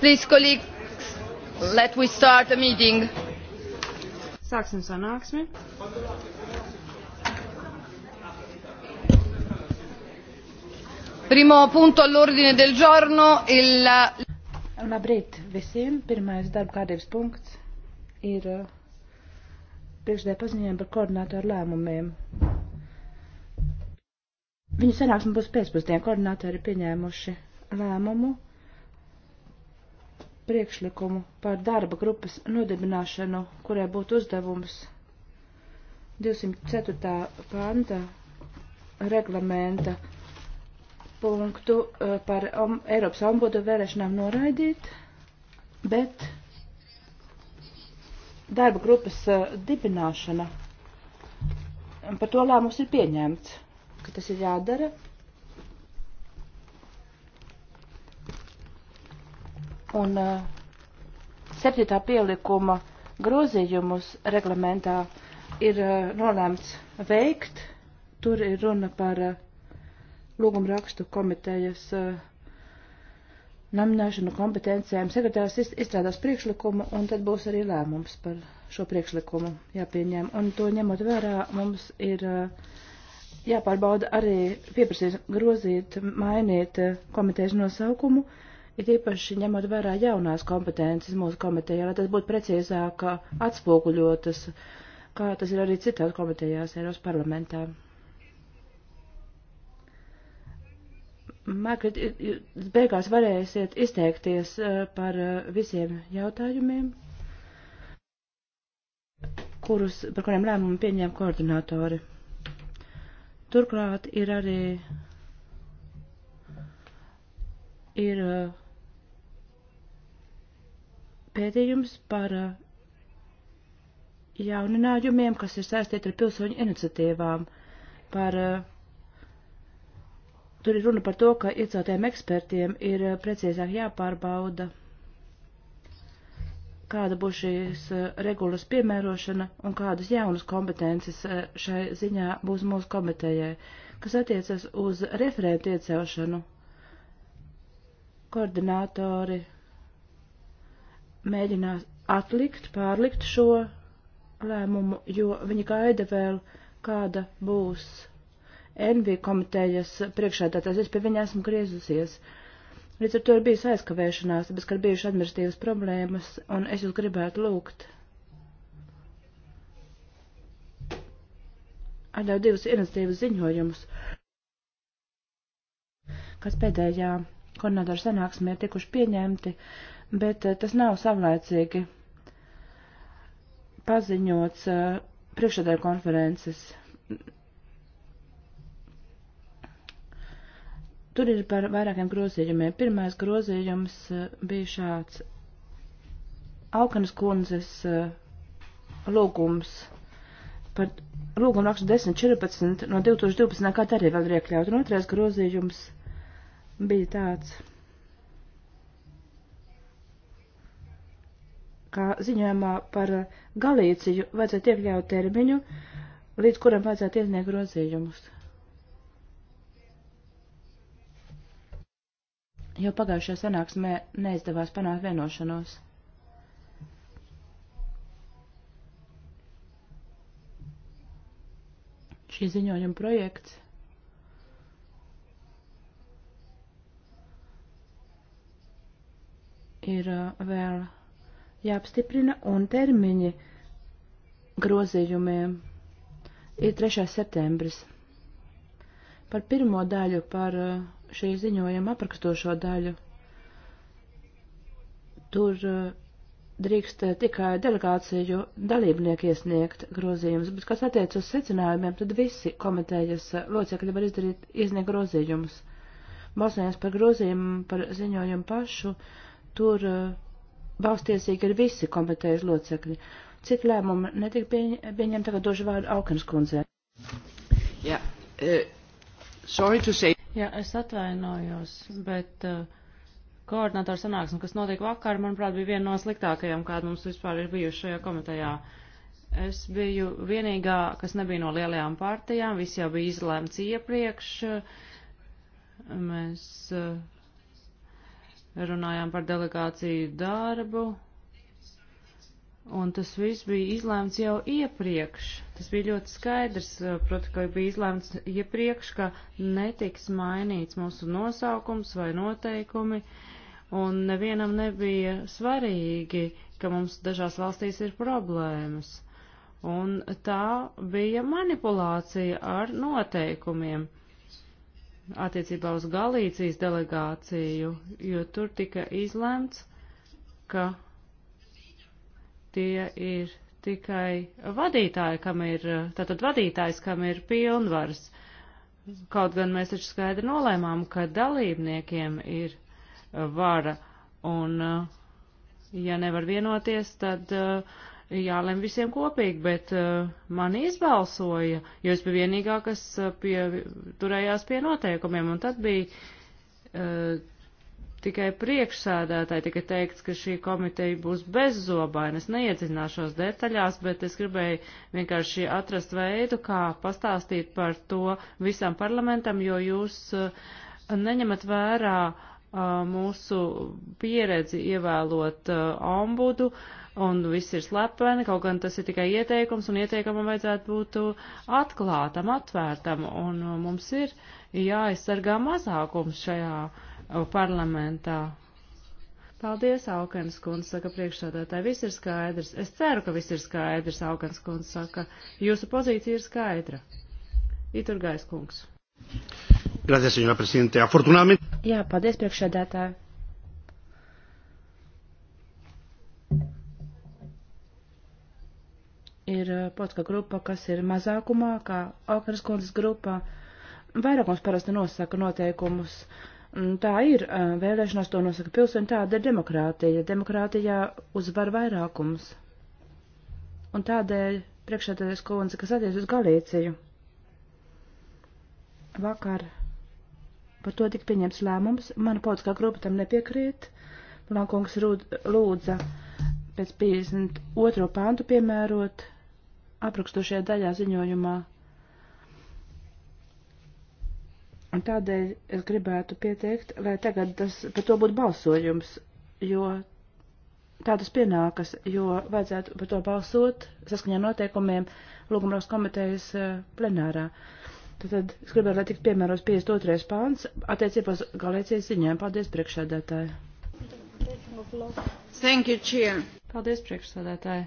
Please, colleagues, let we start the meeting. Sāksim sanāksmi. Primo punto all'ordine del giorno il Labrīt visiem. Pirmais darba kārtības punkts ir uh, priekšdēļ paziņojumi par koordinātoru lēmumiem. Viņu sanāksme būs pēcpusdienā. Koordinātori pieņēmuši lēmumu priekšlikumu par darba grupas nodibināšanu, kurai būtu uzdevums 204. panta reglamenta punktu eh, par om, Eiropas ombudu vēlēšanām noraidīt, bet darba grupas eh, dibināšana par to lēmums ir pieņemts, ka tas ir jādara. un septītā pielikuma grozījumus reglamentā ir nolēmts veikt. Tur ir runa par lūgumrakstu komitejas nomināšanu kompetencijām. Sekretārs izstrādās priekšlikumu un tad būs arī lēmums par šo priekšlikumu jāpieņem. Un to ņemot vērā mums ir jāpārbauda arī pieprasīt grozīt, mainīt komitejas nosaukumu ir īpaši ņemot vērā jaunās kompetences mūsu komitejā, lai tas būtu precīzāk atspoguļotas, kā tas ir arī citās komitejās Eiropas parlamentā. Margaret, jūs beigās varēsiet izteikties e, par e, visiem jautājumiem, kurus, par kuriem lēmumu pieņēma koordinātori. Turklāt ir arī ir uh, pētījums par eh, jauninājumiem, kas ir saistīti ar pilsoņu iniciatīvām, par eh, Tur ir runa par to, ka ieceltiem ekspertiem ir eh, precīzāk jāpārbauda, kāda būs šīs regulas piemērošana un kādas jaunas kompetences šai ziņā būs mūsu komitejai, kas attiecas uz referentu iecelšanu. Koordinātori mēģinās atlikt, pārlikt šo lēmumu, jo viņi gaida vēl, kāda būs NV komitejas priekšēdātājs. Es pie viņa esmu griezusies. Līdz ar to ir bijis aizkavēšanās, tāpēc, ka ir bijuši administratīvas problēmas, un es jūs gribētu lūgt. Atļauj divus iniciatīvas ziņojumus, kas pēdējā koordinātora sanāksmē tikuši pieņemti. Uh, bet eh, tas nav savlaicīgi paziņots eh, priekšsēdēju konferences. Tur ir par vairākiem grozījumiem. Pirmais grozījums eh, bija šāds. Aukanas kundzes lūgums par lūgumu rakstu 1014 no 2012. gada arī vēl ir iekļaut. Un otrais grozījums bija tāds. ka ziņojumā par Galīciju vajadzētu iekļaut termiņu, līdz kuram vajadzētu iesniegt grozījumus. Jau pagājušajā sanāksmē neizdevās panākt vienošanos. Šī ziņojuma projekts ir uh, vēl jāapstiprina un termiņi grozījumiem ir 3. septembris. Par pirmo daļu, par uh, šī ziņojuma aprakstošo daļu, tur uh, drīkst uh, tikai delegāciju dalībnieki iesniegt grozījumus, bet kas attiec uz secinājumiem, tad visi komitejas locekļi var izdarīt, iesniegt grozījumus. Balsojums par grozījumu, par ziņojumu pašu, tur uh, balstiesīgi ir visi kompetējuši locekļi. Citi lēmumi netika pieņemti, tagad došu vārdu Aukens kundzē. Jā, yeah, uh, sorry to say. Jā, es atvainojos, bet uh, e, koordinātoru sanāksme, kas notika vakar, manuprāt, bija viena no sliktākajām, kāda mums vispār ir bijusi šajā komitejā. Es biju vienīgā, kas nebija no lielajām partijām, viss jau bija izlēmts iepriekš. Mēs uh, runājām par delegāciju darbu, un tas viss bija izlēmts jau iepriekš. Tas bija ļoti skaidrs, proti, ka bija izlēmts iepriekš, ka netiks mainīts mūsu nosaukums vai noteikumi, un nevienam nebija svarīgi, ka mums dažās valstīs ir problēmas. Un tā bija manipulācija ar noteikumiem attiecībā uz Galīcijas delegāciju, jo tur tika izlemts, ka tie ir tikai vadītāji, kam ir, tātad vadītājs, kam ir pilnvars. Kaut gan mēs taču skaidri nolēmām, ka dalībniekiem ir eh, vara, un eh, ja nevar vienoties, tad uh, jālem visiem kopīgi, bet uh, eh, mani izbalsoja, jo es biju vienīgā, kas eh, pie, turējās pie noteikumiem, un tad bija uh, tikai priekšsēdētāji, tika teikts, ka šī komiteja būs bezzobaina. Es neiedzināšos detaļās, bet es gribēju vienkārši atrast veidu, kā pastāstīt par to visam parlamentam, jo jūs uh, neņemat vērā uh, Uh, mūsu pieredzi ievēlot uh, ombudu, un viss ir slepeni, kaut gan tas ir tikai ieteikums, un ieteikumam vajadzētu būt uh, atklātam, atvērtam, un mums ir jāaizsargā mazākums šajā parlamentā. Paldies, Alkanas kundze, saka priekšsādātāji, viss ir skaidrs. Es ceru, ka viss ir skaidrs, Alkanas kundze saka, jūsu pozīcija ir skaidra. Iturgais kungs. Gracias, señora presidente. Afortunadamente. Jā, paldies priekšsēdētāji. Ir eh, politiskā grupa, kas ir mazākumā, kā Alkaras kundzes grupā. Vairākums parasti nosaka noteikumus. Mm, tā ir, eh, vēlēšanās to nosaka pilsoņi, tāda ir demokrātija. Demokrātijā uzvar vairākums. Un tādēļ priekšsēdētājas kundze, kas attiec uz Galīciju, vakar Par to tika pieņemts lēmums. Mana politiskā grupa tam nepiekrīt. Blankungs lūdza pēc 52. pāntu piemērot aprakstošajā daļā ziņojumā. Un tādēļ es gribētu pieteikt, lai tagad tas, par to būtu balsojums, jo tā tas pienākas, jo vajadzētu par to balsot saskaņā noteikumiem lūgumrauks komitejas eh, plenārā. Uh, Tad es gribētu, lai tiktu piemēros 52. pāns attiecībās galēcijas ziņojumā. Paldies, priekšsēdētāji. Thank you, Chair. Paldies, priekšsēdētāji.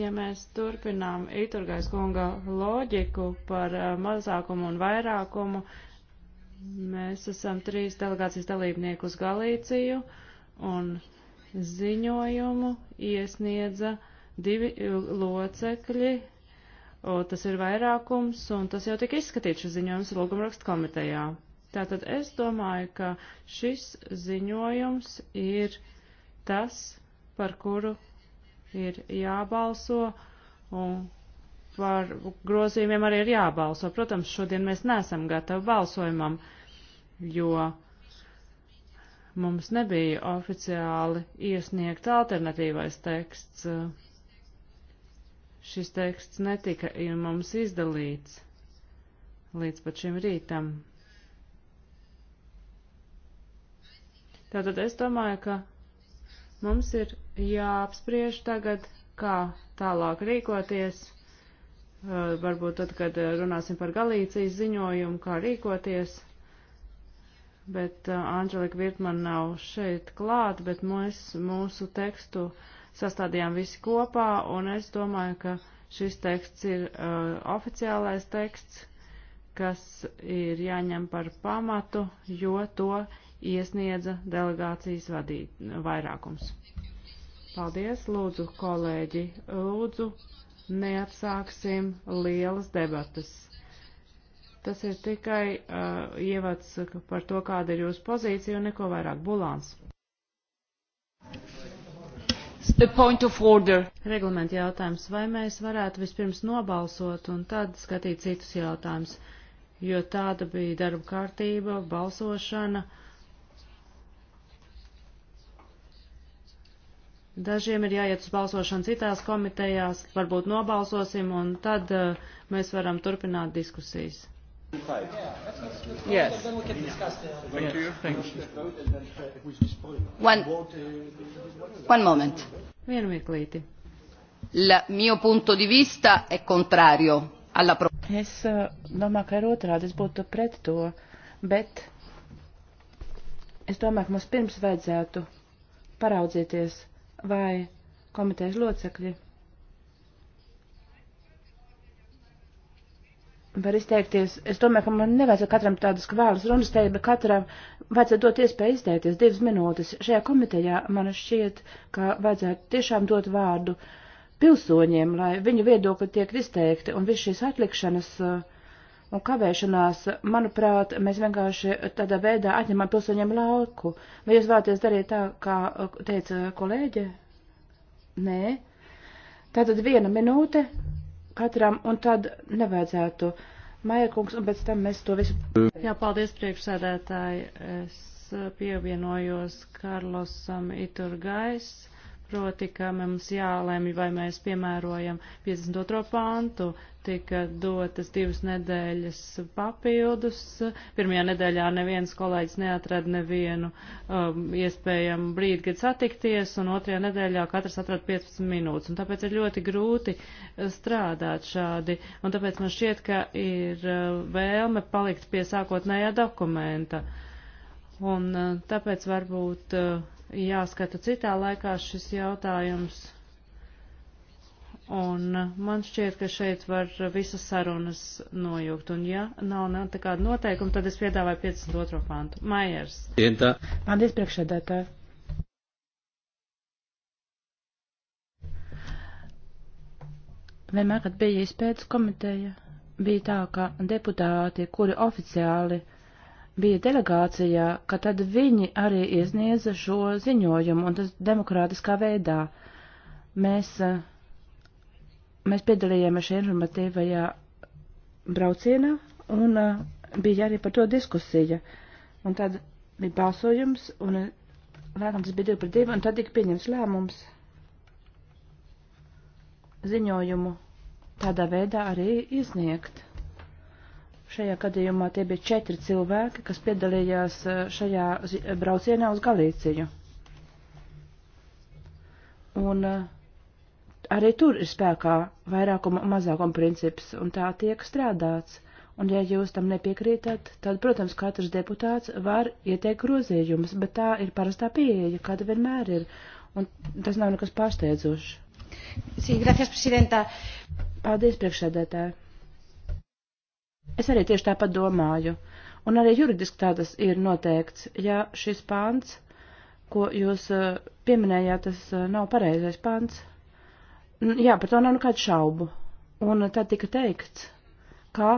Ja mēs turpinām Iturgais kunga loģiku par eh, mazākumu un vairākumu, mēs esam trīs delegācijas dalībnieku uz Galīciju un ziņojumu iesniedza divi eh, locekļi O, tas ir vairākums, un tas jau tika izskatīts šis ziņojums lūgumrakstu komitejā. Tātad es domāju, ka šis ziņojums ir tas, par kuru ir jābalso, un par grozījumiem arī ir jābalso. Protams, šodien mēs nesam gatavi balsojumam, jo mums nebija oficiāli iesniegts alternatīvais teksts. Uh, Šis teksts netika mums izdalīts līdz pat šim rītam. Tātad es domāju, ka mums ir jāapspriež tagad, kā tālāk rīkoties. Varbūt tad, kad runāsim par Galīcijas ziņojumu, kā rīkoties. Bet Anželika Virtman nav šeit klāt, bet mēs mūsu tekstu uh, sastādījām visi kopā, un es domāju, ka šis teksts ir uh, oficiālais teksts, kas ir jāņem par pamatu, jo to iesniedza delegācijas vadīt vairākums. Paldies, lūdzu, kolēģi, lūdzu, neatsāksim lielas debatas. Tas ir tikai uh, ievads par to, kāda ir jūsu pozīcija un neko vairāk. Bulāns. Reglamenta jautājums, vai mēs varētu vispirms nobalsot un tad skatīt citus jautājumus, jo tāda bija darba kārtība, balsošana. Dažiem ir jāiet uz balsošanu citās komitejās, varbūt nobalsosim un tad uh, mēs varam turpināt diskusijas. Five. Yeah, that's, that's, that's yes. Then we can discuss the. Thank yes. you. Thank you. One. One moment. Vienu mirklīti. Il mio punto di vista è contrario alla proposta. Es eh, domāju, ka ir otrādi, es būtu pret to, bet es domāju, ka mums pirms vajadzētu paraudzīties, vai komitejas locekļi var izteikties. Es domāju, ka man nevajadzētu katram tādas kvēlas runas teikt, bet katram vajadzētu dot iespēju izteikties divas minūtes. Šajā komitejā man šķiet, ka vajadzētu tiešām dot vārdu pilsoņiem, lai viņu viedokļi tiek izteikti un viss šīs atlikšanas uh, un kavēšanās, manuprāt, mēs vienkārši tādā veidā atņemam pilsoņiem lauku. Vai jūs vēlaties darīt tā, kā uh, teica kolēģe? Nē. Tātad viena minūte katram, un tad nevajadzētu. Maiekungs, un pēc tam mēs to visu. Jā, paldies priekšsēdētāji. Es pievienojos Karlosam Iturgais proti, ka mums jālēmj, vai mēs piemērojam 52. pantu, tika dotas divas nedēļas papildus. Pirmajā nedēļā neviens kolēģis neatrada nevienu um, iespējamu brīdi, kad satikties, un otrajā nedēļā katrs atrada 15 minūtes, un tāpēc ir ļoti grūti strādāt šādi, un tāpēc man šķiet, ka ir uh, vēlme palikt pie sākotnējā dokumenta. Un uh, tāpēc varbūt uh, jāskata citā laikā šis jautājums. Un man šķiet, ka šeit var visas sarunas nojūgt. Un ja nav, nav tā kāda noteikuma, tad es piedāvāju 52. pantu. Maiers. Ientā. Paldies, priekšsēdētāji. Vienmēr, kad bija izpētes komiteja, bija tā, ka deputāti, kuri oficiāli uh, bija delegācijā, ka tad viņi arī iesniedza šo ziņojumu, un tas demokrātiskā veidā. Mēs, eh, mēs piedalījāmies šajā informatīvajā braucienā, un eh, bija arī par to diskusija. Un tad bija balsojums, un eh, lēmums bija 2 pret 2, un tad tika pieņems lēmums ziņojumu tādā veidā arī iesniegt. Šajā gadījumā tie bija četri cilvēki, kas piedalījās eh, šajā braucienā uz Galīciju. Un eh, arī tur ir spēkā vairākuma un mazākuma princips, un tā tiek strādāts. Un ja jūs tam nepiekrītat, tad, protams, katrs deputāts var ieteikt grozījumus, bet tā ir parastā pieeja, kāda vienmēr ir, un tas nav nekas pārsteidzošs. Sí, gracias, presidenta. Paldies, priekšsēdētāji. Es arī tieši tāpat domāju. Un arī juridiski tā tas ir noteikts. Ja šis pāns, ko jūs eh, pieminējāt, tas eh, nav pareizais pāns, jā, par to nav nekādu šaubu. Un tad tika teikts, ka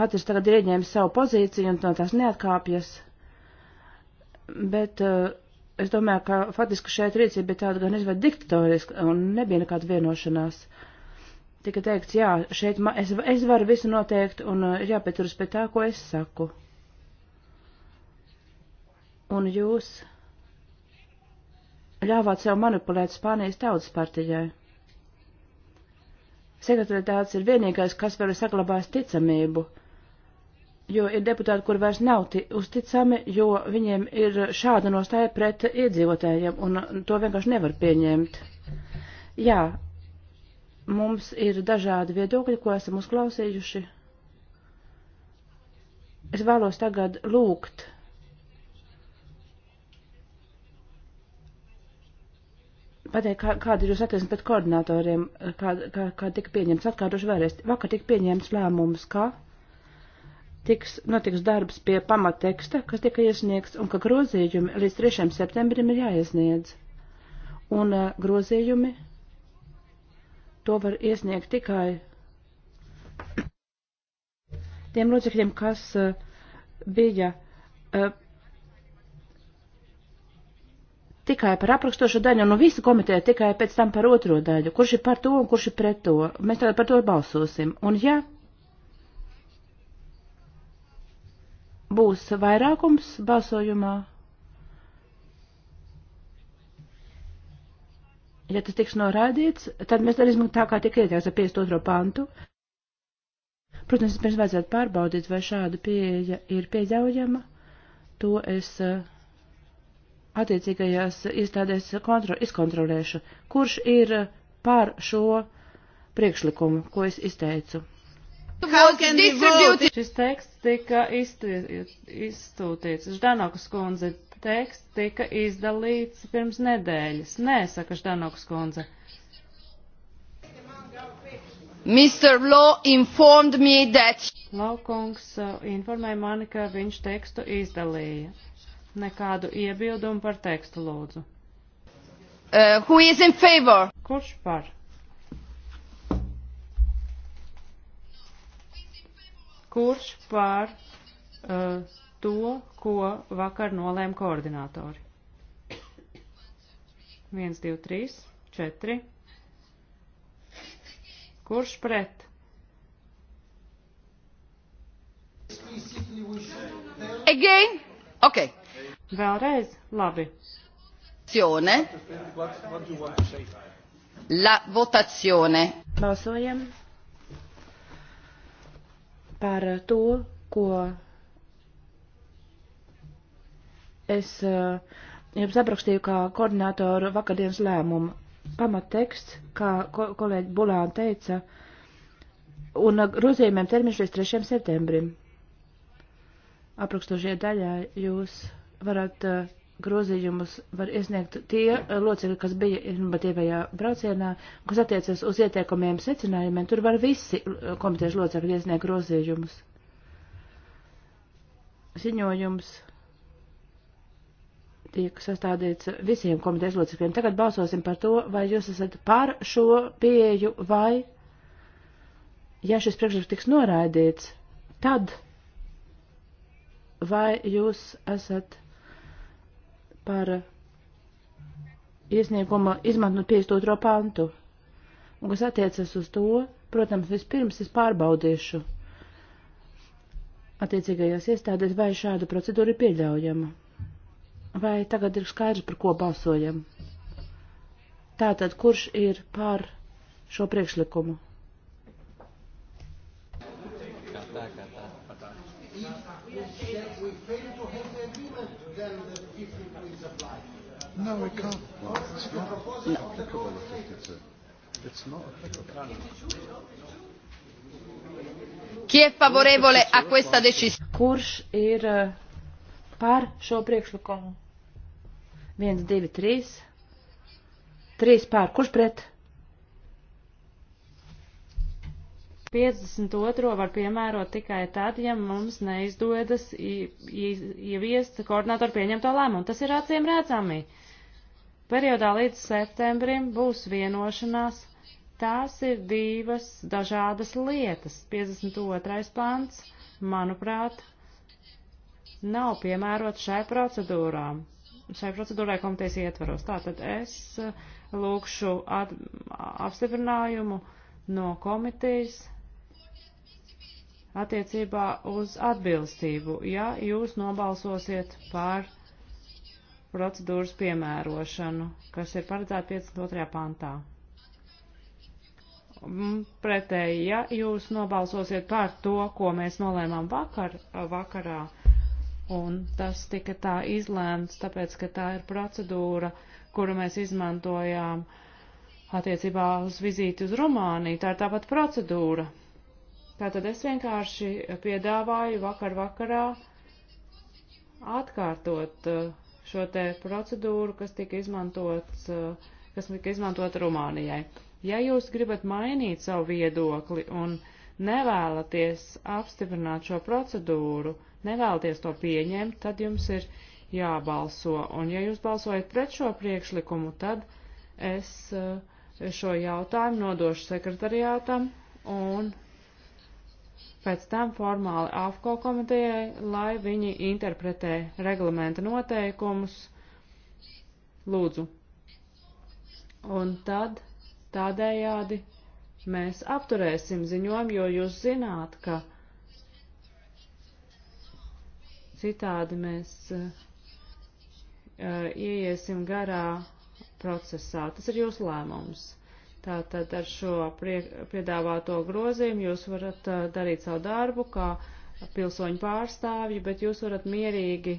katrs tagad ir ieņēmis savu pozīciju un no tās neatkāpjas. Bet uh, es domāju, ka faktiski šeit rīcība bija tāda gan izvērt diktatoriska un nebija nekāda vienošanās. Tika teikts, jā, šeit ma, es, es varu visu noteikt un uh, ir jāpieturas pie tā, ko es saku. Un jūs ļāvāt sev manipulēt Spānijas tautas partijai. Sekretaritāts ir vienīgais, kas var saglabāt ticamību jo ir deputāti, kur vairs nav uzticami, jo viņiem ir šāda nostāja pret iedzīvotājiem, un to vienkārši nevar pieņemt. Jā, mums ir dažādi viedokļi, ko esam uzklausījuši. Es vēlos tagad lūgt. Pateikt, kā, kāda ir jūsu attieksme pret koordinatoriem, kā, kā, kā tika pieņemts, atkārtošu vēlreiz. Vakar tika pieņemts lēmums, ka. Kā tiks, notiks darbs pie pamateksta, kas tika iesniegts, un ka grozījumi līdz 3. septembrim ir jāiesniedz. Un uh, grozījumi to var iesniegt tikai tiem locekļiem, kas uh, bija uh, tikai par aprakstošo daļu, un nu, visi komiteja tikai pēc tam par otro daļu, kurš ir par to un kurš ir pret to. Mēs tagad par to balsosim. Un ja būs vairākums balsojumā? Ja tas tiks noraidīts, tad mēs darīsim tā, kā tika ieteikts ar 52. pantu. Protams, pirms vajadzētu pārbaudīt, vai šāda pieeja ir pieļaujama. To es eh, attiecīgajās iestādēs kontro, izkontrolēšu, kurš ir eh, pār šo priekšlikumu, ko es izteicu. Šis teksts tika izsūtīts. Ždanokas kundze, teksts tika izdalīts pirms nedēļas. Nē, saka Ždanokas kundze. Mr. Law informed me that. Laukungs uh, informēja mani, ka viņš tekstu izdalīja. Nekādu iebildumu par tekstu lūdzu. Uh, who is in favor? Kurš par? Kurš pār uh, to, ko vakar nolēma koordinātori? 1, 2, 3, 4. Kurš pret? Again? Ok. Vēlreiz? Labi. La votazione. Balsojam par to, ko es eh, jums aprakstīju kā koordinātoru vakardienas lēmumu. Pamatteksts, kā kolēģi Bulāna teica, un grozījumiem termiņš līdz 3. septembrim. Aprakstošajā daļā jūs varat uh, grozījumus var iesniegt tie locekļi, kas bija innovatīvajā braucienā, kas attiecas uz ieteikumiem secinājumiem. Tur var visi komitejas locekļi iesniegt grozījumus. Ziņojums tiek sastādīts visiem komitejas locekļiem. Tagad balsosim par to, vai jūs esat par šo pieeju vai, ja šis priekšlikums tiks noraidīts, tad vai jūs esat par iesnieguma izmantot 52. pantu. Un kas attiecas uz to, protams, vispirms es pārbaudīšu attiecīgajās iestādēs, vai šāda procedūra ir pieļaujama. Vai tagad ir skaidrs, par ko balsojam? Tātad, kurš ir pār šo priekšlikumu? No, we can't. No, it's not applicable. No. It's, a, it's not applicable. Chi è favorevole a questa decisione? Kurš ir eh, par šo priekšlikumu? 1, 2, 3. 3 pār. Kurš pret? 52. var piemērot tikai tad, ja mums neizdodas ieviest koordinātoru pieņemto lēmumu. Tas ir acīm redzami. Uh, Periodā līdz septembrim būs vienošanās. Tās ir divas dažādas lietas. 52. pants, manuprāt, nav piemērots šai procedūrām. Šai procedūrai komitejas ietvaros. Tātad es eh, lūkšu at, apstiprinājumu no komitejas attiecībā uz atbilstību, ja jūs nobalsosiet par procedūras piemērošanu, kas ir paredzēta 52. pantā. Mm, pretēji, ja jūs nobalsosiet par to, ko mēs nolēmām vakar, vakarā, un tas tika tā izlēmts, tāpēc, ka tā ir procedūra, kuru mēs izmantojām attiecībā uz vizīti uz Rumāniju, tā ir tāpat procedūra. Tātad es vienkārši piedāvāju vakar vakarā atkārtot uh, šo te procedūru, kas tika izmantots, eh, kas tika izmantot Rumānijai. Ja jūs gribat mainīt savu viedokli un nevēlaties apstiprināt šo procedūru, nevēlaties to pieņemt, tad jums ir jābalso. Un ja jūs balsojat pret šo priekšlikumu, tad es eh, šo jautājumu nodošu sekretariātam un pēc tam formāli AFCO komitejai, lai viņi interpretē reglamenta noteikumus. Lūdzu. Un tad tādējādi mēs apturēsim ziņojumu, jo jūs zināt, ka citādi mēs uh, uh ieiesim garā procesā. Tas ir jūsu lēmums. Tātad ar šo piedāvāto grozījumu jūs varat darīt savu darbu kā pilsoņu pārstāvju, bet jūs varat mierīgi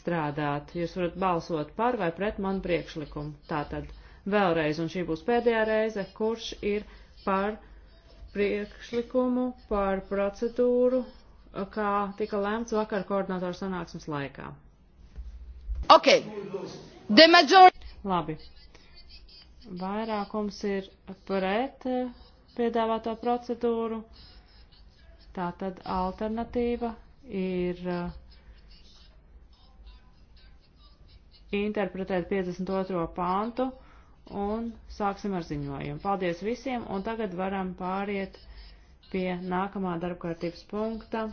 strādāt. Jūs varat balsot par vai pret manu priekšlikumu. Tātad vēlreiz, un šī būs pēdējā reize, kurš ir par priekšlikumu, par procedūru, kā tika lēmts vakar koordinātoru sanāksmes laikā. Ok. Major... Labi vairākums ir pret piedāvāto procedūru. Tātad alternatīva ir eh, interpretēt 52. pāntu un sāksim ar ziņojumu. Paldies visiem un tagad varam pāriet pie nākamā darbkārtības punkta.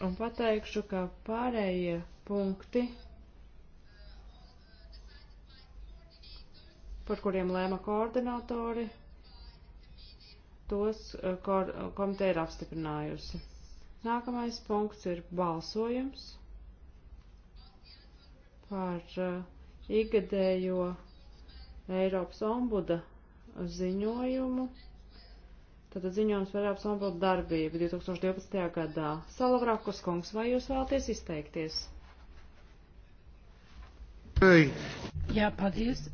Un pateikšu, ka pārējie punkti par kuriem lēma koordinatori, tos eh, kor komiteja ir apstiprinājusi. Nākamais punkts ir balsojums par eh, ikgadējo Eiropas ombuda ziņojumu. Tātad ziņojums par Eiropas ombuda darbību 2012. gadā. Salavrakus kungs, vai jūs vēlaties izteikties? Jā, paldies.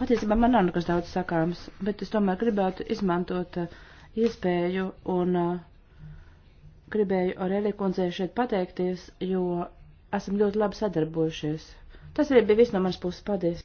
Patiesībā man nav nekas daudz sakāms, bet es tomēr gribētu izmantot uh, iespēju un uh, gribēju Aurēlija kundzei šeit pateikties, jo esam ļoti labi sadarbojušies. Tas arī bija viss no manas puses. Paldies!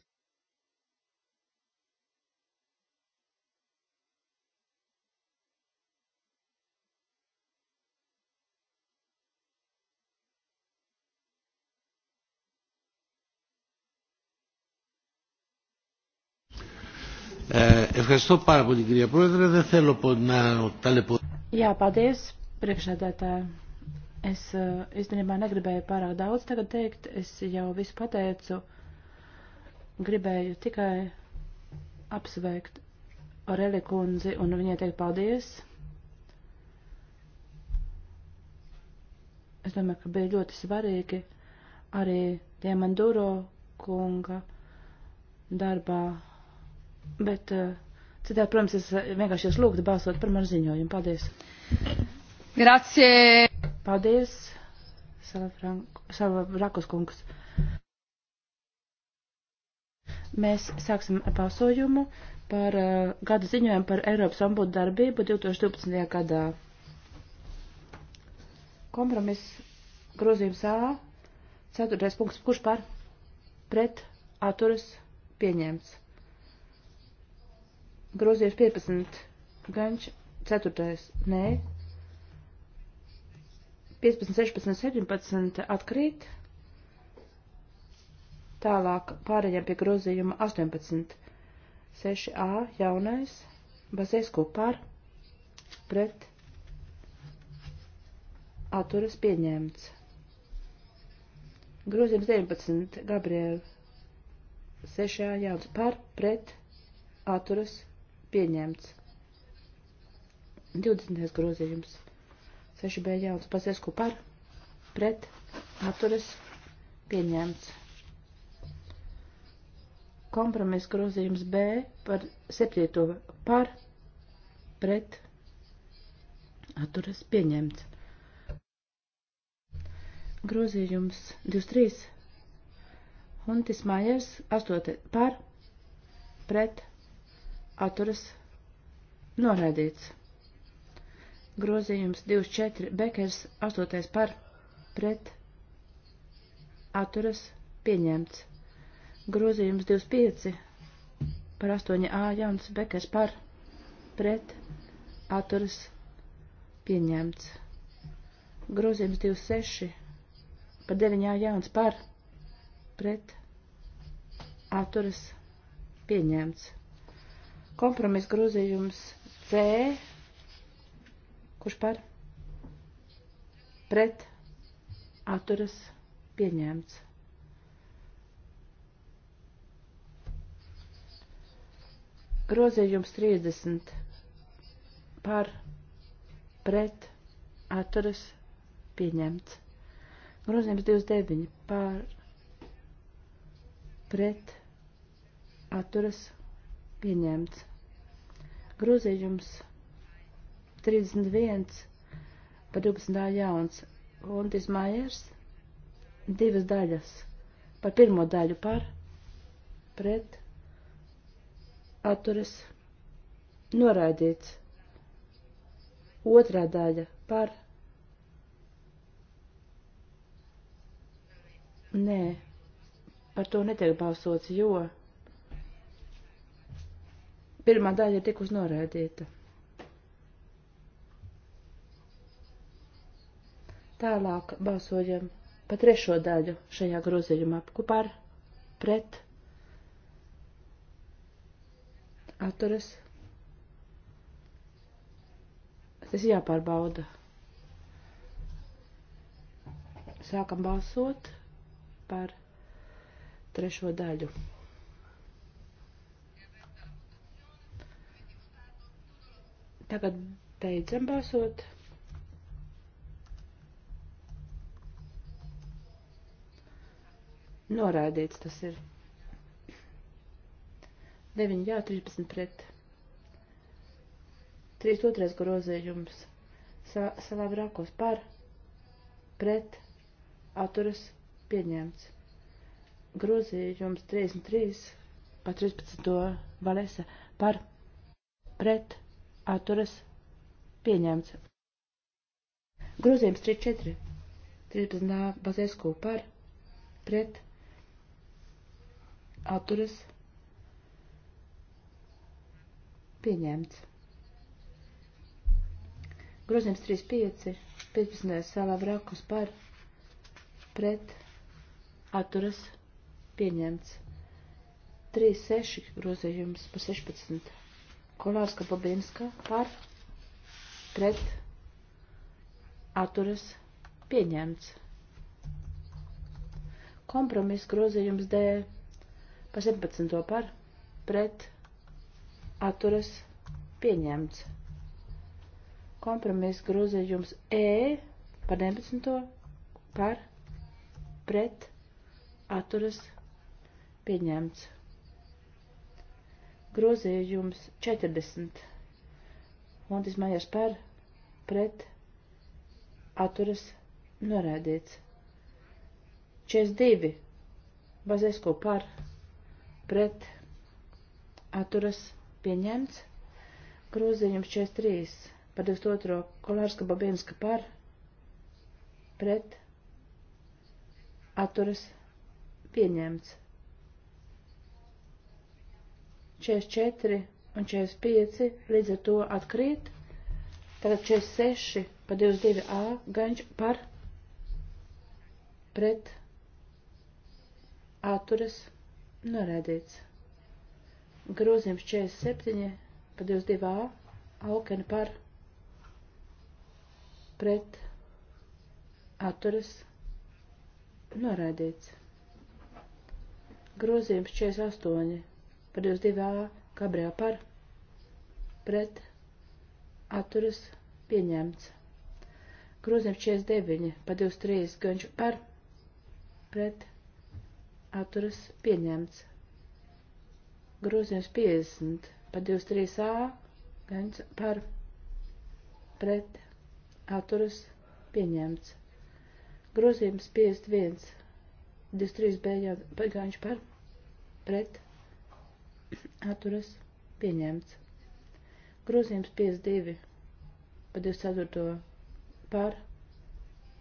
Ευχαριστώ πάρα πολύ κυρία Πρόεδρε. Δεν θέλω να ταλαιπωρήσω. Jā, paldies, priekšsēdētāji. Es eh, īstenībā negribēju pārāk daudz tagad teikt, es jau visu pateicu. Gribēju tikai apsveikt Oreli kundzi un viņai teikt paldies. Es domāju, ka bija ļoti svarīgi arī Diemanduro kunga darbā, bet uh, Citādi, protams, es eh, vienkārši jūs lūgtu balsot par manu ziņojumu. Paldies. Grazie. Paldies, Sava Rakus kungs. Mēs sāksim balsojumu par uh, gada ziņojumu par Eiropas ombudu darbību 2012. gadā. Kompromiss grozījums A, ceturtais punkts, kurš par pret atturas pieņemts. Grozījums 15. Ganč 4. Nē. 15, 16, 17 atkrīt. Tālāk pārējām pie grozījuma 18. 6a jaunais bazēs kopā ar pret atturas pieņemts. Grozījums 19. Gabriela 6a jauns par pret atturas pieņemts. 20. grozījums. 6b jauns pasiesku par, pret, atturas, pieņemts. Kompromis grozījums B par 7. par, pret, atturas, pieņemts. Grozījums 23. Huntis Mājers 8. par, pret, atturas atturas noraidīts. Grozījums 24 Bekers 8. par pret atturas pieņemts. Grozījums 25 par 8a jauns Bekers par pret atturas pieņemts. Grozījums 26 par 9a jauns par pret atturas pieņemts. Kompromis grozījums C. Kurš par? Pret. Atturas. Pieņemts. Grozījums 30. Par. Pret. Atturas. Pieņemts. Grozījums 29 pār pret atturas pieņemts. Grozījums 31 par 12. jauns un izmaiers divas daļas. Par pirmo daļu par, pret, atturas, noraidīts. Otrā daļa par, nē, par to netiek balsots, jo Pirmā daļa ir tikus noraidīta. Tālāk balsojam pa trešo daļu šajā grozījumā par pret atturas. Tas jāpārbauda. Sākam balsot par trešo daļu. Tagad beidzam balsot. Noraidīts tas ir. 9, jā, 13 pret. 32. grozējums. Sa savā brākos par, pret, atturas, pieņemts. Grozējums 33, pa 13. valese par, pret, atturas pieņemts. Grozījums 34. 13. bazēsku par pret atturas pieņemts. Grozījums 35. 15. salā vrakus par pret atturas pieņemts. 3.6 grozījums par 16 Kolārska Babinska par pret atturas pieņemts. Kompromiss grozījums D pa 17. par pret atturas pieņemts. Kompromiss grozījums E par 19. par pret atturas pieņemts grozījums 40. Montis Mājers par pret atturas norēdīts. 42. Bazesko par pret atturas pieņemts. Grozījums 43. Par 22. Kolārska Babinska par pret atturas pieņemts. 44 un 45 līdz ar to atkrīt. Tagad 46 pa 22a ganč par pret atturas norēdīts. Grozījums 47 pa 22a aukeni par pret atturas norēdīts. Grozījums 48 par 22. Gabriela par pret atturas pieņemts. Grūzījums 49 par 23. Ganču par pret atturas pieņemts. Grūzījums 50 par 23. A Ganču par pret atturas pieņemts. Grozījums 51, 23 bēgāņš par pret atturas pieņemts. Grozījums 52 pa 24. par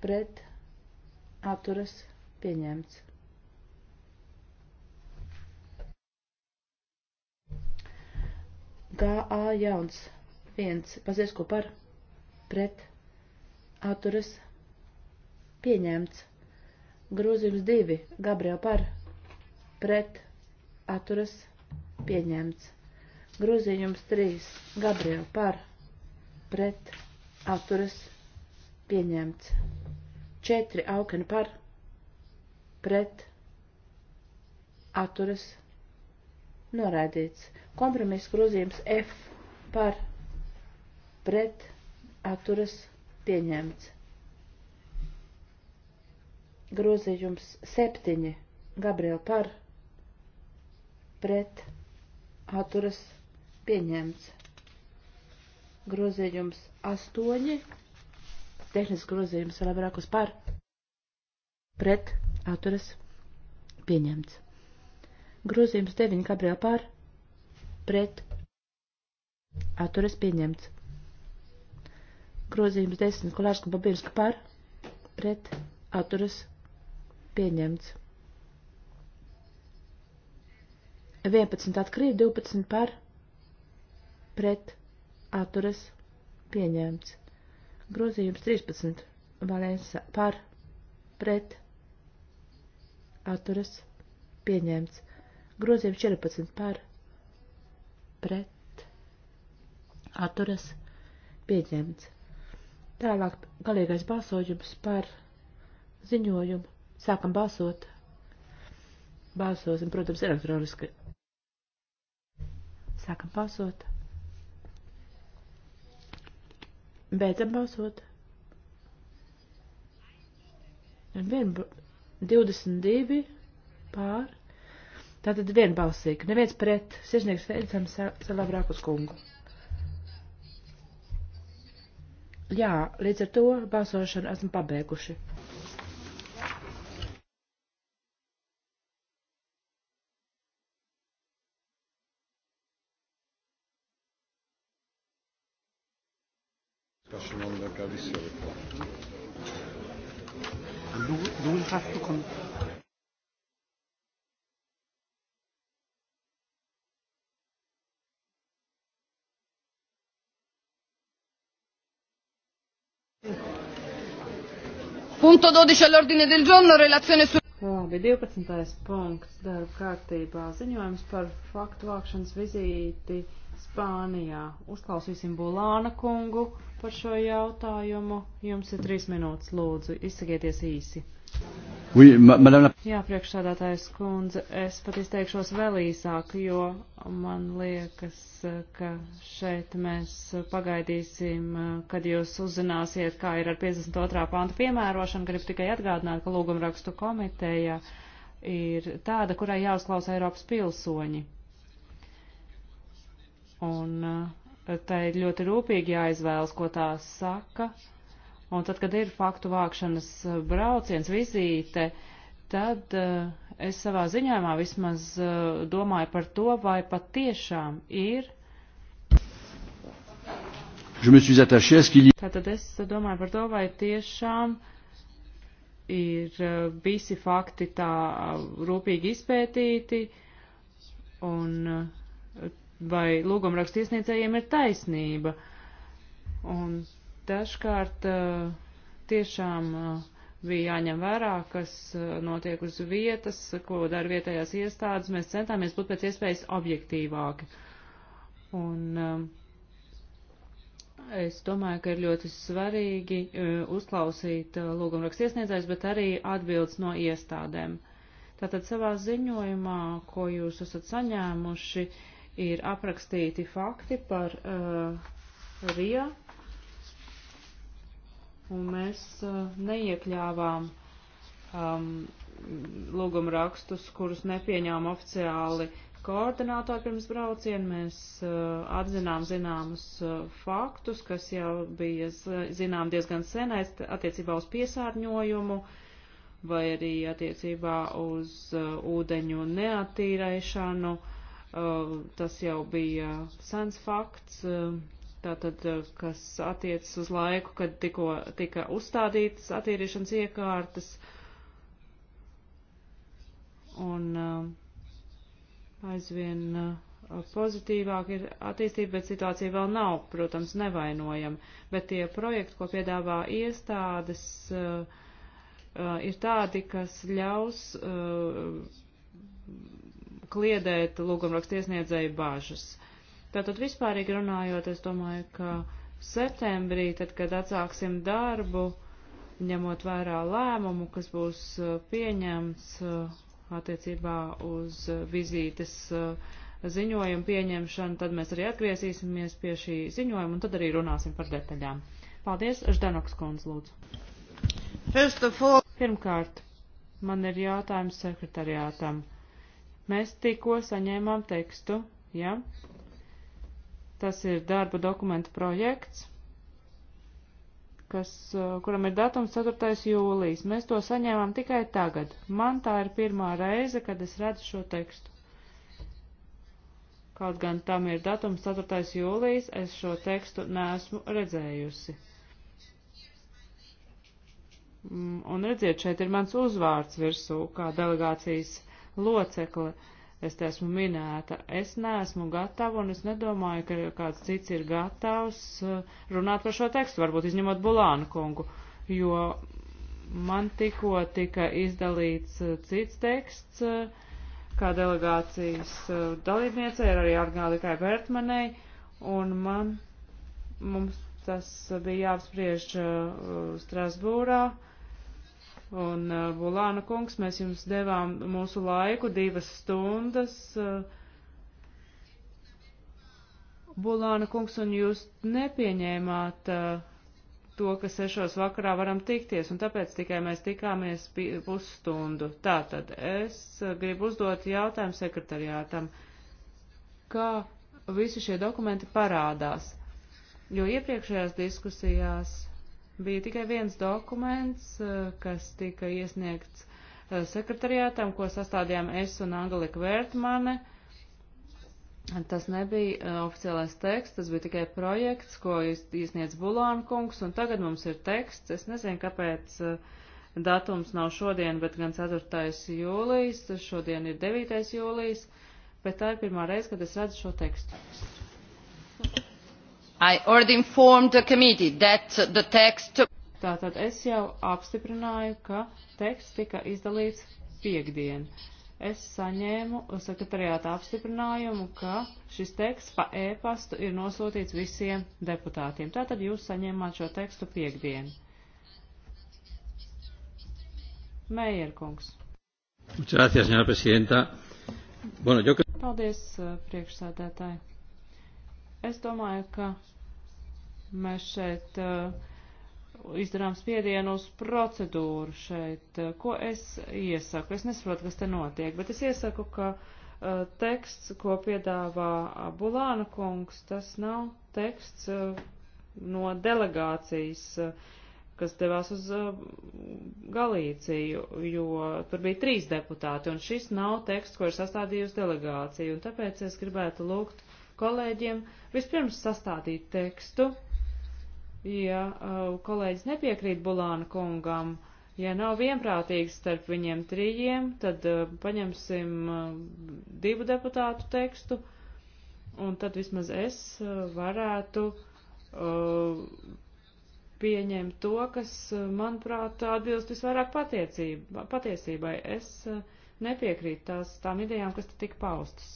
pret atturas pieņemts. GA jauns 1 pazies ko par pret atturas pieņemts. Grozījums 2 Gabriel par pret atturas pieņemts pieņemts. Grozījums 3. Gabriel par pret atturas pieņemts. 4. Auken par pret atturas noraidīts. Kompromiss grozījums F par pret atturas pieņemts. Grozījums 7. Gabriel par pret atturas atturas pieņemts. Grozījums 8. Tehnisks grozījums vēl vairākus par. Pret atturas pieņemts. Grozījums 9. Gabriela par. Pret atturas pieņemts. Grozījums 10. Kolārska Babirska par. Pret atturas pieņemts. 11 atkrīt, 12 par, pret, atturas, pieņemts. Grozījums 13, Valensa, par, pret, atturas, pieņemts. Grozījums 14, par, pret, atturas, pieņemts. Tālāk galīgais balsojums par ziņojumu. Sākam balsot. Balsosim, protams, elektroniski Sākam balsot. Beidzam balsot. Un vien 22 pār. Tātad vienbalsīgi. Neviens pret. Sirsnieks veicam Salavrākus kungu. Jā, līdz ar to balsošanu esam pabeiguši. Punto 12 all'ordine del giorno, relazione su. Labi, 12. punkts darba kārtībā ziņojums par faktu vākšanas vizīti Spānijā. Uzklausīsim Bulāna kungu par šo jautājumu. Jums ir trīs minūtes, lūdzu, izsakieties īsi. Oui, madame... Jā, priekšsādātājs kundze, es pat izteikšos vēl īsāk, jo man liekas, ka šeit mēs pagaidīsim, kad jūs uzzināsiet, kā ir ar 52. pantu piemērošanu. Gribu tikai atgādināt, ka lūgumrakstu komiteja ir tāda, kurai jāuzklausa Eiropas pilsoņi. Un eh, te ir ļoti rūpīgi jāizvēlas, ko tā saka Un tad, kad ir faktu vākšanas eh, brauciens, vizīte, tad uh, es savā ziņojumā vismaz uh, domāju par to, vai pat tiešām ir. Tātad es domāju par to, vai tiešām ir uh, visi fakti tā rūpīgi izpētīti un vai lūgumrakstu iesniedzējiem ir taisnība. Un Dažkārt tiešām bija jāņem vērā, kas notiek uz vietas, ko dara vietējās iestādes. Mēs centāmies būt pēc iespējas objektīvāki. Un es domāju, ka ir ļoti svarīgi uzklausīt lūgumrakstu iesniedzējus, bet arī atbildes no iestādēm. Tātad savā ziņojumā, ko jūs esat saņēmuši, ir aprakstīti fakti par uh, RIA un mēs uh, neiekļāvām um, lūguma rakstus, kurus nepieņēma oficiāli koordinātori pirms brauciena. Mēs uh, atzinām zināmus uh, faktus, kas jau bija zinām diezgan senais attiecībā uz piesārņojumu vai arī attiecībā uz uh, ūdeņu neatīrēšanu. Uh, tas jau bija sens fakts. Uh, tātad, eh, kas attiecas uz laiku, kad tikko tika uzstādītas attīrīšanas iekārtas. Un eh, aizvien eh, pozitīvāk ir attīstība, bet situācija vēl nav, protams, nevainojama. Bet tie projekti, ko piedāvā iestādes, ir tādi, kas ļaus kliedēt lūgumrakstiesniedzēju bāžas. Tātad vispārīgi runājot, es domāju, ka septembrī, tad, kad atsāksim darbu, ņemot vērā lēmumu, kas būs uh, pieņemts uh, attiecībā uz uh, vizītes ziņojumu pieņemšanu, tad mēs arī atgriezīsimies pie šī ziņojuma un tad arī runāsim par detaļām. Paldies, Ždanoks kundz, lūdzu. Pirmkārt, man ir jautājums sekretariātam. Mēs tikko saņēmām tekstu, ja, Tas ir darba dokumenta projekts, kas, uh, kuram ir datums 4. jūlijas. Mēs to saņēmām tikai tagad. Man tā ir pirmā reize, kad es redzu šo tekstu. Kaut gan tam ir datums 4. jūlijas, es šo tekstu neesmu redzējusi. Mm, un redziet, šeit ir mans uzvārds virsū, kā delegācijas locekle. Uh, es te esmu minēta. Es neesmu gatava un es nedomāju, ka kāds cits ir gatavs uh, runāt par šo tekstu, varbūt izņemot Bulānu kungu, jo man tikko tika izdalīts uh, cits teksts, uh, kā delegācijas dalībniecei, ar arī Argālikai Vērtmanei, un man, mums tas bija jāapspriež Strasbūrā. Uh, un uh, Bulāna kungs, mēs jums devām mūsu laiku divas stundas. Uh, Bulāna kungs, un jūs nepieņēmāt uh, to, ka sešos vakarā varam tikties, un tāpēc tikai mēs tikāmies pusstundu. Tātad es uh, gribu uzdot jautājumu sekretariātam, kā visi šie dokumenti parādās, jo iepriekšējās diskusijās Bija tikai viens dokuments, eh, kas tika iesniegts eh, sekretariātam, ko sastādījām es un Angelika Vērtmane. Tas nebija eh, oficiālais teksts, tas bija tikai projekts, ko iesniedz Bulāna kungs, un tagad mums ir teksts. Es nezinu, kāpēc datums nav šodien, bet gan 4. jūlijas, šodien ir 9. jūlijas, bet tā ir pirmā reize, kad es redzu šo tekstu. I already informed the committee that the text Tātad es jau apstiprināju, ka teksts tika izdalīts piekdien. Es saņēmu sekretariāta apstiprinājumu, ka šis teksts pa ēpastu e ir nosūtīts visiem deputātiem. Tātad jūs saņēmāt šo tekstu piekdien. Meierkungs. Muchas gracias, señora presidenta. Bueno, yo... Paldies, eh, priekšsādētāji. Es domāju, ka mēs šeit uh, izdarām spiedienu uz procedūru šeit. Uh, ko es iesaku? Es nesaprotu, kas te notiek, bet es iesaku, ka uh, teksts, ko piedāvā Bulāna kungs, tas nav teksts uh, no delegācijas, uh, kas devās uz uh, Galīciju, jo tur bija trīs deputāti, un šis nav teksts, ko ir sastādījusi delegācija, un tāpēc es gribētu lūgt kolēģiem uh, Vispirms sastādīt tekstu, ja uh, kolēģis nepiekrīt Bulāna kungam, ja nav vienprātīgs starp viņiem trījiem, tad uh, paņemsim uh, divu deputātu tekstu, un tad vismaz es varētu pieņemt to, kas, manuprāt, atbilst visvairāk patiesībai. Es nepiekrītu tās tām idejām, kas te tika paustas.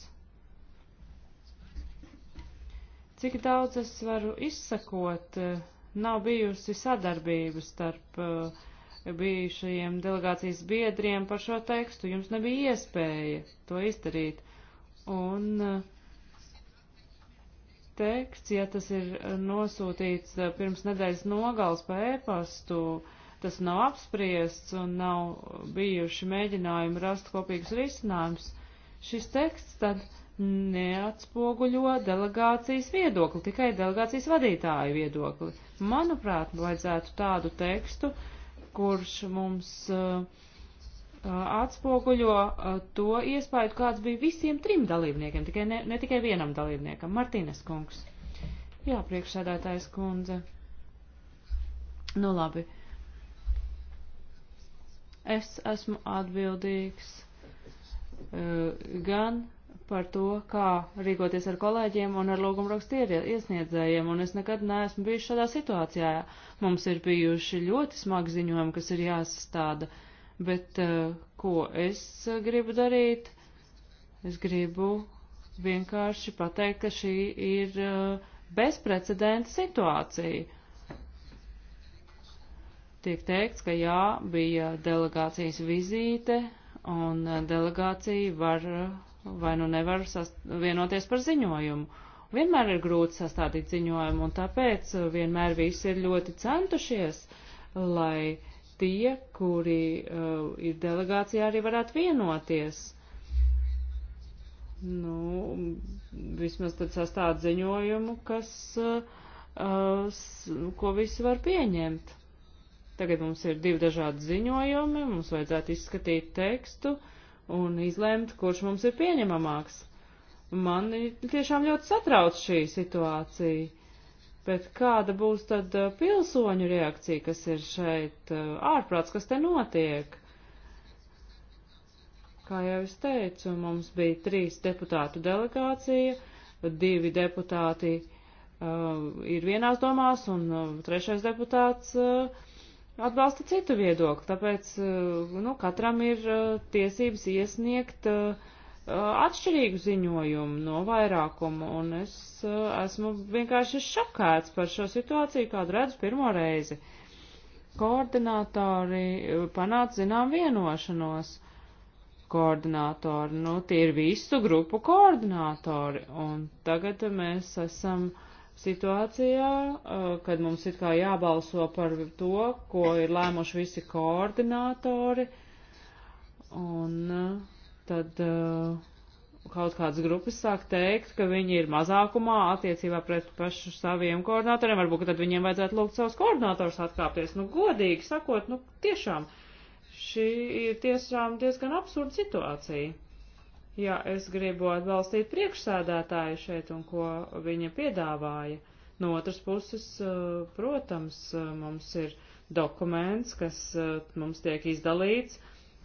Cik daudz es varu izsakot, eh, nav bijusi sadarbība starp eh, bijušajiem delegācijas biedriem par šo tekstu. Jums nebija iespēja to izdarīt. Un eh, teksts, ja tas ir nosūtīts pirms nedēļas nogals pa e-pastu, tas nav apspriests un nav bijuši mēģinājumi rast kopīgus risinājumus. Šis teksts tad neatspoguļo delegācijas viedokli, tikai delegācijas vadītāju viedokli. Manuprāt, vajadzētu tādu tekstu, kurš mums uh, uh, atspoguļo uh, to iespēju, kāds bija visiem trim dalībniekiem, tikai ne, ne tikai vienam dalībniekam. Martīnes kungs. Jā, priekšsēdētājs kundze. Nu labi. Es esmu atbildīgs uh, gan par to, kā rīkoties ar kolēģiem un ar lūgumrakstu iesniedzējiem, un es nekad neesmu bijis šādā situācijā. Mums ir bijuši ļoti smagi ziņojumi, kas ir jāsastāda, bet uh, ko es gribu darīt? Es gribu vienkārši pateikt, ka šī ir uh, bezprecedenta situācija. Tiek teikts, ka jā, bija delegācijas vizīte, un eh, delegācija var uh, vai nu nevar vienoties par ziņojumu. Vienmēr ir grūti sastādīt ziņojumu, un tāpēc vienmēr visi ir ļoti centušies, lai tie, kuri uh, ir delegācijā, arī varētu vienoties. Nu, vismaz tad sastād ziņojumu, kas, uh, uh, ko visi var pieņemt. Tagad mums ir divi dažādi ziņojumi, mums vajadzētu izskatīt tekstu. Uh, un izlemt, kurš mums ir pieņemamāks. Man tiešām ļoti satrauc šī situācija, bet kāda būs tad pilsoņu reakcija, kas ir šeit ārprāts, kas te notiek? Kā jau es teicu, mums bija trīs deputātu delegācija, divi deputāti uh, ir vienās domās un uh, trešais deputāts uh, atbalsta citu viedokli, tāpēc, eh, nu, katram ir eh, tiesības iesniegt eh, atšķirīgu ziņojumu no vairākumu, un es esmu vienkārši šokēts par šo situāciju, kādu redzu pirmo reizi. Koordinātori panāca zinām vienošanos koordinātori, nu, tie ir visu grupu koordinātori, un tagad mēs esam uh, situācijā, eh, kad mums it kā jābalso par to, ko ir lēmuši visi koordinātori, un eh, tad eh, kaut kādas grupas sāk teikt, ka viņi ir mazākumā attiecībā pret pašu saviem koordinatoriem, varbūt tad viņiem vajadzētu lūgt savus koordinatorus atkāpties. Nu, godīgi sakot, nu, tiešām šī ir tiešām diezgan absurda situācija ja es gribu atbalstīt priekšsēdētāju šeit un ko viņa piedāvāja. No otras puses, eh, protams, eh, mums ir dokuments, kas eh, mums tiek izdalīts,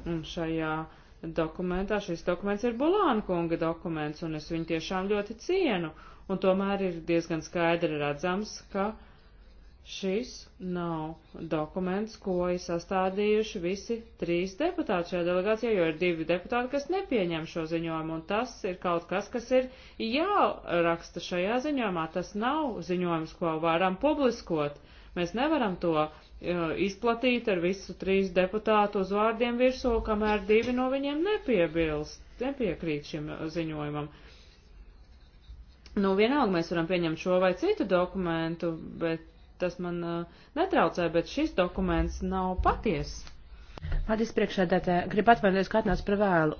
un šajā dokumentā šis dokuments ir Bulāna kunga dokuments, un es viņu tiešām ļoti cienu, un tomēr ir diezgan skaidri redzams, ka uh, Šis nav dokuments, ko ir sastādījuši visi trīs deputāti šajā delegācijā, jo ir divi deputāti, kas nepieņem šo ziņojumu, un tas ir kaut kas, kas ir jāraksta šajā ziņojumā. Tas nav ziņojums, ko varam publiskot. Mēs nevaram to uh, izplatīt ar visu trīs deputātu uz vārdiem virsū, kamēr divi no viņiem nepiebilst, nepiekrīt šim ziņojumam. Nu, vienalga mēs varam pieņemt šo vai citu dokumentu, bet tas man uh, netraucē, bet šis dokuments nav paties. Paldies priekšēdētē. Gribu atvainoties, ka atnāc par vēlu.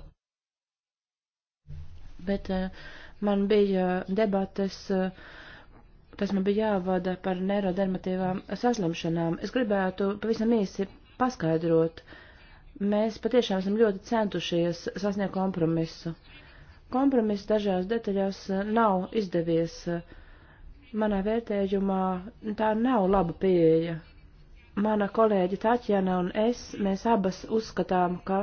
Bet uh, man bija debates, uh, tas man bija jāvada par neirodermatīvām saslimšanām. Es gribētu pavisam īsi paskaidrot. Mēs patiešām esam ļoti centušies sasniegt kompromisu. Kompromiss dažās detaļās nav izdevies. Uh, Manā vērtējumā tā nav laba pieeja. Mana kolēģi Taķjana un es, mēs abas uzskatām, ka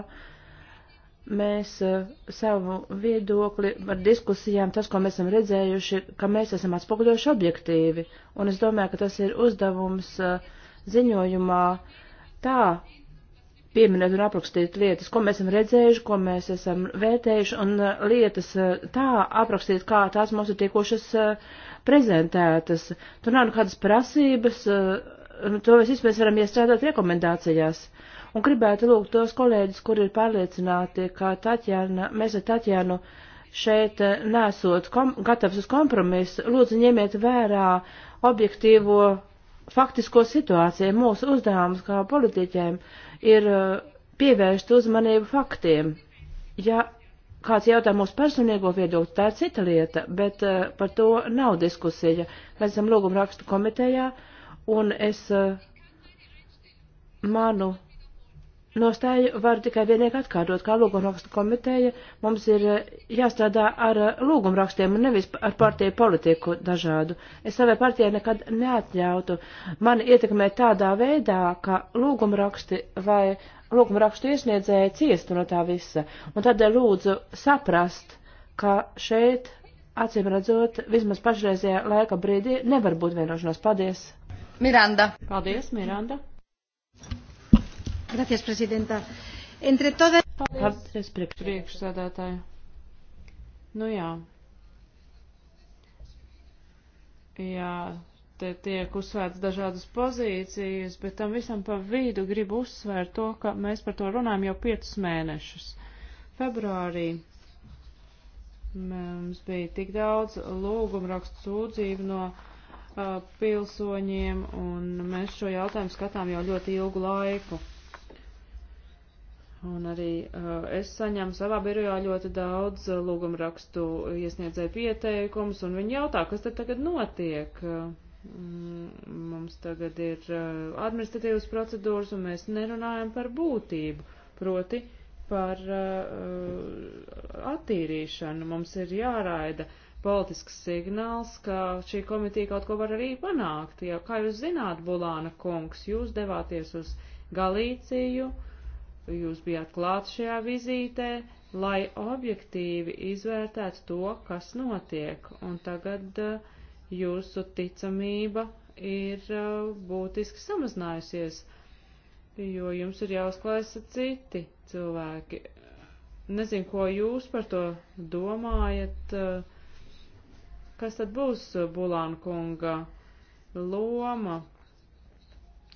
mēs uh, savu viedokli par diskusijām, tas, ko mēs esam redzējuši, ka mēs esam atspoguļojuši objektīvi. Un es domāju, ka tas ir uzdevums uh, ziņojumā tā pieminēt un aprakstīt lietas, ko mēs esam redzējuši, ko mēs esam vērtējuši, un uh, lietas tā aprakstīt, kā tās mums ir tiekušas prezentētas. Tur nav nekādas prasības, eh, nu, to mēs vispār varam iestrādāt rekomendācijās. Un gribētu lūgt tos kolēģis, kuri ir pārliecināti, ka Tatjana, mēs ar Tatjanu šeit eh, nesot kom, gatavs uz kompromisu, lūdzu ņemiet vērā objektīvo faktisko situāciju. Mūsu uzdevums kā politiķiem ir eh, pievērst uzmanību faktiem. Ja kāds jautā mūsu personīgo viedokli, tā ir cita lieta, bet uh, par to nav diskusija. Mēs esam lūguma rakstu komitejā, un es uh, manu nostāju varu tikai vienīgi atkārtot, kā lūguma rakstu komiteja. Mums ir uh, jāstrādā ar uh, lūguma rakstiem un nevis ar partiju politiku dažādu. Es savai partijai nekad neatļautu mani ietekmēt tādā veidā, ka lūguma raksti vai lūguma rakstu iesniedzēja ciestu no tā visa. Un tādēļ eh, lūdzu saprast, ka šeit, acīm redzot, vismaz pašreizajā laika brīdī nevar būt vienošanās. Paldies! Miranda. Paldies, Miranda. Gracias, prezidenta. Entre todas... Paldies, Paldies priekšsēdētāji. Nu jā. Jā, te tiek uzsvērts dažādas pozīcijas, bet tam visam pa vidu gribu uzsvērt to, ka mēs par to runājam jau piecus mēnešus. Februārī mums bija tik daudz lūgumu rakstu sūdzību no uh, pilsoņiem, un mēs šo jautājumu skatām jau ļoti ilgu laiku. Un arī uh, es saņemu savā birojā ļoti daudz uh, lūgumrakstu iesniedzēju pieteikumus, un viņi jautā, kas te tagad notiek. Uh, Mm, mums tagad ir eh, administratīvas procedūras, un mēs nerunājam par būtību, proti par eh, attīrīšanu. Mums ir jāraida politisks signāls, ka šī komitīja kaut ko var arī panākt. Ja, kā jūs zināt, Bulāna kungs, jūs devāties uz Galīciju, jūs bijāt klāt šajā vizītē, lai objektīvi izvērtētu to, kas notiek. Un tagad uh, jūsu ticamība ir uh, būtiski samazinājusies, jo jums ir jāuzklājas citi cilvēki. Nezinu, ko jūs par to domājat. Uh, kas tad būs uh, Bulāna kunga loma?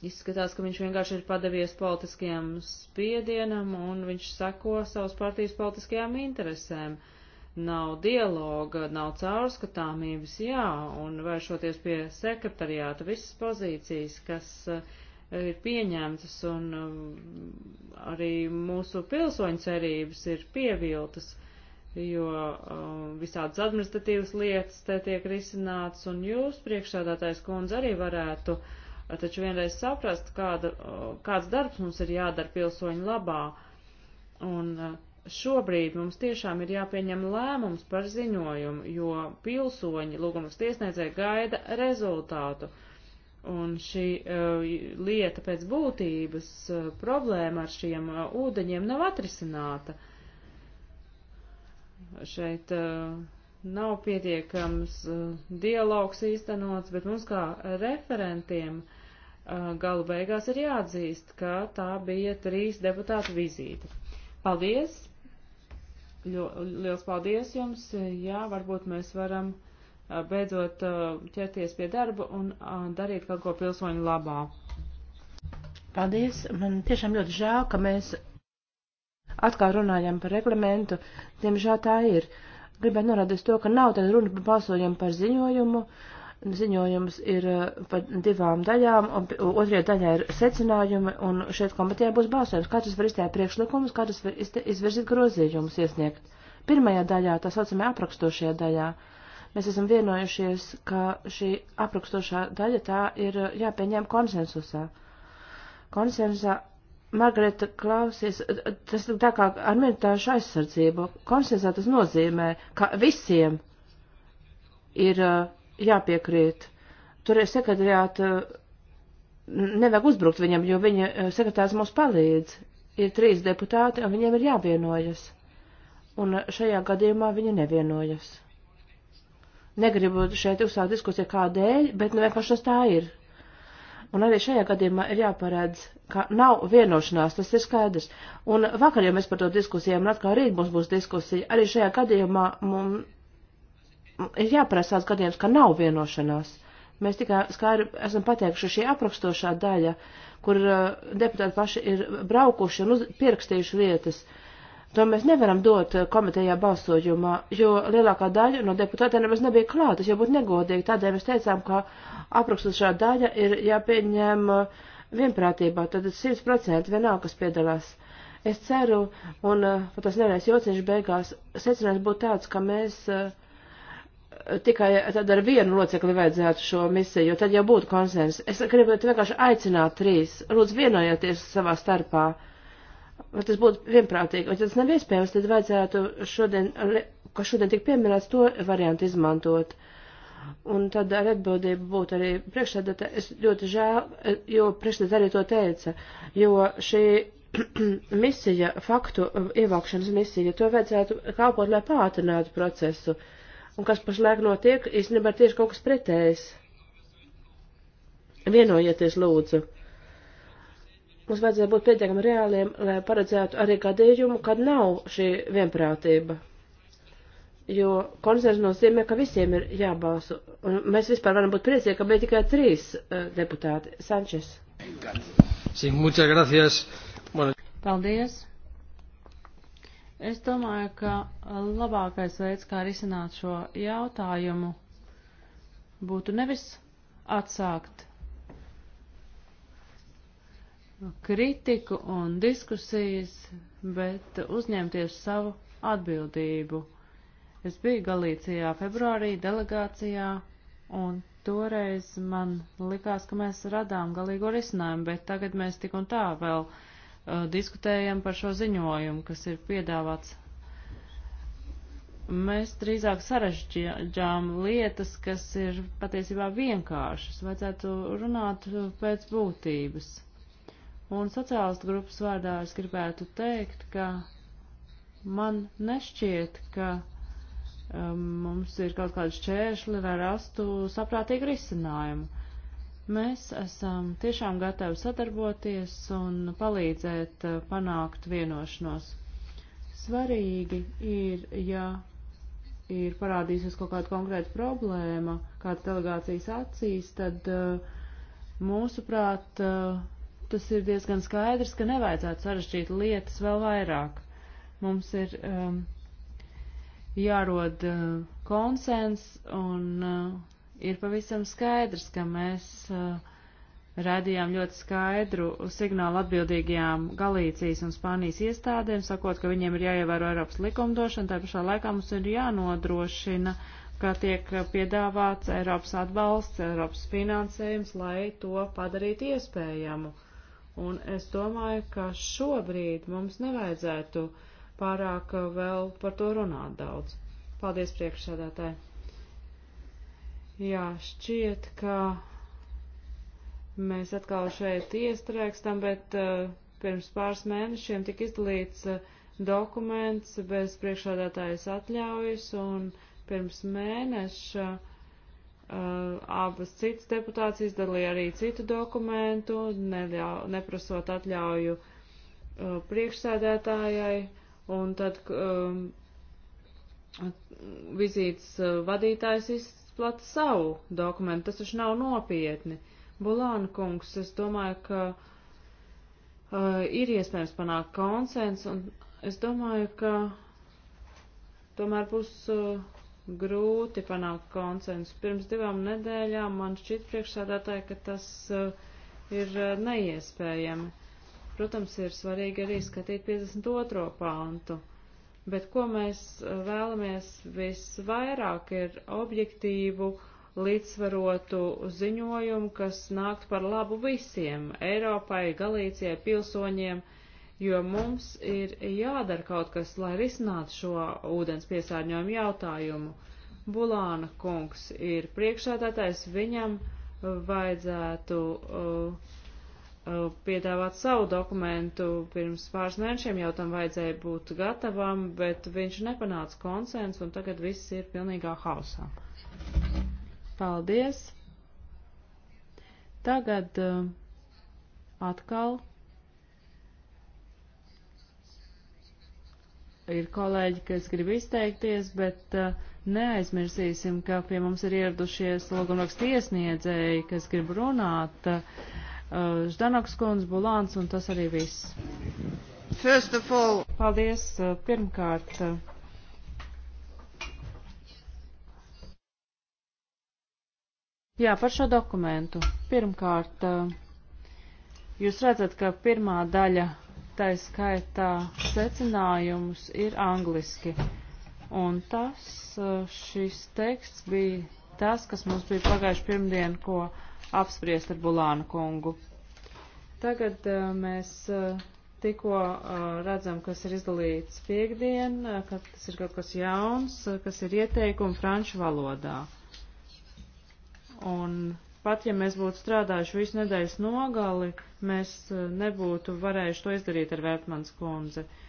Izskatās, ka viņš vienkārši ir padavies politiskajam spiedienam un viņš seko savas partijas politiskajām interesēm. Uh, nav dialoga, nav caurskatāmības, jā, un vēršoties pie sekretariāta visas pozīcijas, kas eh, ir pieņemtas un eh, arī mūsu pilsoņu cerības ir pieviltas, jo eh, visādas administratīvas lietas te tiek risināts, un jūs, priekšsādātais kundze, arī varētu taču vienreiz saprast, kāda, kāds darbs mums ir jādara pilsoņu labā. Un uh, šobrīd mums tiešām ir jāpieņem lēmums par ziņojumu, jo pilsoņi lūgumas tiesniedzēja gaida rezultātu. Un šī uh, lieta pēc būtības uh, problēma ar šiem uh, ūdeņiem nav atrisināta. Šeit uh, nav pietiekams uh, dialogs īstenots, bet mums kā referentiem uh, galu beigās ir jāatzīst, ka tā bija trīs deputātu vizīte. Paldies! Liels paldies jums. Jā, varbūt mēs varam beidzot ķerties pie darba un darīt kaut ko pilsoņu labā. Paldies. Man tiešām ļoti žēl, ka mēs atkal runājam par reglamentu. Diemžēl tā ir. Gribētu norādīt to, ka nav tad runa par balsojumu par ziņojumu. Uh, ziņojums ir eh, par divām daļām, un otrajā daļā ir secinājumi, un šeit komitejā būs balsojums, kā tas var izteikt priekšlikumus, kā tas var izvirzīt grozījumus iesniegt. Pirmajā daļā, tā saucamajā aprakstošajā daļā, mēs esam vienojušies, ka šī aprakstošā daļa tā ir eh, jāpieņem konsensusā. Konsensusā Margareta klausies, eh, tas tā kā ar militāšu aizsardzību. Konsensusā tas nozīmē, ka visiem ir uh, jāpiekrīt. Tur ir sekretariāta, nevajag uzbrukt viņam, jo viņa e, sekretārs mums palīdz. Ir trīs deputāti, un viņiem ir jāvienojas. Un šajā gadījumā viņi nevienojas. Negribu šeit uzsākt diskusiju kādēļ, bet nu vienkārši tas tā ir. Un arī šajā gadījumā ir jāparedz, ka nav vienošanās, tas ir skaidrs. Un vakar jau mēs par to diskusijām, un atkal rīt mums būs diskusija. Arī šajā gadījumā mums ir jāprasās gadījums, ka nav vienošanās. Mēs tikai skaidri esam pateikuši šī aprakstošā daļa, kur uh, deputāti paši ir braukuši un uz, pierakstījuši lietas. To mēs nevaram dot uh, komitejā balsojumā, jo lielākā daļa no deputātiem nemaz nebija klāta, tas jau būtu negodīgi. Tādēļ mēs teicām, ka aprakstošā daļa ir jāpieņem uh, vienprātībā, tad 100% vienalga, kas piedalās. Es ceru, un uh, pat tas nevienais jociņš beigās secinājums būtu tāds, ka mēs uh, tikai tad ar vienu locekli vajadzētu šo misiju, jo tad jau būtu konsens. Es gribētu vienkārši aicināt trīs, lūdzu vienojieties savā starpā, vai tas būtu vienprātīgi, vai tas nav iespējams, tad vajadzētu šodien, kas šodien tik pieminēts, to variantu izmantot. Un tad ar atbildību būtu arī priekšsēdētā, es ļoti žēl, jo priekšsēdētā arī to teica, jo šī misija, faktu ievākšanas misija, to vajadzētu kalpot, lai pātrinātu procesu. Uh, un kas pašlaik notiek, īstenībā tieši kaut kas pretējs. Vienojieties, lūdzu. Mums vajadzēja būt pietiekami reāliem, lai paredzētu arī gadījumu, kad nav šī vienprātība. Jo konsensus nozīmē, ka visiem ir jābalso. Un mēs vispār varam būt priecīgi, ka bija tikai trīs uh, deputāti. Sančes. Sí, muchas gracias. Bueno. Paldies. Es domāju, ka labākais veids, kā risināt šo jautājumu, būtu nevis atsākt kritiku un diskusijas, bet uzņemties savu atbildību. Es biju Galīcijā februārī delegācijā, un toreiz man likās, ka mēs radām galīgo risinājumu, bet tagad mēs tik un tā vēl uh, Uh, diskutējam par šo ziņojumu, kas ir piedāvāts. Mēs drīzāk sarežģījām lietas, kas ir patiesībā vienkāršas. Vajadzētu runāt pēc būtības. Un sociālistu grupas vārdā es gribētu teikt, ka man nešķiet, ka um, mums ir kaut kādi šķēršļi, lai rastu saprātīgu risinājumu. Mēs esam tiešām gatavi sadarboties un palīdzēt eh, panākt vienošanos. Svarīgi ir, ja ir parādīsies kaut kāda konkrēta problēma, kāds delegācijas acīs, tad eh, mūsuprāt, eh, tas ir diezgan skaidrs, ka nevajadzētu sarežģīt lietas vēl vairāk. Mums ir um, jārod uh, konsens un uh, ir pavisam skaidrs, ka mēs uh, radījām ļoti skaidru signālu atbildīgajām Galīcijas un Spānijas iestādēm, sakot, ka viņiem ir jāievēro Eiropas likumdošana, tā pašā laikā mums ir jānodrošina, ka tiek piedāvāts Eiropas atbalsts, Eiropas finansējums, lai to padarītu iespējamu. Un es domāju, ka šobrīd mums nevajadzētu pārāk uh, vēl par to runāt daudz. Paldies priekšsēdētāji! Jā, šķiet, ka mēs atkal šeit iestrēgstam, bet uh, pirms pāris mēnešiem tika izdalīts uh, dokuments bez priekšādātājas atļaujas, un pirms mēneša uh, abas citas deputāts izdalīja arī citu dokumentu, neļau, neprasot atļauju uh, priekšsēdētājai, un tad um, vizītes uh, vadītājs iz, izplat savu dokumentu, tas taču nav nopietni. Bulāna kungs, es domāju, ka uh, ir iespējams panākt konsens, un es domāju, ka tomēr būs uh, grūti panākt konsensu. Pirms divām nedēļām man šķiet priekšsādātāji, ka tas uh, ir uh, neiespējami. Protams, ir svarīgi arī skatīt 52. pāntu. Uh, bet ko mēs eh, vēlamies visvairāk ir objektīvu, līdzsvarotu ziņojumu, kas nāktu par labu visiem - Eiropai, Galīcijai, pilsoņiem, jo mums ir jādara kaut kas, lai risinātu šo ūdens piesārņojumu jautājumu. Bulāna kungs ir priekšādātais, viņam vajadzētu uh, Uh, piedāvāt savu dokumentu pirms pāris mēnešiem, jau tam vajadzēja būt gatavam, bet viņš nepanāca konsensu un tagad viss ir pilnīgā hausā. Paldies! Tagad uh, atkal ir kolēģi, kas grib izteikties, bet uh, neaizmirsīsim, ka pie mums ir ieradušies logumrakstu iesniedzēji, kas grib runāt. Uh, Eh, Ždanoks kundz, Bulāns, un tas arī viss. First of all. Paldies, eh, pirmkārt. Eh, Jā, par šo dokumentu. Pirmkārt, jūs redzat, ka pirmā daļa, tā skaitā secinājums, ir angliski. Un tas šis teksts bija tas, kas mums bija pagājuši pirmdien, ko apspriest ar Bulānu kungu. Tagad uh, mēs uh, tikko uh, redzam, kas ir izdalīts piekdien, uh, ka tas ir kaut kas jauns, uh, kas ir ieteikumi franču valodā. Un pat ja mēs būtu strādājuši visu nedēļas nogali, mēs uh, nebūtu varējuši to izdarīt ar Vērtmans kundzi. Uh,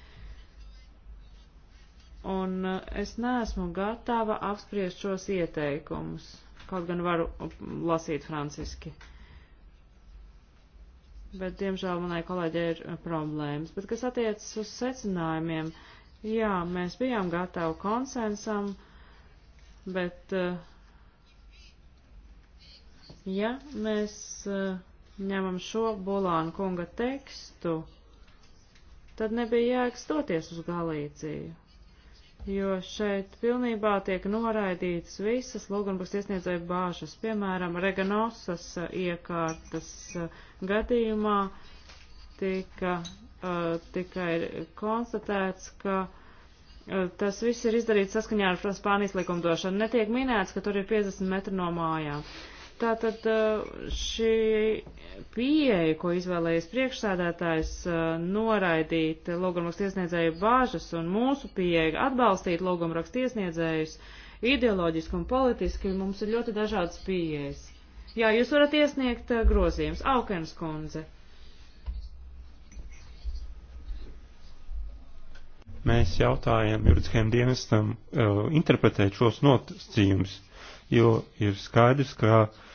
un eh, es neesmu gatava apspriest šos ieteikumus, kaut gan varu lasīt franciski. Bet, diemžēl, manai kolēģei ir eh, problēmas. Bet, kas attiecas uz secinājumiem, jā, mēs bijām gatavi konsensam, bet, eh, ja mēs ņemam šo Bulāna kunga tekstu, tad nebija jēgas doties uz Galīciju jo šeit pilnībā tiek noraidītas visas lūgumbus iesniedzēju bāžas, piemēram, Reganosas uh, iekārtas uh, gadījumā tika uh, tikai konstatēts, ka uh, Tas viss ir izdarīts saskaņā ar Spānijas likumdošanu. Netiek minēts, ka tur ir 50 metri no mājām. Uh, Tātad eh, šī pieeja, ko izvēlējies priekšsādātājs, eh, noraidīt logumrakstu iesniedzēju bāžas un mūsu pieeja atbalstīt logumrakstu iesniedzējus ideoloģiski un politiski, mums ir ļoti dažādas pieejas. Jā, jūs varat iesniegt eh, grozījums. Aukens kundze. Mēs jautājam juridiskajam dienestam uh, interpretēt šos nosacījumus, jo ir skaidrs, ka uh,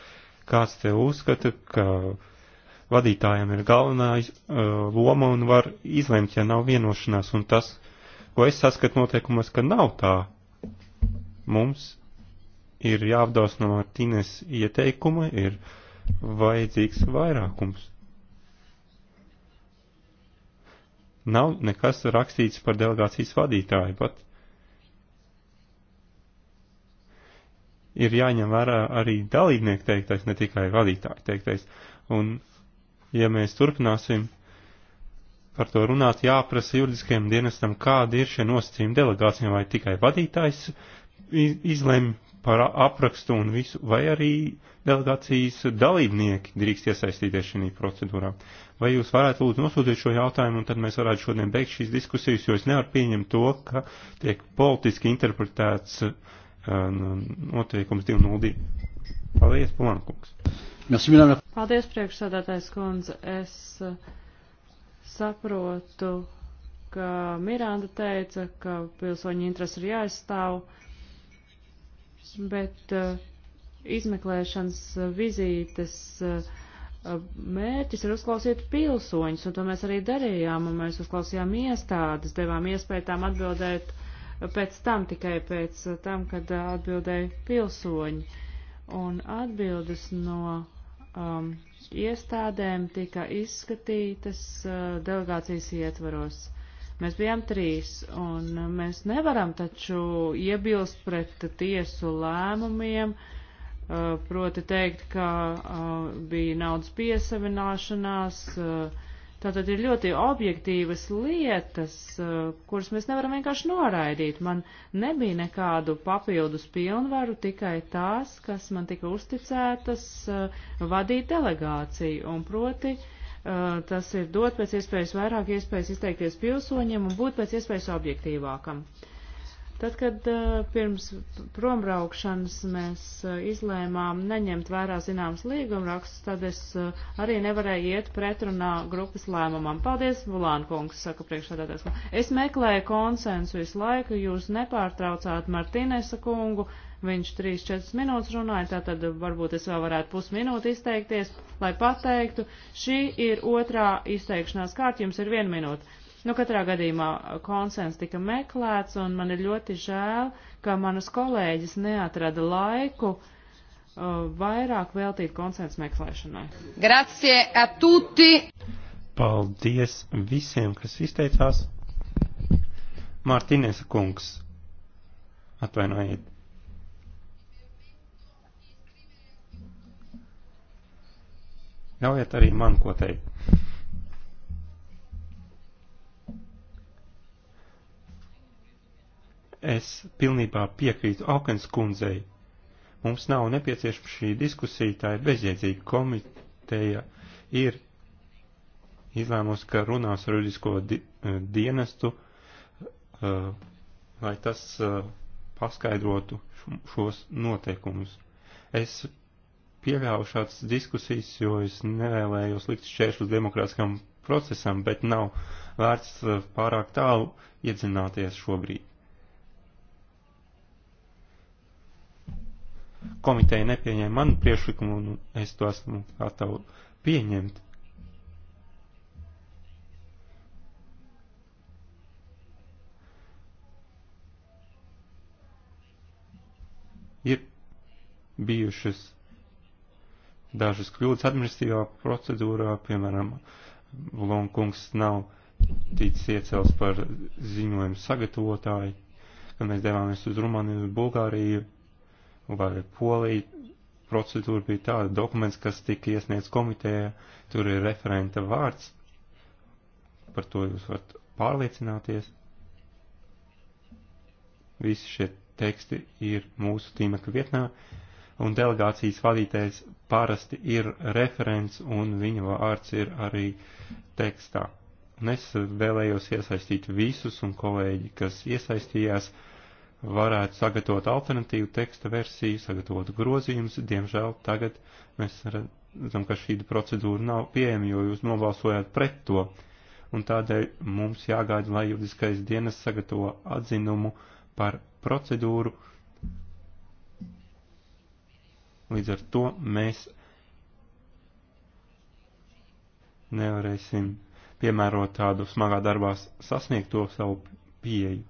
kāds te uzskata, ka vadītājiem ir galvenā iz, uh, loma un var izlemt, ja nav vienošanās, un tas, ko es saskatu noteikumos, ka nav tā. Mums ir jāapdaus no Martīnes ieteikuma, ir vajadzīgs vairākums. Nav nekas rakstīts par delegācijas vadītāju, pat ir jāņem vērā arī dalībnieku teiktais, ne tikai vadītāju teiktais. Un, ja mēs turpināsim par to runāt, jāprasa juridiskiem dienestam, kādi ir šie nosacījumi delegācijām, vai tikai vadītājs izlemj par aprakstu un visu, vai arī delegācijas dalībnieki drīkst iesaistīties šajā procedūrā. Vai jūs varētu lūdzu nosūtīt šo jautājumu, un tad mēs varētu šodien beigt šīs diskusijas, jo es nevaru pieņemt to, ka tiek politiski interpretēts uh, noteikums 202. Paldies, Polankungs. Paldies, priekšsādātais kundze. Es eh, saprotu, ka Miranda teica, ka pilsoņu interesi ir jāizstāv, bet eh, izmeklēšanas vizītes eh, mērķis ir uzklausīt pilsoņus, un to mēs arī darījām, un mēs uzklausījām iestādes, devām iespēju tām atbildēt pēc tam, tikai pēc tam, kad atbildēja pilsoņi. Un atbildes no um, iestādēm tika izskatītas uh, delegācijas ietvaros. Mēs bijām trīs, un mēs nevaram taču iebilst pret tiesu lēmumiem, uh, proti teikt, ka uh, bija naudas piesavināšanās, uh, Tātad ir ļoti objektīvas lietas, uh, kuras mēs nevaram vienkārši noraidīt. Man nebija nekādu papildus pilnvaru, tikai tās, kas man tika uzticētas uh, vadīt delegāciju. Un proti, uh, tas ir dot pēc iespējas vairāk iespējas izteikties pilsoņiem un būt pēc iespējas objektīvākam. Uh, Tad, kad eh, pirms prombraukšanas mēs eh, izlēmām neņemt vērā zināmas līgumrakstus, tad es eh, arī nevarēju iet pretrunā grupas lēmumam. Paldies, Vulāna kungs, saka priekšādātājs. Es meklēju konsensu visu laiku, jūs nepārtraucāt Martīnesa kungu, viņš 3-4 minūtes runāja, tātad varbūt es vēl varētu pusminūti izteikties, lai pateiktu, šī ir otrā izteikšanās kārt, jums ir viena minūte. Nu, katrā gadījumā konsens tika meklēts, un man ir ļoti žēl, ka manas kolēģis neatrada laiku uh, vairāk veltīt konsensu meklēšanai. Grazie a tutti! Paldies visiem, kas izteicās. Mārtiņēs kungs, atvainojiet. Ļaujiet arī man ko teikt. Es pilnībā piekrītu Aukens kundzei. Mums nav nepieciešama šī diskusija, tā ir bezjēdzīga komiteja. Ir izlēmusi, ka runās ar juridisko di e, dienestu, uh, lai tas uh, paskaidrotu šos noteikumus. Es pieļāvu šādas diskusijas, jo es nevēlējos likt šķēršus demokrātiskam procesam, bet nav vērts pārāk tālu iedzināties šobrīd. komiteja nepieņēma manu priešlikumu, un es to esmu gatavu pieņemt. Ir bijušas dažas kļūdas administratīvā procedūrā, piemēram, Lonkungs nav ticis iecels par ziņojumu sagatavotāju, kad mēs devāmies uz Rumāniju, uz Bulgāriju, vai Polija procedūra bija tāda dokuments, kas tika iesniegts komitējā, tur ir referenta vārds, par to jūs varat pārliecināties. Visi šie teksti ir mūsu tīmekļa vietnā, un delegācijas vadītājs parasti ir referents, un viņa vārds ir arī tekstā. Un es vēlējos iesaistīt visus un kolēģi, kas iesaistījās. Uh, varētu sagatavot alternatīvu teksta versiju, sagatavot grozījumus. Diemžēl tagad mēs redzam, ka šī procedūra nav pieejama, jo jūs nobalsojāt pret to. Un tādēļ mums jāgaida, lai juridiskais dienas sagatavo atzinumu par procedūru. Līdz ar to mēs nevarēsim piemērot tādu smagā darbā sasniegto savu pieeju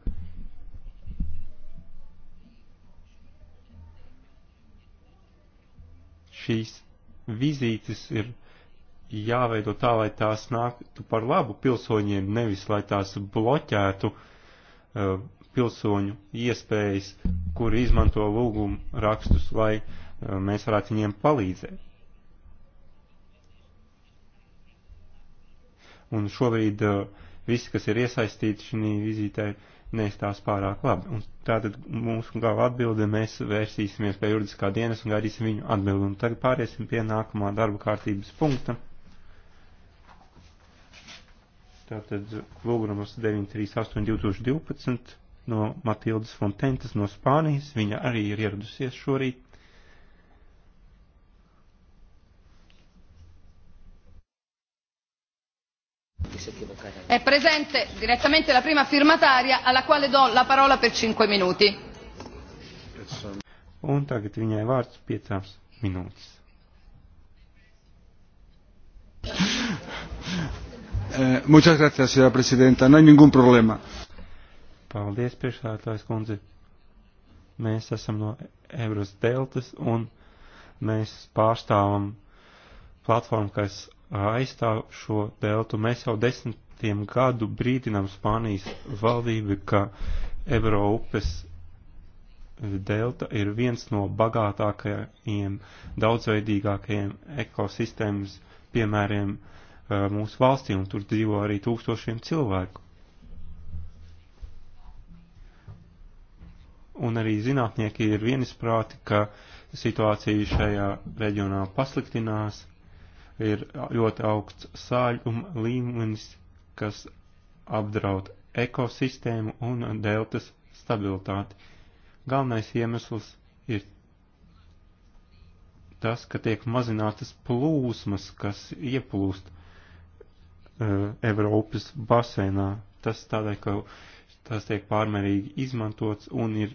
šīs vizītes ir jāveido tā, lai tās nāktu par labu pilsoņiem, nevis lai tās bloķētu uh, pilsoņu iespējas, kuri izmanto lūgumu rakstus, lai uh, mēs varētu viņiem palīdzēt. Un šobrīd uh, visi, kas ir iesaistīti šī vizītē, uh, neizstās pārāk labi. Un tātad mūsu galva atbilde, mēs vērsīsimies pie juridiskā dienas un gaidīsim viņu atbildi. Un tagad pāriesim pie nākamā darba kārtības punkta. Tātad lūgrums 938 2012 no Matildas Fontentas no Spānijas. Viņa arī ir ieradusies šorīt. è presente direttamente la prima firmataria alla quale do la parola per 5 minuti. Un tagad viņai vārds 5 minūtes. Eh, muchas gracias, señora presidenta. No hay ningún problema. Paldies, priekšsēdētājs kundze. Mēs esam no Ebras deltas un mēs pārstāvam platformu, kas aizstāv šo deltu. Mēs jau desmit desmitiem gadu brīdinām Spānijas valdību, ka Eiropas delta ir viens no bagātākajiem, daudzveidīgākajiem ekosistēmas piemēriem uh, mūsu valstī, un tur dzīvo arī tūkstošiem cilvēku. Un arī zinātnieki ir vienisprāti, ka situācija šajā reģionā pasliktinās, ir ļoti augsts sāļuma līmenis, kas apdraud ekosistēmu un deltas stabilitāti. Galvenais iemesls ir tas, ka tiek mazinātas plūsmas, kas ieplūst uh, Eiropas basēnā. Tas tādēļ, ka tas tiek pārmērīgi izmantots un ir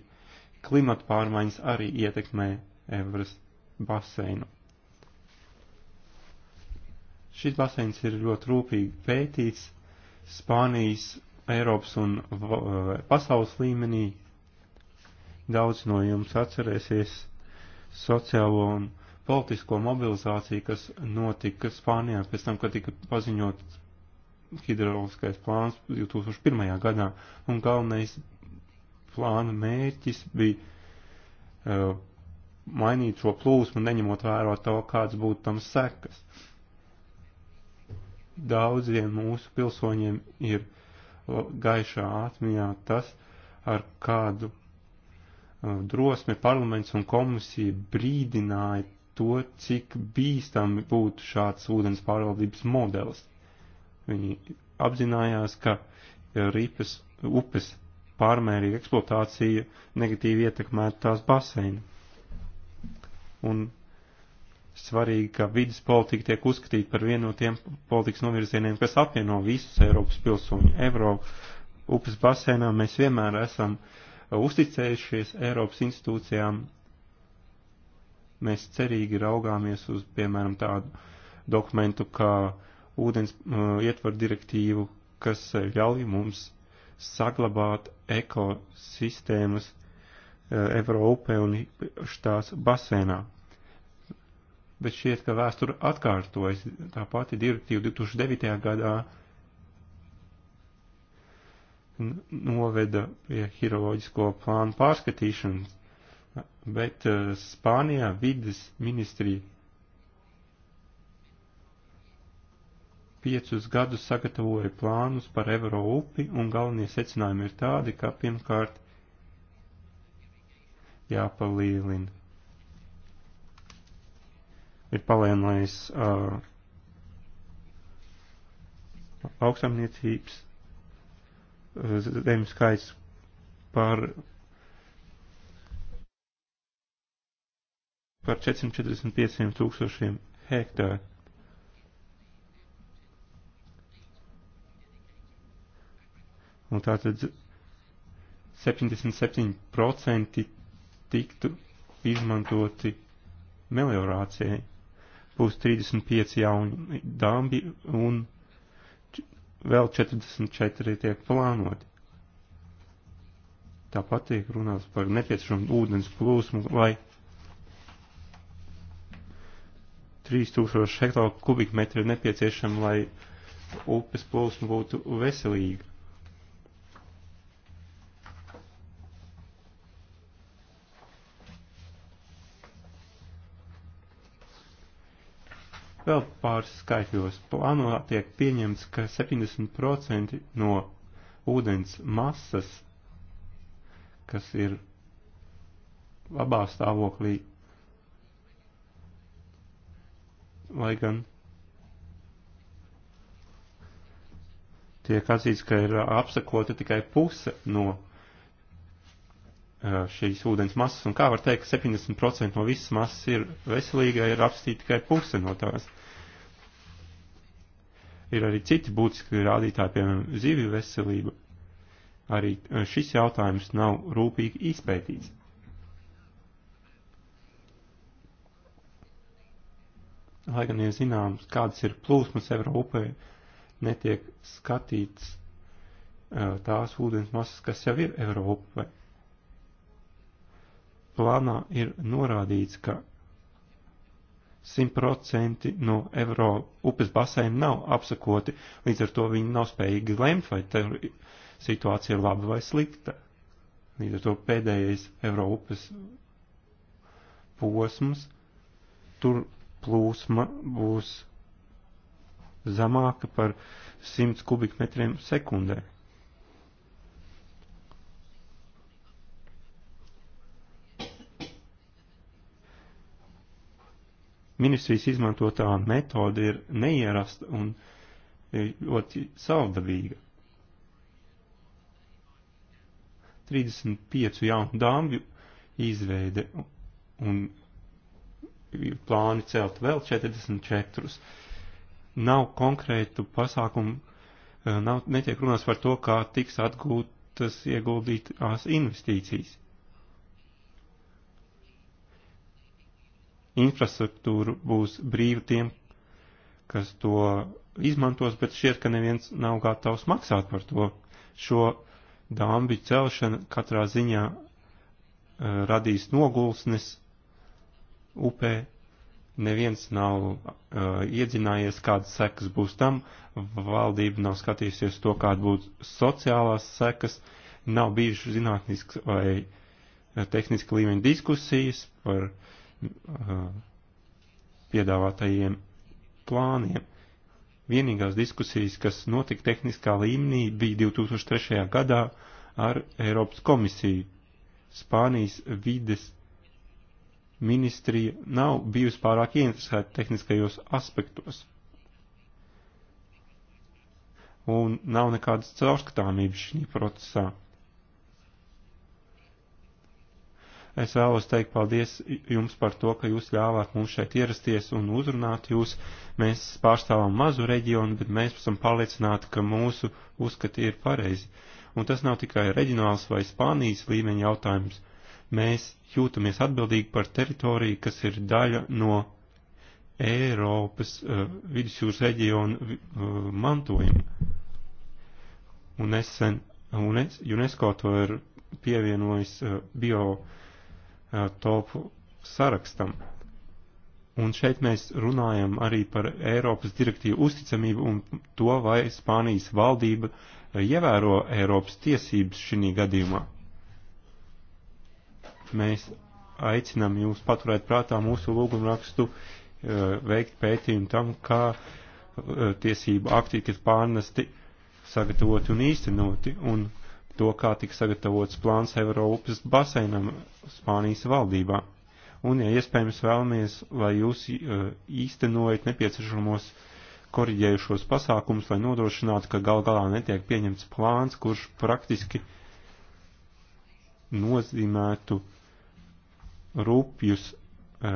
klimata pārmaiņas arī ietekmē Eiropas basēnu. Šis basēns ir ļoti rūpīgi pētīts Spānijas, Eiropas un pasaules līmenī. Daudz no jums atcerēsies sociālo un politisko mobilizāciju, kas notika Spānijā pēc tam, kad tika paziņots hidrauliskais plāns 2001. gadā, un galvenais plāna mērķis bija uh, mainīt šo plūsmu, neņemot vērā to, kāds būtu tam sekas. Uh, daudziem mūsu pilsoņiem ir gaišā atmiņā tas, ar kādu drosmi parlaments un komisija brīdināja to, cik bīstami būtu šāds ūdens pārvaldības modelis. Viņi apzinājās, ka rīpes upes pārmērīga eksploatācija negatīvi ietekmētu tās baseinu. Un svarīgi, ka vidas politika tiek uzskatīta par vienu no tiem politikas novirzieniem, kas apvieno visus Eiropas pilsoņu. Eiropa upes basēnā mēs vienmēr esam uzticējušies Eiropas institūcijām. Mēs cerīgi raugāmies uz, piemēram, tādu dokumentu kā ūdens uh, ietvaru direktīvu, kas ļauj mums saglabāt ekosistēmas uh, e, Eiropē un tās basēnā bet šķiet, ka vēsture atkārtojas. Tā pati direktīva 2009. gadā noveda pie hiroloģisko plānu pārskatīšanas, bet eh, Spānijā vidas ministrija piecus gadus sagatavoja plānus par Evro upi, un galvenie secinājumi ir tādi, ka pirmkārt jāpalielina ir palielinājis uh, augstsamniecības uh, zemju skaits par, par 445 tūkstošiem hektāru. Un tātad 77% tiktu izmantoti meliorācijai būs 35 jauni dambi un vēl 44 tiek plānoti. Tāpat tiek runāts par nepieciešamu ūdens plūsmu, lai 3000 hektāru kubikmetru ir nepieciešama, lai upes plūsma būtu veselīga. Vēl pāris skaitļos plānā tiek pieņemts, ka 70% no ūdens masas, kas ir labā stāvoklī, lai gan tiek atzīts, ka ir apsakota tikai puse no šīs ūdens masas, un kā var teikt, ka 70% no visas masas ir veselīga, ir apstīta tikai puse no tās ir arī citi būtiski rādītāji, piemēram, zivju veselība. Arī eh, šis jautājums nav rūpīgi izpētīts. Lai gan ir zināms, kādas ir plūsmas Eiropē, netiek skatīts eh, tās ūdens masas, kas jau ir Eiropē. Plānā ir norādīts, ka 100% no Eiro upes basēna nav apsakoti, līdz ar to viņi nav spējīgi lemt, vai tur situācija ir laba vai slikta. Līdz ar to pēdējais Eiro upes posms, tur plūsma būs zemāka par 100 kubikmetriem sekundē. Ministrijas izmantotā metode ir neierasta un e, ļoti savdabīga. 35 jaunu dāmju izveide un plāni celt vēl 44. Nav konkrētu pasākumu, e, nav, netiek runāts par to, kā tiks atgūtas ieguldītās investīcijas. infrastruktūra būs brīva tiem, kas to izmantos, bet šķiet, ka neviens nav gatavs maksāt par to. Šo dāmbi celšana katrā ziņā uh, radīs nogulsnes upē. Neviens nav uh, iedzinājies, kādas sekas būs tam, valdība nav skatījusies to, kāda būs sociālās sekas, nav bijušas zinātnisks vai eh, tehniski līmeņa diskusijas par uh, piedāvātajiem plāniem. Vienīgās diskusijas, kas notika tehniskā līmenī, bija 2003. gadā ar Eiropas komisiju. Spānijas vides ministrija nav bijusi pārāk ieinteresēta tehniskajos aspektos. Un nav nekādas caurskatāmības šī procesā. Es vēlos teikt paldies jums par to, ka jūs ļāvāt mums šeit ierasties un uzrunāt jūs. Mēs pārstāvam mazu reģionu, bet mēs esam pārliecināti, ka mūsu uzskati ir pareizi. Un tas nav tikai reģionāls vai Spānijas līmeņa jautājums. Mēs jūtamies atbildīgi par teritoriju, kas ir daļa no Eiropas uh, vidusjūras reģiona uh, mantojuma. Un nesen UNESCO to ir pievienojis uh, bio Uh, topu sarakstam. Un šeit mēs runājam arī par Eiropas direktīvu uzticamību un to, vai Spānijas valdība uh, ievēro Eiropas tiesības šī gadījumā. Mēs aicinām jūs paturēt prātā mūsu lūgumrakstu, uh, veikt pētījumu tam, kā tiesību akti tika pārnesti, sagatavoti un īstenoti, un to, kā tika sagatavots plāns Eiropas basēnam Spānijas valdībā. Un, ja iespējams, vēlamies, lai jūs e, īstenojat nepieciešamos koriģējušos pasākumus, lai nodrošinātu, ka gal galā netiek pieņemts plāns, kurš praktiski nozīmētu rūpjus e,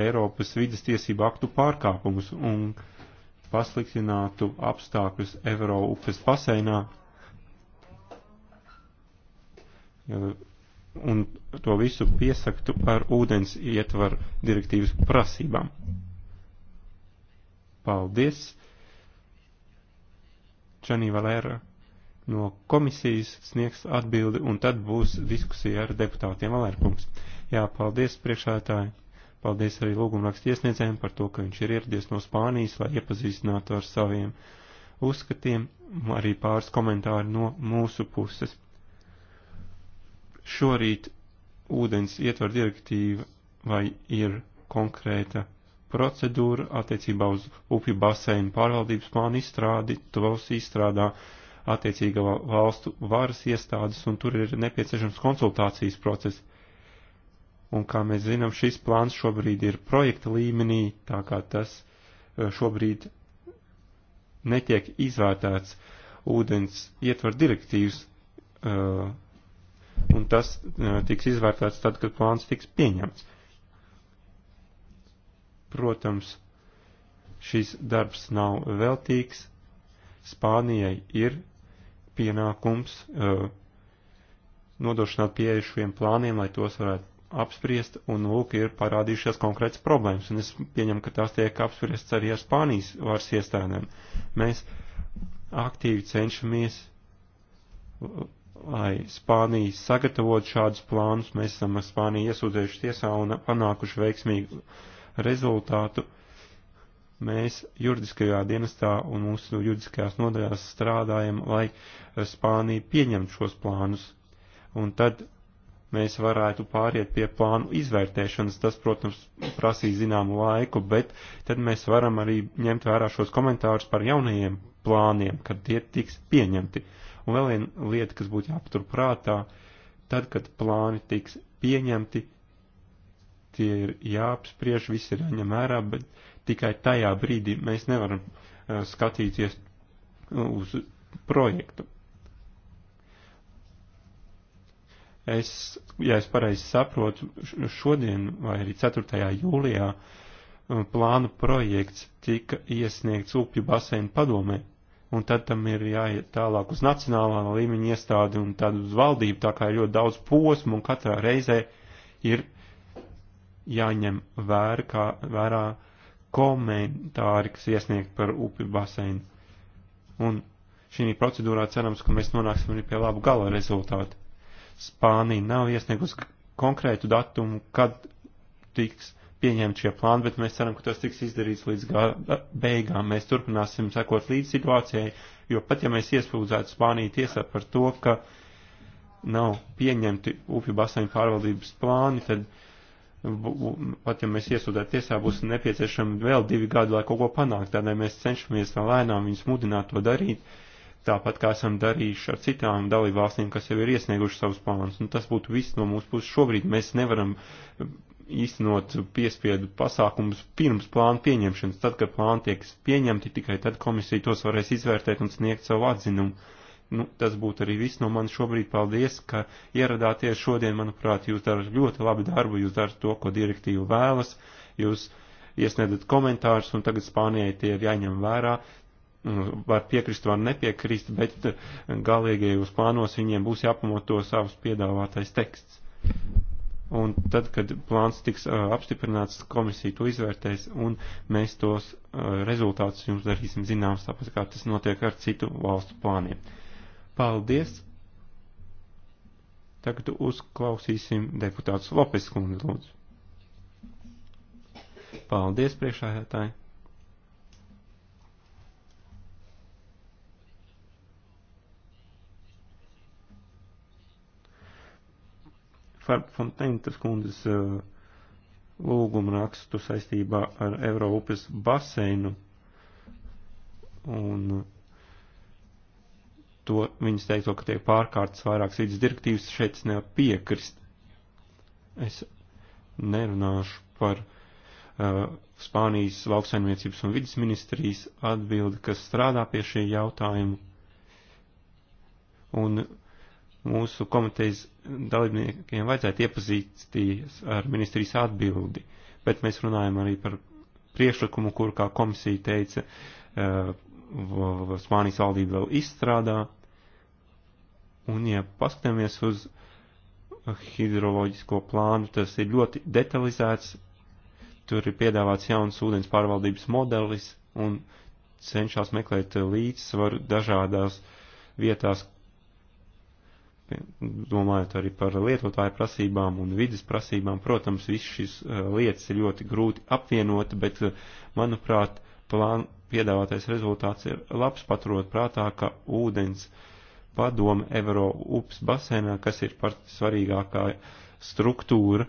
Eiropas vidas tiesību aktu pārkāpumus un pasliktinātu apstākļus Eiro upes baseinā, e, un to visu piesaktu ar ūdens ietvaru direktīvas prasībām. Paldies! Čanī Valēra no komisijas sniegs atbildi, un tad būs diskusija ar deputātiem Valērkungs. Jā, paldies priekšētāji! Paldies arī lūgumrakstu iesniedzējiem par to, ka viņš ir ieradies no Spānijas, lai iepazīstinātu ar saviem uzskatiem, arī pāris komentāri no mūsu puses šorīt ūdens ietver direktīva vai ir konkrēta procedūra attiecībā uz upju basēnu pārvaldības plānu izstrādi, tos izstrādā attiecīgā valstu varas iestādes, un tur ir nepieciešams konsultācijas process. Un kā mēs zinām, šis plāns šobrīd ir projekta līmenī, tā kā tas e, šobrīd netiek izvērtēts ūdens ietver direktīvas uh, un tas eh, tiks izvērtēts tad, kad plāns tiks pieņemts. Protams, šis darbs nav veltīgs. Spānijai ir pienākums uh, eh, nodošanāt pieeju šiem plāniem, lai tos varētu apspriest, un lūk, ir parādījušās konkrētas problēmas, un es pieņemu, ka tās tiek apspriestas arī ar Spānijas varas iestādēm. Mēs aktīvi cenšamies lai Spānija sagatavotu šādus plānus. Mēs esam Spāniju iesūdzējuši tiesā un panākuši veiksmīgu rezultātu. Mēs juridiskajā dienestā un mūsu juridiskajās nodaļās strādājam, lai Spānija pieņemtu šos plānus. Un tad mēs varētu pāriet pie plānu izvērtēšanas. Tas, protams, prasīs zināmu laiku, bet tad mēs varam arī ņemt vērā šos komentārus par jaunajiem plāniem, kad tie tiks pieņemti. Uh, Un vēl viena lieta, kas būtu jāpatur prātā, tad, kad plāni tiks pieņemti, tie ir jāapspriež, viss ir jāņem vērā, bet tikai tajā brīdī mēs nevaram uh, skatīties uz projektu. Es, ja es pareizi saprotu, šodien vai arī 4. jūlijā eh, plānu projekts tika iesniegts upju basēnu padomē un tad tam ir jāiet tālāk uz nacionālā līmeņa iestādi un tad uz valdību, tā kā ir ļoti daudz posmu un katrā reizē ir jāņem vēr, kā, vērā komentāri, kas iesniegt par upju baseinu. Un šī procedūrā cerams, ka mēs nonāksim arī pie labu gala rezultātu. Spānija nav iesniegusi konkrētu datumu, kad tiks pieņemti šie plāni, bet mēs ceram, ka tas tiks izdarīts līdz gada beigām. Mēs turpināsim sekot līdz situācijai, jo pat ja mēs iesūdzētu Spāniju tiesā par to, ka nav pieņemti upju basēņu pārvaldības plāni, tad pat ja mēs iesūdzētu tiesā, būs nepieciešami vēl divi gadi, lai kaut ko panākt. Tādēļ mēs cenšamies lēnām viņus mudināt to darīt, tāpat kā esam darījuši ar citām dalībvalstīm, kas jau ir iesnieguši savus plānus. Un tas būtu viss no mūsu puses. Šobrīd mēs nevaram īstenot piespiedu pasākumus pirms plāna pieņemšanas. Tad, kad plāni tiek pieņemti, tikai tad komisija tos varēs izvērtēt un sniegt savu atzinumu. Nu, tas būtu arī viss no manis šobrīd. Paldies, ka ieradāties šodien. Manuprāt, jūs darat ļoti labu darbu, jūs darat to, ko direktīva vēlas. Jūs iesniedat komentārus, un tagad Spānijai tie ir jāņem vērā nu, var piekrist, var nepiekrist, bet eh, galīgajos plānos viņiem būs jāpamato savus piedāvātais teksts un tad, kad plāns tiks uh, apstiprināts, komisija to izvērtēs, un mēs tos uh, rezultātus jums darīsim zināms, tāpat kā tas notiek ar citu valstu plāniem. Paldies! Tagad uzklausīsim deputātus Lopes kundi, lūdzu. Paldies, priekšājātāji! Fontentas kundzes eh, lūgumu rakstu saistībā ar Eiropas baseinu. Un to viņas teikto, ka tiek pārkārtas vairākas vidas direktīvas, šeit es nevaru piekrist. Es nerunāšu par uh, Spānijas lauksaimniecības un vidas ministrijas atbildi, kas strādā pie šī jautājuma. Un mūsu komitejas dalībniekiem vajadzētu iepazīties ar ministrijas atbildi, bet mēs runājam arī par priekšlikumu, kur, kā komisija teica, eh, Spānijas valdība vēl izstrādā. Un, ja paskatāmies uz hidroloģisko plānu, tas ir ļoti detalizēts, tur ir piedāvāts jauns ūdens pārvaldības modelis un cenšas meklēt līdzsvaru dažādās vietās, domājot arī par lietotāju prasībām un vidas prasībām. Protams, visas šīs eh, lietas ir ļoti grūti apvienot, bet, eh, manuprāt, plān piedāvātais rezultāts ir labs paturot prātā, ka ūdens padome Evro upes basēnā, kas ir par svarīgākā struktūra,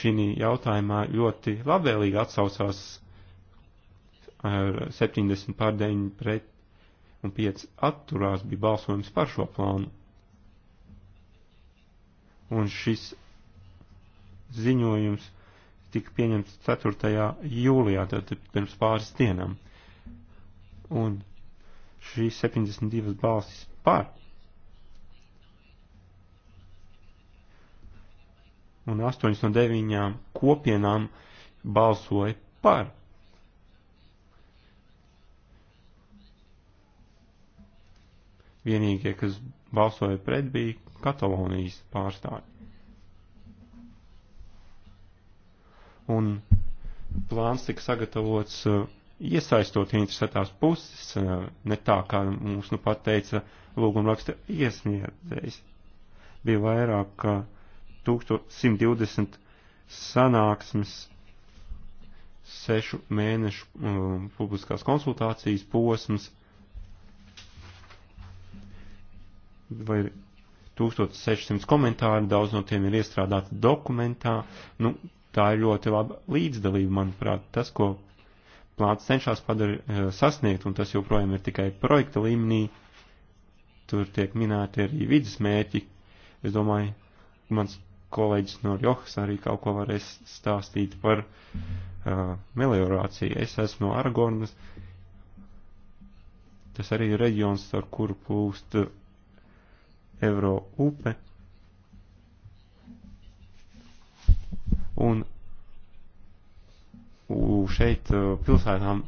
šī jautājumā ļoti labvēlīgi atsaucās ar 70 pār 9 pret un 5 atturās bija balsojums par šo plānu un šis ziņojums tika pieņemts 4. jūlijā, tātad pirms pāris dienām. Un šīs 72 balsis par. Un 8 no 9 kopienām balsoja par. Vienīgie, kas balsoja pret, bija Katalonijas pārstāvi. Un plāns tika sagatavots uh, iesaistot interesētās puses, uh, ne tā, kā mums nu pateica lūguma raksta iesniedzējs. Bija vairāk kā 1120 sanāksmes sešu mēnešu um, publiskās konsultācijas posms, vai 1600 komentāru, daudz no tiem ir iestrādāti dokumentā. Nu, tā ir ļoti laba līdzdalība, manuprāt, tas, ko plāns cenšas padar, eh, sasniegt, un tas joprojām ir tikai projekta līmenī. Tur tiek minēti arī vidas mērķi. Es domāju, mans kolēģis no Rjohas arī kaut ko varēs stāstīt par uh, meliorāciju. Es esmu no Aragonas. Tas arī ir reģions, ar kuru plūst Eiro upe. Un šeit uh, pilsētām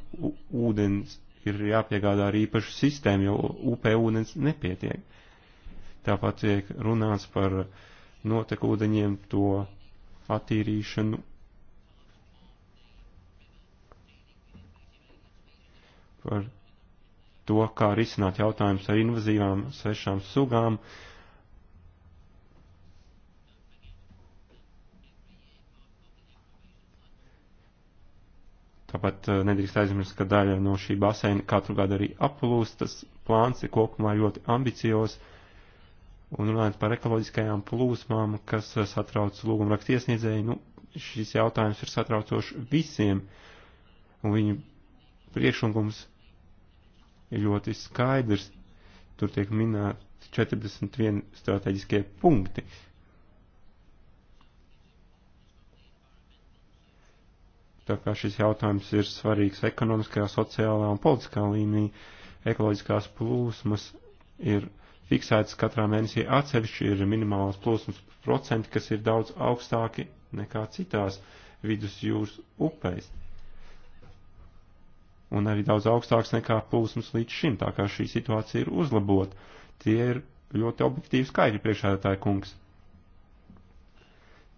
ūdens ir jāpiegādā ar īpašu sistēmu, jo upē ūdens nepietiek. Tāpat tiek runāts par notekūdeņiem, to attīrīšanu. Par to, kā risināt jautājumus ar invazīvām svešām sugām. Tāpat eh, nedrīkst aizmirst, ka daļa no šī basēna katru gadu arī aplūst. Tas plāns ir kopumā ļoti ambiciozs. Un runājot par ekoloģiskajām plūsmām, kas eh, satrauc lūgumrakstu iesniedzēju, nu, šis jautājums ir satraucošs visiem. Un viņu priekšlikums ir ļoti skaidrs. Tur tiek minēti 41 strateģiskie punkti. Tā kā šis jautājums ir svarīgs ekonomiskajā, sociālā un politiskā līmenī, ekoloģiskās plūsmas ir fiksētas katrā mēnesī atsevišķi, ir minimālās plūsmas procenti, kas ir daudz augstāki nekā citās vidusjūras upēs un arī daudz augstāks nekā plūsmas līdz šim, tā kā šī situācija ir uzlabot. Tie ir ļoti objektīvi skaidri priekšādātāji kungs.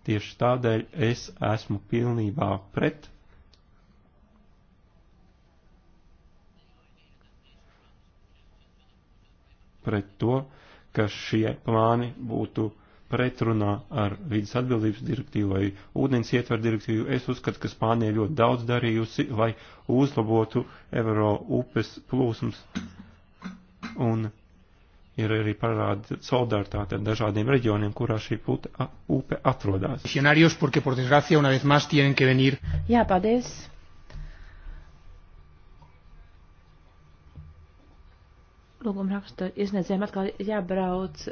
Tieši tādēļ es esmu pilnībā pret pret to, ka šie plāni būtu pretrunā ar vidas atbildības direktīvu vai ūdens ietver direktīvu. Es uzskatu, ka Spānija ļoti daudz darījusi, lai uzlabotu Euro upes plūsmas un ir arī parāda solidaritāte ar dažādiem reģioniem, kurā šī puta, upe atrodas. Jā, paldies! Lūgumraksta iesniedzējiem atkal jābrauc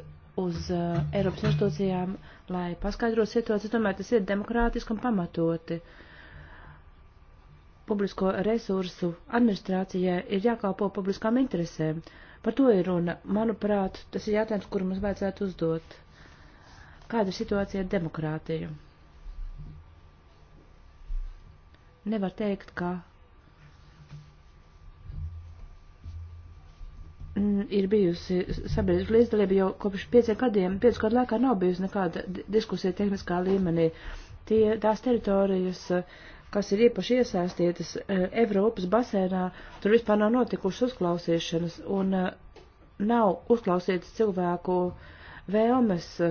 uz uh, Eiropas institūcijām, lai paskaidro situāciju, tomēr tas ir demokrātiski un pamatoti. Publisko resursu administrācijai ir jākalpo publiskām interesēm. Par to ir runa. Manuprāt, tas ir jautājums, kuru mums vajadzētu uzdot. Kāda ir situācija ar demokrātiju? Nevar teikt, ka Mm, ir bijusi sabiedriska līdzdalība jau kopš pieciem gadiem, piecu gadu laikā nav bijusi nekāda diskusija tehniskā līmenī. Tie, tās teritorijas, kas ir īpaši iesaistītas e, Eiropas basēnā, tur vispār nav notikušas uzklausīšanas un e, nav uzklausītas cilvēku vēlmes, e,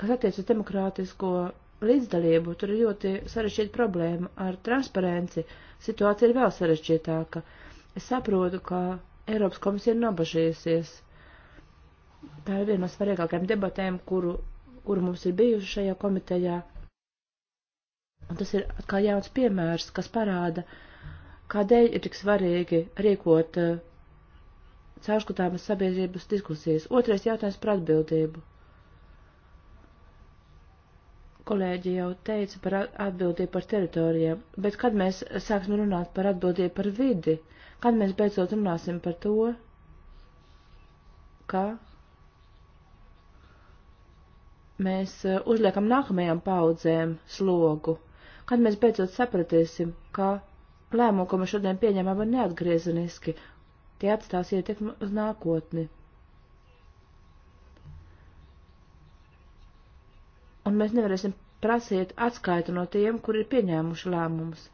kas attiec uz demokrātisko līdzdalību. Tur ir ļoti sarežģīta problēma ar transparenci. Situācija ir vēl sarežģītāka. Es saprotu, ka Eiropas komisija ir nobažījusies. Tā ir viena no svarīgākajām debatēm, kuru, kuru mums ir bijuši šajā komitejā. Un tas ir atkal jauns piemērs, kas parāda, kādēļ ir tik svarīgi rīkot uh, caurskatāmas sabiedrības diskusijas. Otrais jautājums par atbildību. Kolēģi jau teica par atbildību par teritorijām, bet kad mēs sāksim runāt par atbildību par vidi, uh, kad mēs beidzot runāsim par to, ka mēs eh, uzliekam nākamajām paudzēm slogu, kad mēs beidzot sapratīsim, ka lēmumu, ko mēs šodien pieņemam, ir neatgriezeniski, tie atstās ietekmi uz nākotni. Un mēs nevarēsim prasīt atskaitu no tiem, kur ir pieņēmuši lēmumus.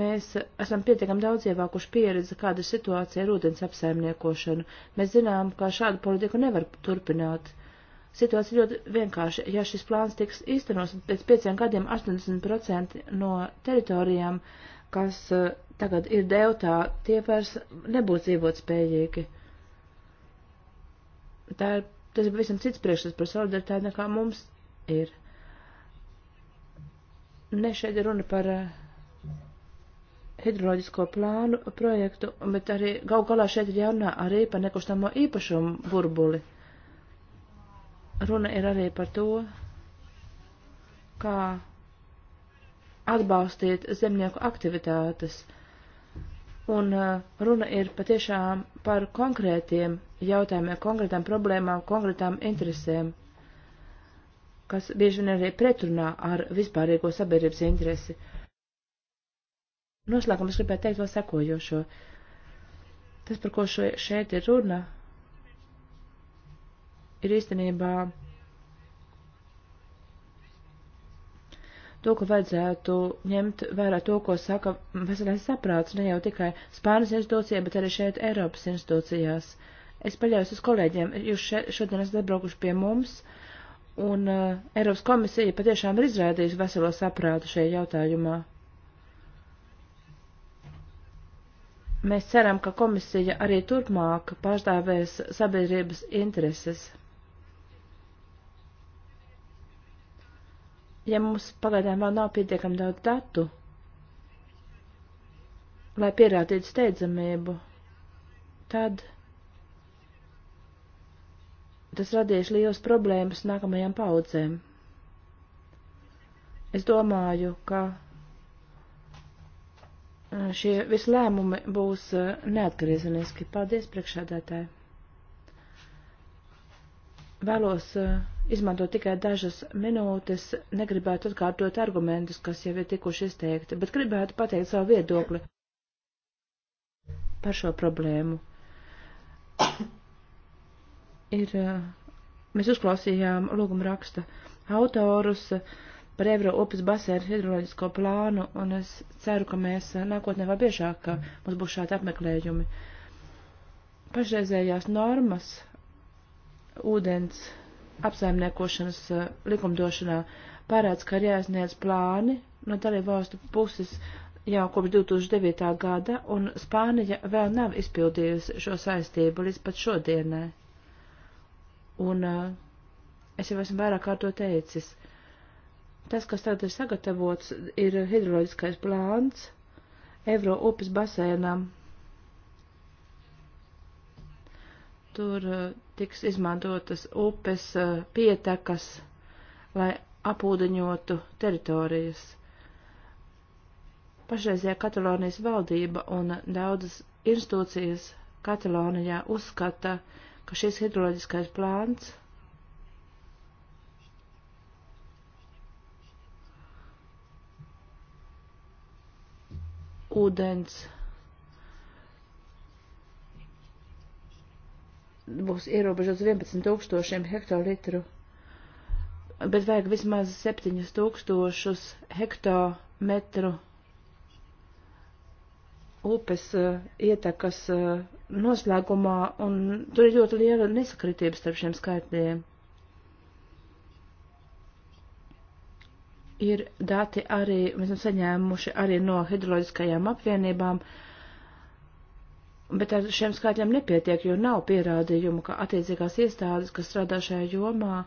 Mēs esam pietiekami daudz ievākuši pieredzi, kāda ir situācija ar ūdens apsaimniekošanu. Mēs zinām, ka šādu politiku nevar turpināt. Situācija ļoti vienkārši. Ja šis plāns tiks īstenos, tad pēc pieciem gadiem 80% no teritorijām, kas eh, tagad ir deltā, tie vairs nebūs dzīvot spējīgi. Tā ir, tas ir pavisam cits priekšstats par solidaritāti, nekā mums ir. Ne šeit ir runa par uh, hidroloģisko plānu projektu, bet arī gau galā šeit ir jārunā arī par nekustamo īpašumu burbuli. Runa ir arī par to, kā atbalstīt zemnieku aktivitātes. Un uh, runa ir patiešām par konkrētiem jautājumiem, konkrētām problēmām, konkrētām interesēm, kas bieži vien arī pretrunā ar vispārīgo sabiedrības interesi. Uh, Noslēgumā es gribēju teikt vēl sekojošo. Tas, par ko šo, šeit ir runa, ir īstenībā to, ka vajadzētu ņemt vērā to, ko saka veselais saprāts, ne jau tikai Spānijas institūcijā, bet arī šeit Eiropas institūcijās. Es paļaujos uz kolēģiem, jūs še, šodien esat atbraukuši pie mums, un uh, Eiropas komisija patiešām ir izrādījusi veselo saprātu šajā jautājumā. Mēs ceram, ka komisija arī turpmāk pārstāvēs sabiedrības intereses. Ja mums pagaidām vēl nav pietiekami daudz datu, lai pierādītu steidzamību, tad tas radīs liels problēmas nākamajām paudzēm. Es domāju, ka Eh, šie vislēmumi būs eh, neatgriezeniski. Paldies, priekšādātāji! Vēlos eh, izmantot tikai dažas minūtes, negribētu atkārtot argumentus, kas jau ir tikuši izteikti, bet gribētu pateikt savu viedokli par šo problēmu. Ir, mēs uzklausījām lūguma raksta autorus, uh, par Ebro upes basēru hidroloģisko plānu, un es ceru, ka mēs eh, nākotnē vēl biežāk, ka mums būs šādi apmeklējumi. Pašreizējās normas ūdens apsaimniekošanas eh, likumdošanā parāds, ka ir jāizniedz plāni no dalību valstu puses jau kopš 2009. gada, un Spānija vēl nav izpildījusi šo saistību līdz pat šodienai. Un uh, es jau esmu vairāk kārt to teicis Tas, kas tagad ir sagatavots, ir hidroloģiskais plāns Eiro upes basēnam. Tur eh, tiks izmantotas upes eh, pietekas, lai apūdeņotu teritorijas. Pašreizajā Katalonijas valdība un daudzas institūcijas Katalonijā uzskata, ka šis hidroloģiskais plāns ūdens būs ierobežots 11 tūkstošiem hektolitru, bet vajag vismaz 7 tūkstošus hektometru upes uh, eh, ietekas uh, eh, noslēgumā, un tur ir ļoti liela nesakritība starp šiem skaitļiem. ir dati arī, mēs esam saņēmuši arī no hidroloģiskajām apvienībām, bet ar šiem skaitļiem nepietiek, jo nav pierādījumu, ka attiecīgās iestādes, kas strādā šajā jomā,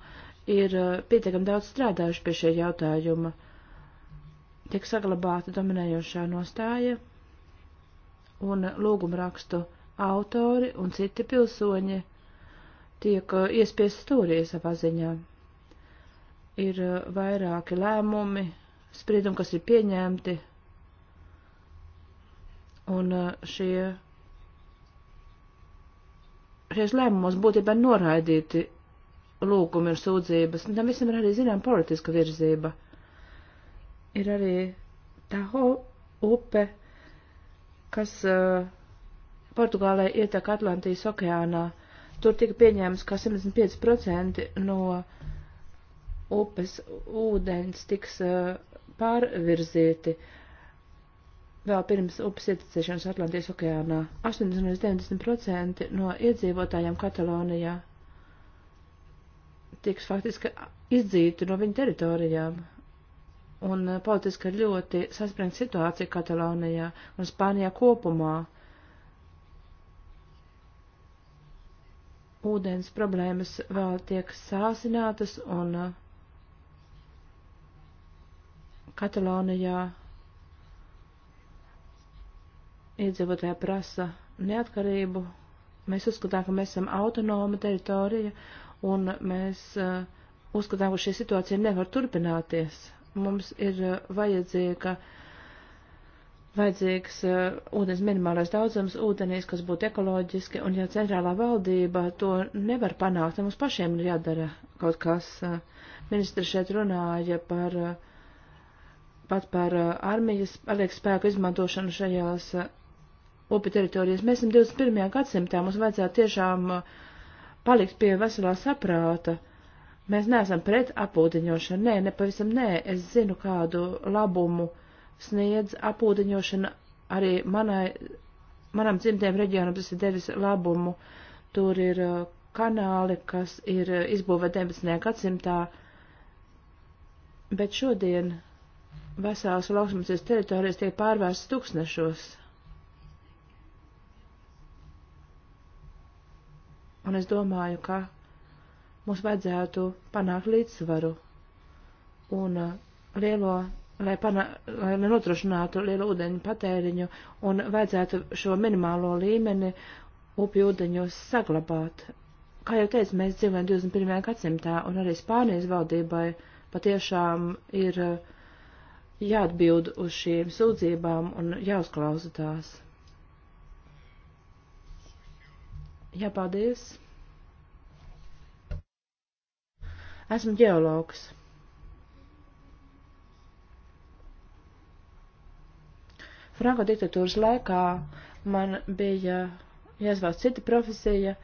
ir uh, pietiekami daudz strādājuši pie šī jautājuma. Tiek saglabāta dominējošā nostāja, un lūguma rakstu autori un citi pilsoņi tiek uh, iespiesti stūrī savā ziņā ir eh, vairāki lēmumi, spriedumi, kas ir pieņemti, un eh, šie, šies lēmumos būtībā noraidīti lūgumi un sūdzības, un tam visam ir arī zinām politiska virzība. Ir arī Taho upe, kas uh, Portugālē ietek Atlantijas okeānā. Tur tika pieņēmts, ka 75% no uh, upes ūdens tiks eh, pārvirzīti vēl pirms upes ietekmēšanas Atlantijas okeānā. 80 līdz 90% no iedzīvotājiem Katalonijā tiks faktiski izdzīti no viņu teritorijām. Un eh, politiski ir ļoti saspringta situācija Katalonijā un Spānijā kopumā. Ūdens problēmas vēl tiek sāsinātas un uh, Katalonijā iedzīvotāji prasa neatkarību. Mēs uzskatām, ka mēs esam autonoma teritorija un mēs uh, uzskatām, ka šī situācija nevar turpināties. Mums ir uh, vajadzīga, vajadzīgs uh, ūdens minimālais daudzums ūdenīs, kas būtu ekoloģiski, un ja centrālā valdība to nevar panākt, tad mums pašiem ir jādara kaut kas. Ministri šeit runāja par uh, pat par uh, armijas armijas spēku izmantošanu šajās upi uh, teritorijas. Mēs esam 21. gadsimtā, mums vajadzētu tiešām uh, palikt pie veselā saprāta. Mēs neesam pret apūdeņošanu, nē, nepavisam nē, es zinu, kādu labumu sniedz apūdeņošana arī manai, manam dzimtajam reģionam, tas ir devis labumu. Tur ir kanāli, kas ir izbūvēti 19. gadsimtā, bet šodien Vesels lauksmacies teritorijas tiek pārvērsts tūkstnešos. Un es domāju, ka mums vajadzētu panākt līdzsvaru un uh, lielo lai, pana, lai nodrošinātu lielu ūdeņu patēriņu un vajadzētu šo minimālo līmeni upju ūdeņos saglabāt. Kā jau teicu, mēs dzīvojam 21. gadsimtā un arī Spānijas valdībai patiešām ir uh, jāatbild uz šīm sūdzībām un jāuzklausa tās. Jā, paldies. Esmu ģeologs. Franko diktatūras laikā man bija jāizvēlas cita profesija,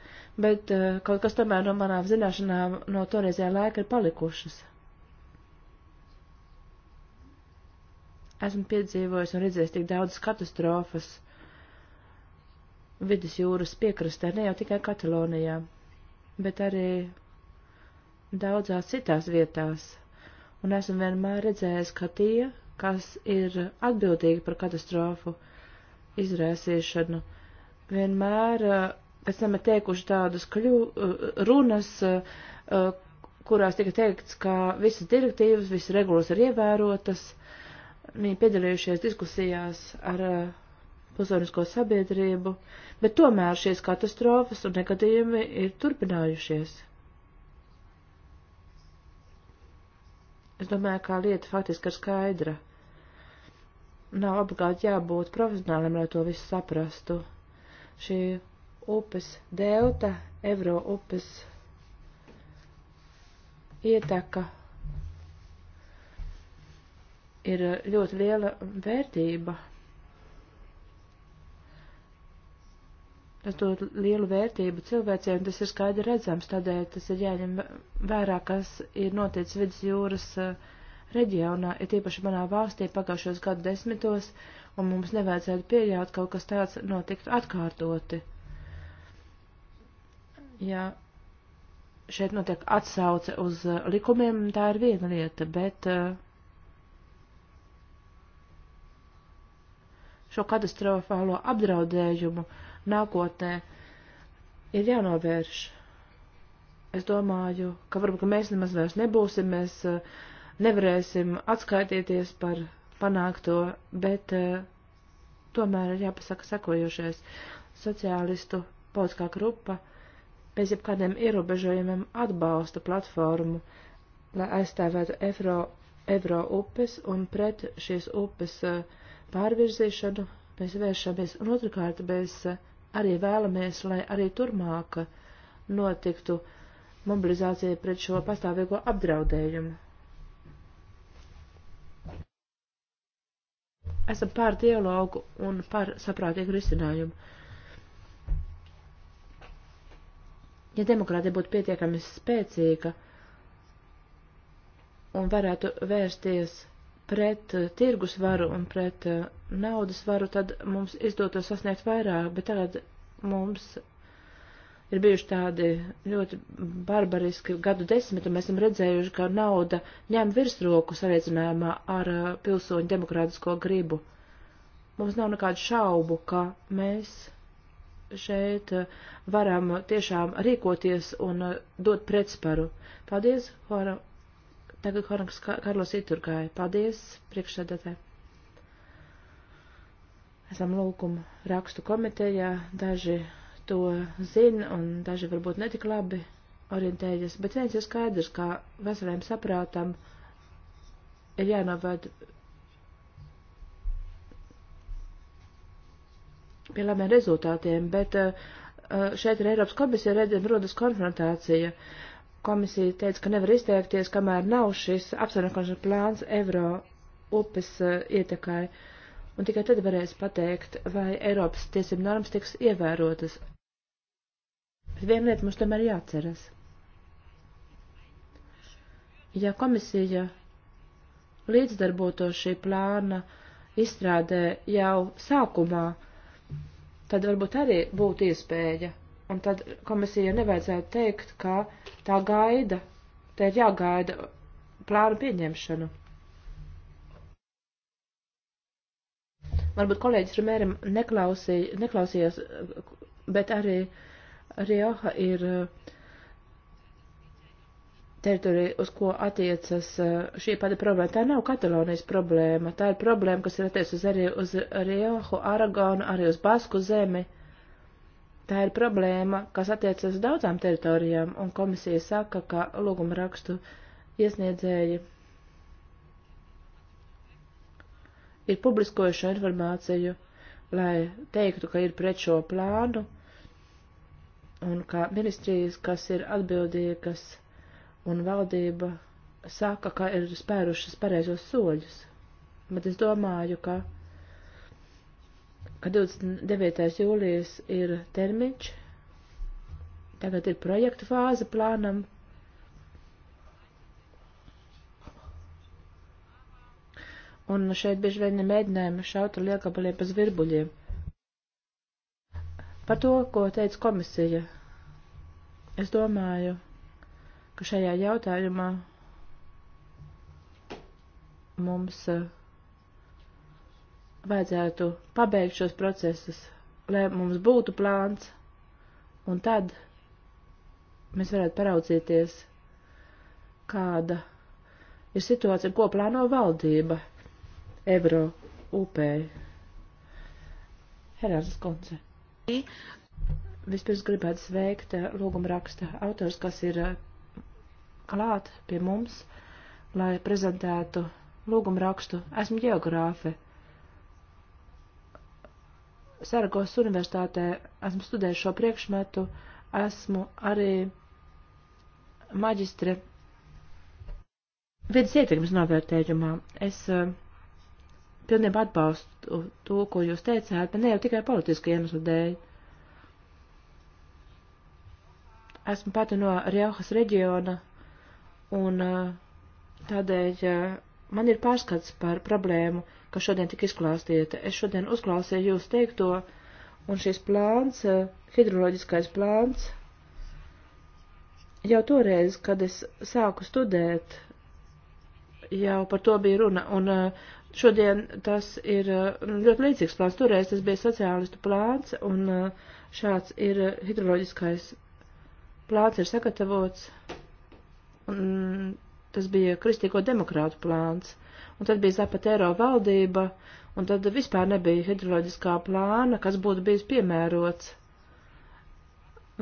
bet eh, kaut kas tomēr no manām zināšanām no toreizējā laika ir palikušas. Esmu piedzīvojis un redzējis tik daudz katastrofas vidus jūras piekrastē, ne jau tikai Katalonijā, bet arī daudzās citās vietās, un esmu vienmēr redzējis, ka tie, kas ir atbildīgi par katastrofu izrēsīšanu, vienmēr eh, pēc tam ir teikuši tādas kļu, eh, runas, eh, kurās tika teikts, ka visas direktīvas, visas regulas ir ievērotas, Viņi piedalījušies diskusijās ar uh, pilsonisko sabiedrību, bet tomēr šīs katastrofas un negadījumi ir turpinājušies. Es domāju, kā lieta faktiski ir skaidra. Nav obligāti jābūt profesionālim, lai to visu saprastu. Šī upes delta, Eiro upes ieteka ir eh, ļoti liela vērtība. Tas dod lielu vērtību cilvēcei, un tas ir skaidri redzams, tādēļ tas ir jāņem vērā, kas ir noticis vidus jūras eh, reģionā, ir tīpaši manā valstī pagājušos gadu desmitos, un mums nevajadzētu pieļaut kaut kas tāds notiktu atkārtoti. Jā, šeit notiek atsauce uz eh, likumiem, tā ir viena lieta, bet uh, šo katastrofālo apdraudējumu nākotnē ir jānovērš. Es domāju, ka varbūt ka mēs nemaz vairs nebūsim, mēs eh, nevarēsim atskaitīties par panākto, bet eh, tomēr ir jāpasaka sekojošais. Sociālistu politiskā grupa bez jebkādiem ierobežojumiem atbalsta platformu, lai aizstāvētu Eiro, Eiro upes un pret šīs upes uh, pārvirzīšanu, mēs vēršamies, un otrkārt mēs eh, arī vēlamies, lai arī turmāk notiktu mobilizācija pret šo pastāvīgo apdraudējumu. Esam pār dialogu un pār saprātīgu risinājumu. Ja demokrātija būtu pietiekami spēcīga un varētu vērsties pret uh, tirgus varu un pret uh, naudas varu, tad mums izdotos sasniegt vairāk, bet tagad mums ir bijuši tādi ļoti barbariski gadu desmit, un mēs esam redzējuši, ka nauda ņem virsroku sareicinājumā ar uh, pilsoņu demokrātisko gribu. Mums nav nekādu šaubu, ka mēs šeit varam tiešām rīkoties un dot pretsparu. Paldies, Hora Tagad Horangs Karlos Iturgāja. Paldies, priekšsēdētāji. Esam lūgumu rakstu komitejā. Daži to zina un daži varbūt netik labi orientējas, bet viens ir skaidrs, ka veselēm saprātam ir jānovad pie labiem rezultātiem, bet eh, eh, šeit ir Eiropas komisija redzama rodas konfrontācija. Uh, Komisija teica, ka nevar izteikties, kamēr nav šis apsaimniekošanas plāns Eiro upes eh, ietekai, un tikai tad varēs pateikt, vai Eiropas tiesību normas tiks ievērotas. Bet viena lieta mums tomēr jāatceras. Ja komisija līdzdarboto šī plāna izstrādē jau sākumā, tad varbūt arī būtu iespēja Un tad komisija nevajadzētu teikt, ka tā gaida, te ir jāgaida plānu pieņemšanu. Varbūt kolēģis Rimēram neklausījās, bet arī Rioja ir eh, teritorija, uz ko attiecas eh, šī pati problēma. Tā nav Katalonijas problēma, tā ir problēma, kas ir attiecas arī uz Rioju, Aragonu, arī uz Basku zemi. Uh, Tā ir problēma, kas attiecas daudzām teritorijām, un komisija saka, ka lūguma rakstu iesniedzēji ir publiskojuši informāciju, lai teiktu, ka ir pret šo plānu, un ka ministrijas, kas ir atbildīgas, un valdība saka, ka ir spērušas pareizos soļus. Bet es domāju, ka ka 29. jūlijas ir termiņš, tagad ir projektu fāze plānam. Un šeit bieži vien ir mēģinājumi šaut ar liekabaliem bez virbuļiem. Par to, ko teica komisija, es domāju, ka šajā jautājumā mums uh, vajadzētu pabeigt šos procesus, lai mums būtu plāns, un tad mēs varētu paraudzīties, kāda ir situācija, ko plāno valdība Ebro upē. Herāns Konce. Vispirms gribētu sveikt lūguma raksta autors, kas ir eh, klāt pie mums, lai prezentētu lūguma rakstu. Esmu geogrāfe Saragos universitātē esmu studējis šo priekšmetu, esmu arī maģistre vidas ietekmes novērtējumā. Es uh, pilnībā atbalstu to, ko jūs teicāt, bet ne jau tikai politiska iemesla dēļ. Esmu pati no Rjauhas reģiona, un eh, tādēļ eh, man ir pārskats par problēmu, kas šodien tik izklāstīta. Es šodien uzklausīju jūs teikto, un šis plāns, eh, hidroloģiskais plāns, jau toreiz, kad es sāku studēt, jau par to bija runa, un eh, šodien tas ir eh, ļoti līdzīgs plāns. Toreiz tas bija sociālistu plāns, un šāds ir hidroloģiskais plāns ir sagatavots. Un tas bija kristīgo demokrātu plāns, un tad bija Zapatero valdība, un tad vispār nebija hidroloģiskā plāna, kas būtu bijis piemērots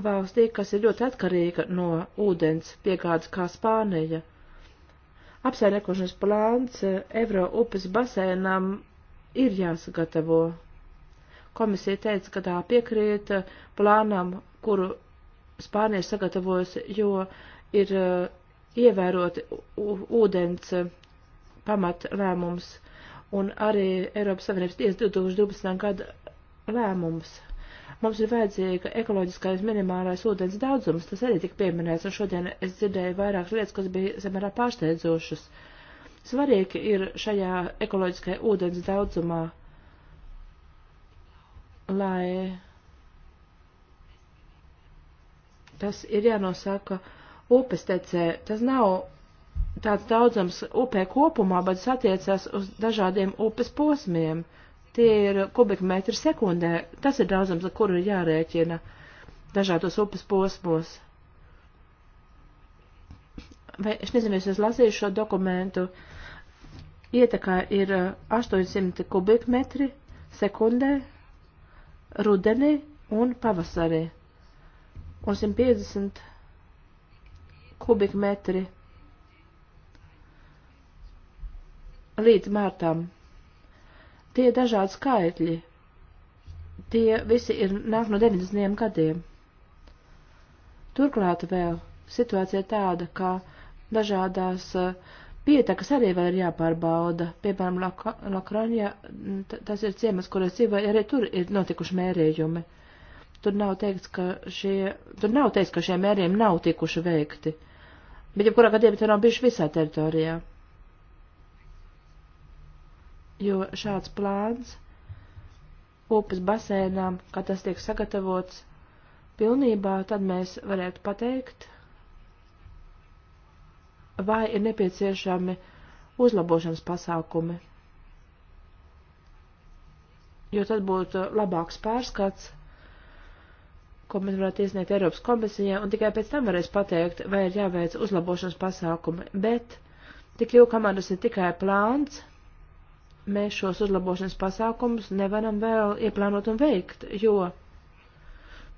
valstī, kas ir ļoti atkarīga no ūdens piegādes kā Spānija. Apsaimniekošanas plāns eh, Eiro upes basēnam ir jāsagatavo. Komisija teica, ka tā piekrīt eh, plānam, kuru Spānija sagatavojas, jo ir eh, ievērot ūdens eh, pamat lēmums un arī Eiropas Savienības tiesa 2012. gada lēmums. Mums ir vajadzīga ekoloģiskais minimālais ūdens daudzums, tas arī tika pieminēts, un šodien es dzirdēju vairākas lietas, kas bija samērā pārsteidzošas. Svarīgi ir šajā ekoloģiskajā ūdens daudzumā, lai tas ir jānosaka. Uh, upes tecē. Tas nav tāds daudzums upē kopumā, bet tas attiecas uz dažādiem upes posmiem. Tie ir kubikmetri sekundē. Tas ir daudzums, ar kuru ir jārēķina dažādos upes posmos. Vai, es nezinu, es lasīju šo dokumentu. Ietekā ir 800 uh, kubikmetri sekundē, rudenī un pavasarī. Un 150 kubikmetri līdz martam. Tie dažādi skaitļi, tie visi ir nāk no 90. gadiem. Turklāt vēl situācija tāda, ka dažādās uh, pietekas arī vēl ir jāpārbauda. Piemēram, Lakraņā, tas ir ciemats, kur es dzīvoju, arī tur ir notikuši mērījumi. Tur nav teikts, ka šie, tur nav teikts, ka šie mērījumi nav tikuši veikti. Uh, Bet jebkurā gadījumā tur nav bijuši visā teritorijā. Jo šāds plāns upes basēnām, kad tas tiek sagatavots pilnībā, tad mēs varētu pateikt, vai ir nepieciešami uzlabošanas pasākumi. Jo tad būtu labāks pārskats ko man varētu iesniegt Eiropas komisijā, un tikai pēc tam varēs pateikt, vai ir jāveic uzlabošanas pasākumi. Bet tik jau, kamēr tas ir tikai plāns, mēs šos uzlabošanas pasākumus nevaram vēl ieplānot un veikt, jo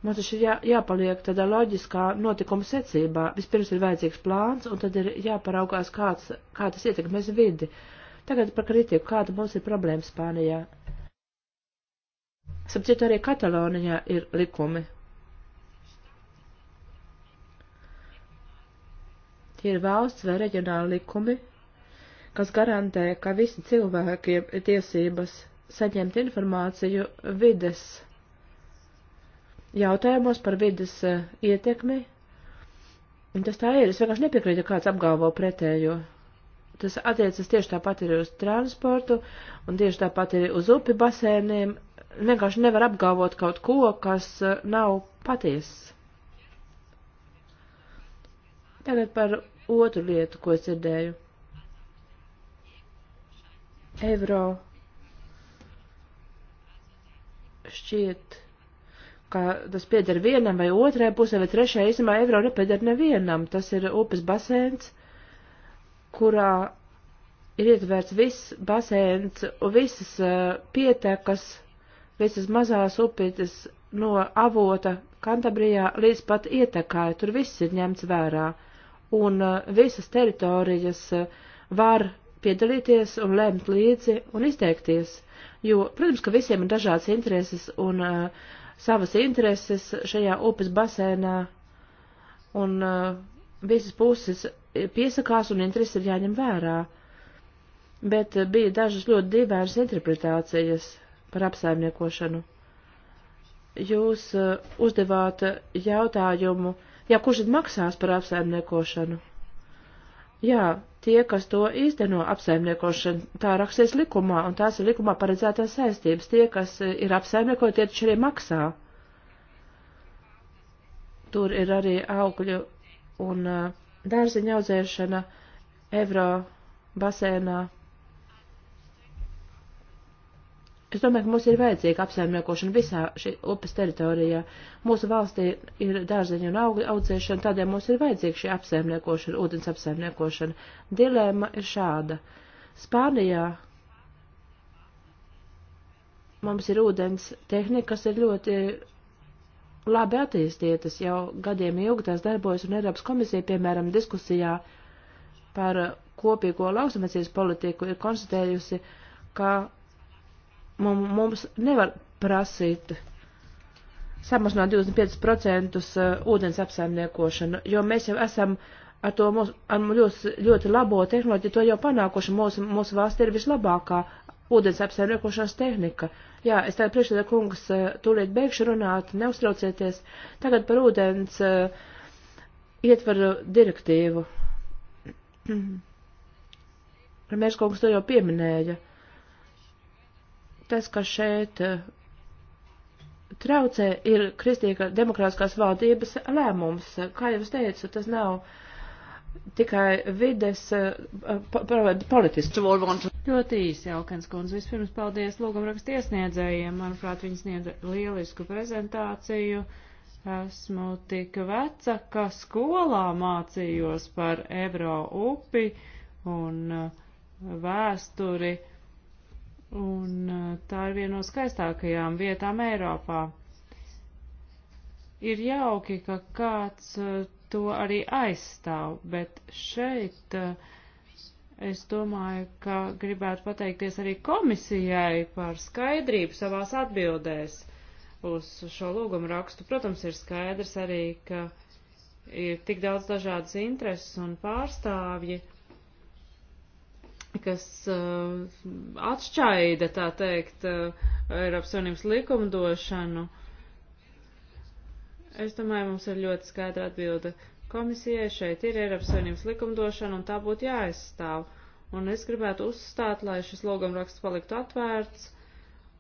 mums tas ir jā, jāpaliek tādā loģiskā notikuma secībā. Vispirms ir vajadzīgs plāns, un tad ir jāparaugās, kāds, kā tas ietekmēs vidi. Tagad par kritiku, kāda mums ir problēma Spānijā. Sapcīt, arī Katalonijā ir likumi, Tie ir valsts vai reģionāli likumi, kas garantē, ka visi cilvēkiem ir tiesības saņemt informāciju vides jautājumos par vides eh, ietekmi. Un tas tā ir. Es vienkārši nepiekrītu, ja kāds apgalvo pretējo. Tas attiecas tieši tāpat arī uz transportu un tieši tāpat arī uz upi basēniem. Vienkārši nevar apgalvot kaut ko, kas eh, nav patiesis. Tagad par otru lietu, ko es dzirdēju. Eiro šķiet, ka tas pieder vienam vai otrai pusē vai trešajai, īstenībā eiro nepieder nevienam. Tas ir upes basēns, kurā ir ietverts viss basēns, visas uh, pietekas, visas mazās upītes no avota Kantabrijā līdz pat ietekai. Tur viss ir ņemts vērā. Uh, un eh, visas teritorijas eh, var piedalīties un lemt līdzi un izteikties, jo, protams, ka visiem ir dažādas intereses un uh, savas intereses šajā upes basēnā, un uh, visas puses piesakās un intereses ir jāņem vērā. Bet uh, bija dažas ļoti divāras interpretācijas par apsaimniekošanu. Jūs uh, uzdevāt jautājumu, uh, Jā, kurš tad maksās par apsaimniekošanu? Jā, tie, kas to īsteno apsaimniekošanu, tā raksties likumā, un tās ir likumā paredzētās saistības. Tie, kas ir apsaimniekoti, tie taču arī maksā. Tur ir arī augļu un dārziņa audzēšana Eiro basēnā. Es domāju, ka mums ir vajadzīga apsaimniekošana visā šī upes teritorijā. Mūsu valstī ir dārzeņu un augļu audzēšana, tādēļ mums ir vajadzīga šī apsaimniekošana, ūdens apsaimniekošana. Dilēma ir šāda. Spānijā mums ir ūdens tehnika, kas ir ļoti labi attīstītas, jau gadiem ilgi tās darbojas, un Eiropas komisija, piemēram, diskusijā par kopīgo lauksamniecības politiku ir konstatējusi, ka mums nevar prasīt samazināt 25% uh, ūdens apsaimniekošanu, jo mēs jau esam ar to mūsu, ar ļoti, ļoti labo tehnoloģiju to jau panākuši. Mūsu, mūsu valsts ir vislabākā ūdens apsaimniekošanas tehnika. Jā, es tagad priekšsēdā kungs uh, tūlīt beigšu runāt, neuztraucieties. Tagad par ūdens uh, ietvaru direktīvu. Mērķis kungs to jau pieminēja. Uh, Tas, kas šeit eh, traucē, ir kristīga demokrātiskās valdības lēmums. Kā jau es teicu, tas nav tikai vides eh, politiski. Ļoti īsi, Elkens kundze. Vispirms paldies lūgumrakstu iesniedzējiem. Manuprāt, viņi sniedza lielisku prezentāciju. Esmu tik veca, ka skolā mācījos par Ebro upi un eh, vēsturi Un tā ir viena no skaistākajām vietām Eiropā. Ir jauki, ka kāds to arī aizstāv, bet šeit es domāju, ka gribētu pateikties arī komisijai par skaidrību savās atbildēs uz šo lūgumu rakstu. Protams, ir skaidrs arī, ka ir tik daudz dažādas intereses un pārstāvji kas uh, atšķaida, tā teikt, uh, Eiropas Savienības likumdošanu. Es domāju, mums ir ļoti skaidra atbilde komisijai. Šeit ir Eiropas Savienības likumdošana, un tā būtu jāaizstāv. Un es gribētu uzstāt, lai šis logumraksts paliktu atvērts,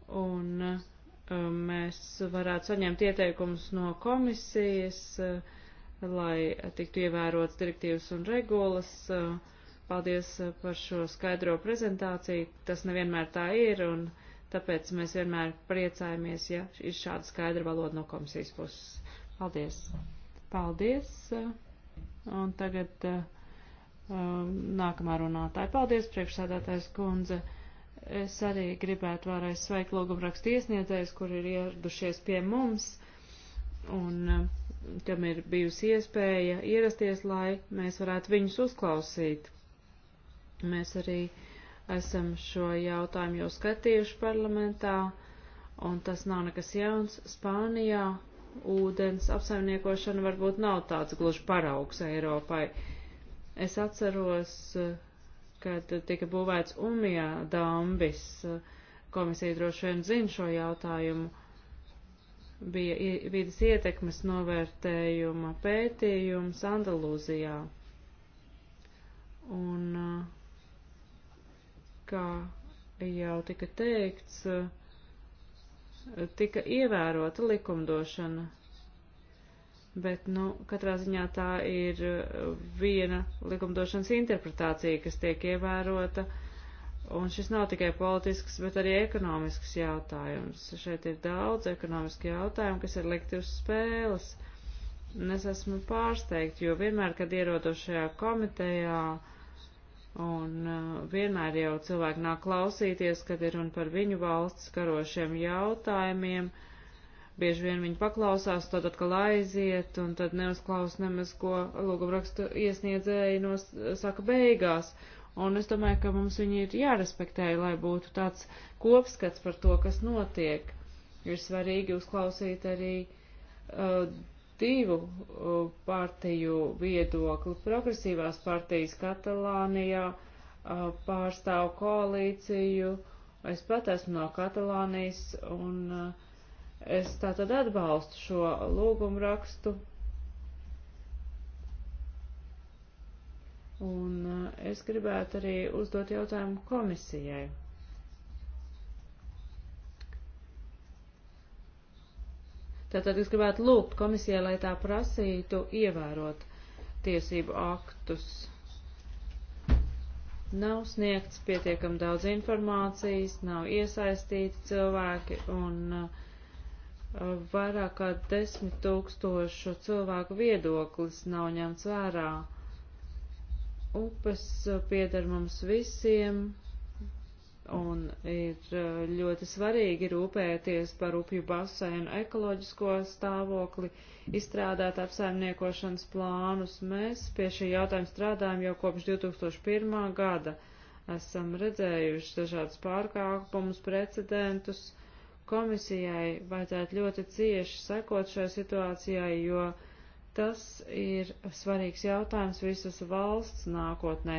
un uh, mēs varētu saņemt ieteikumus no komisijas, uh, lai tiktu ievērots direktīvas un regulas. Uh, Paldies eh, par šo skaidro prezentāciju. Tas nevienmēr tā ir, un tāpēc mēs vienmēr priecājamies, ja ir šāda skaidra valoda no komisijas puses. Paldies! Paldies! Eh, un tagad eh, um, nākamā runātāja. Paldies, priekšsādātājs kundze! Es arī gribētu vēlreiz sveikt lūgumrakstu iesniedzējus, kur ir ieradušies pie mums un kam ir bijusi iespēja ierasties, lai mēs varētu viņus uzklausīt. Mēs arī esam šo jautājumu jau skatījuši parlamentā, un tas nav nekas jauns. Spānijā ūdens apsaimniekošana varbūt nav tāds gluži paraugs Eiropai. Es atceros, kad tika būvēts Umijā dambis, komisija droši vien zina šo jautājumu, bija vidas ietekmes novērtējuma pētījums Andalūzijā. Un uh, kā jau tika teikts, tika ievērota likumdošana. Bet, nu, katrā ziņā tā ir viena likumdošanas interpretācija, kas tiek ievērota, un šis nav tikai politisks, bet arī ekonomisks jautājums. Šeit ir daudz ekonomiski jautājumu, kas ir likti uz spēles, un es esmu pārsteigta, jo vienmēr, kad ierodošajā komitejā, uh, Un uh, vienmēr jau cilvēki nāk klausīties, kad ir runa par viņu valsts karošiem jautājumiem. Bieži vien viņi paklausās, tad atkal aiziet, un tad neuzklaus nemaz, ko lūgumrakstu iesniedzēji nos, saka beigās. Un es domāju, ka mums viņi ir jārespektē, lai būtu tāds kopskats par to, kas notiek. Ir svarīgi uzklausīt arī uh, divu uh, partiju viedokli. Progresīvās partijas Katalānijā uh, pārstāv koalīciju. Es pat esmu no Katalānijas un uh, es tātad atbalstu šo lūgumu rakstu. Un es gribētu arī uzdot jautājumu komisijai. Tātad es gribētu lūgt komisijai, lai tā prasītu ievērot tiesību aktus. Nav sniegts pietiekam daudz informācijas, nav iesaistīti cilvēki un uh, vairāk kā desmit tūkstošu cilvēku viedoklis nav ņemts vērā. Upes pieder mums visiem, un ir eh, ļoti svarīgi rūpēties par upju basēnu ekoloģisko stāvokli, izstrādāt apsaimniekošanas plānus. Mēs pie šī jautājuma strādājam jau kopš 2001. gada. Esam redzējuši dažādus pārkāpumus, precedentus. Komisijai vajadzētu ļoti cieši sekot šai situācijai, jo tas ir svarīgs jautājums visas valsts nākotnē,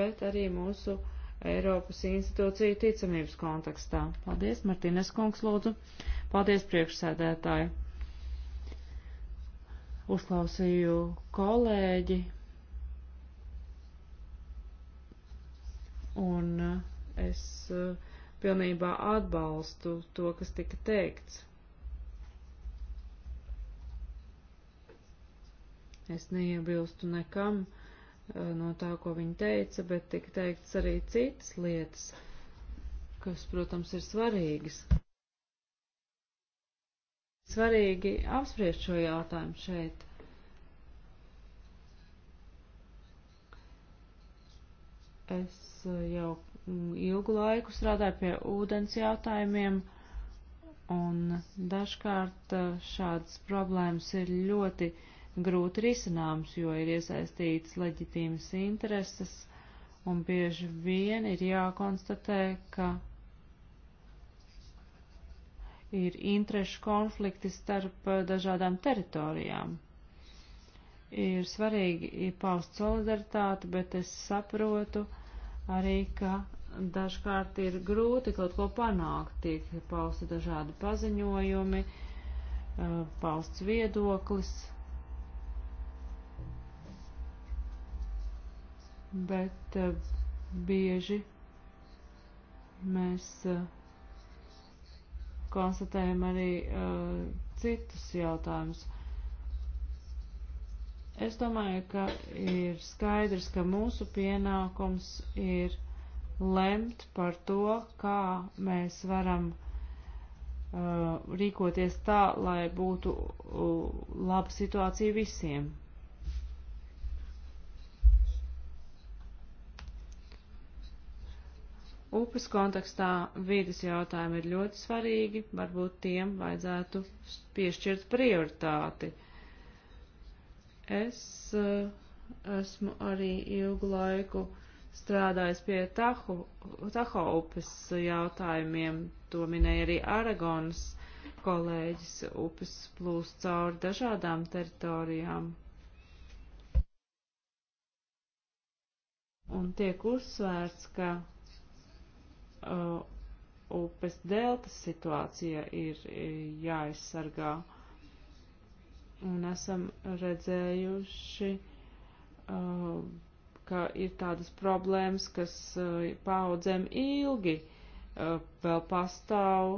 bet arī mūsu uh, Eiropas institūciju ticamības kontekstā. Paldies, Martīnes kungs, lūdzu. Paldies, priekšsēdētāji. Uzklausīju kolēģi. Un eh, es eh, pilnībā atbalstu to, kas tika teikts. Es neiebilstu nekam Eh, no tā, ko viņi teica, bet tika teikts arī citas lietas, kas, protams, ir svarīgas. Svarīgi apspriest šo jautājumu šeit. Es eh, jau mm, ilgu laiku strādāju pie ūdens jautājumiem, un dažkārt eh, šādas problēmas ir ļoti uh, grūti risināms, jo ir iesaistītas leģitīmas intereses, un bieži vien ir jākonstatē, ka ir interešu konflikti starp eh, dažādām teritorijām. Ir svarīgi paust solidaritāti, bet es saprotu arī, ka dažkārt ir grūti kaut ko panākt. Tiek pausti dažādi paziņojumi, eh, pausts viedoklis, bet uh, bieži mēs uh, konstatējam arī uh, citus jautājumus. Es domāju, ka ir skaidrs, ka mūsu pienākums ir lemt par to, kā mēs varam uh, rīkoties tā, lai būtu uh, laba situācija visiem. Upes kontekstā vīdes jautājumi ir ļoti svarīgi, varbūt tiem vajadzētu piešķirt prioritāti. Es eh, esmu arī ilgu laiku strādājis pie Tahu, Taho upes jautājumiem, to minēja arī Aragonas kolēģis, upes plūst cauri dažādām teritorijām. Un tiek uzsvērts, ka uh, upes deltas situācija ir jāaizsargā. Un esam redzējuši, uh, ka ir tādas problēmas, kas uh, paudzēm ilgi uh, vēl pastāv,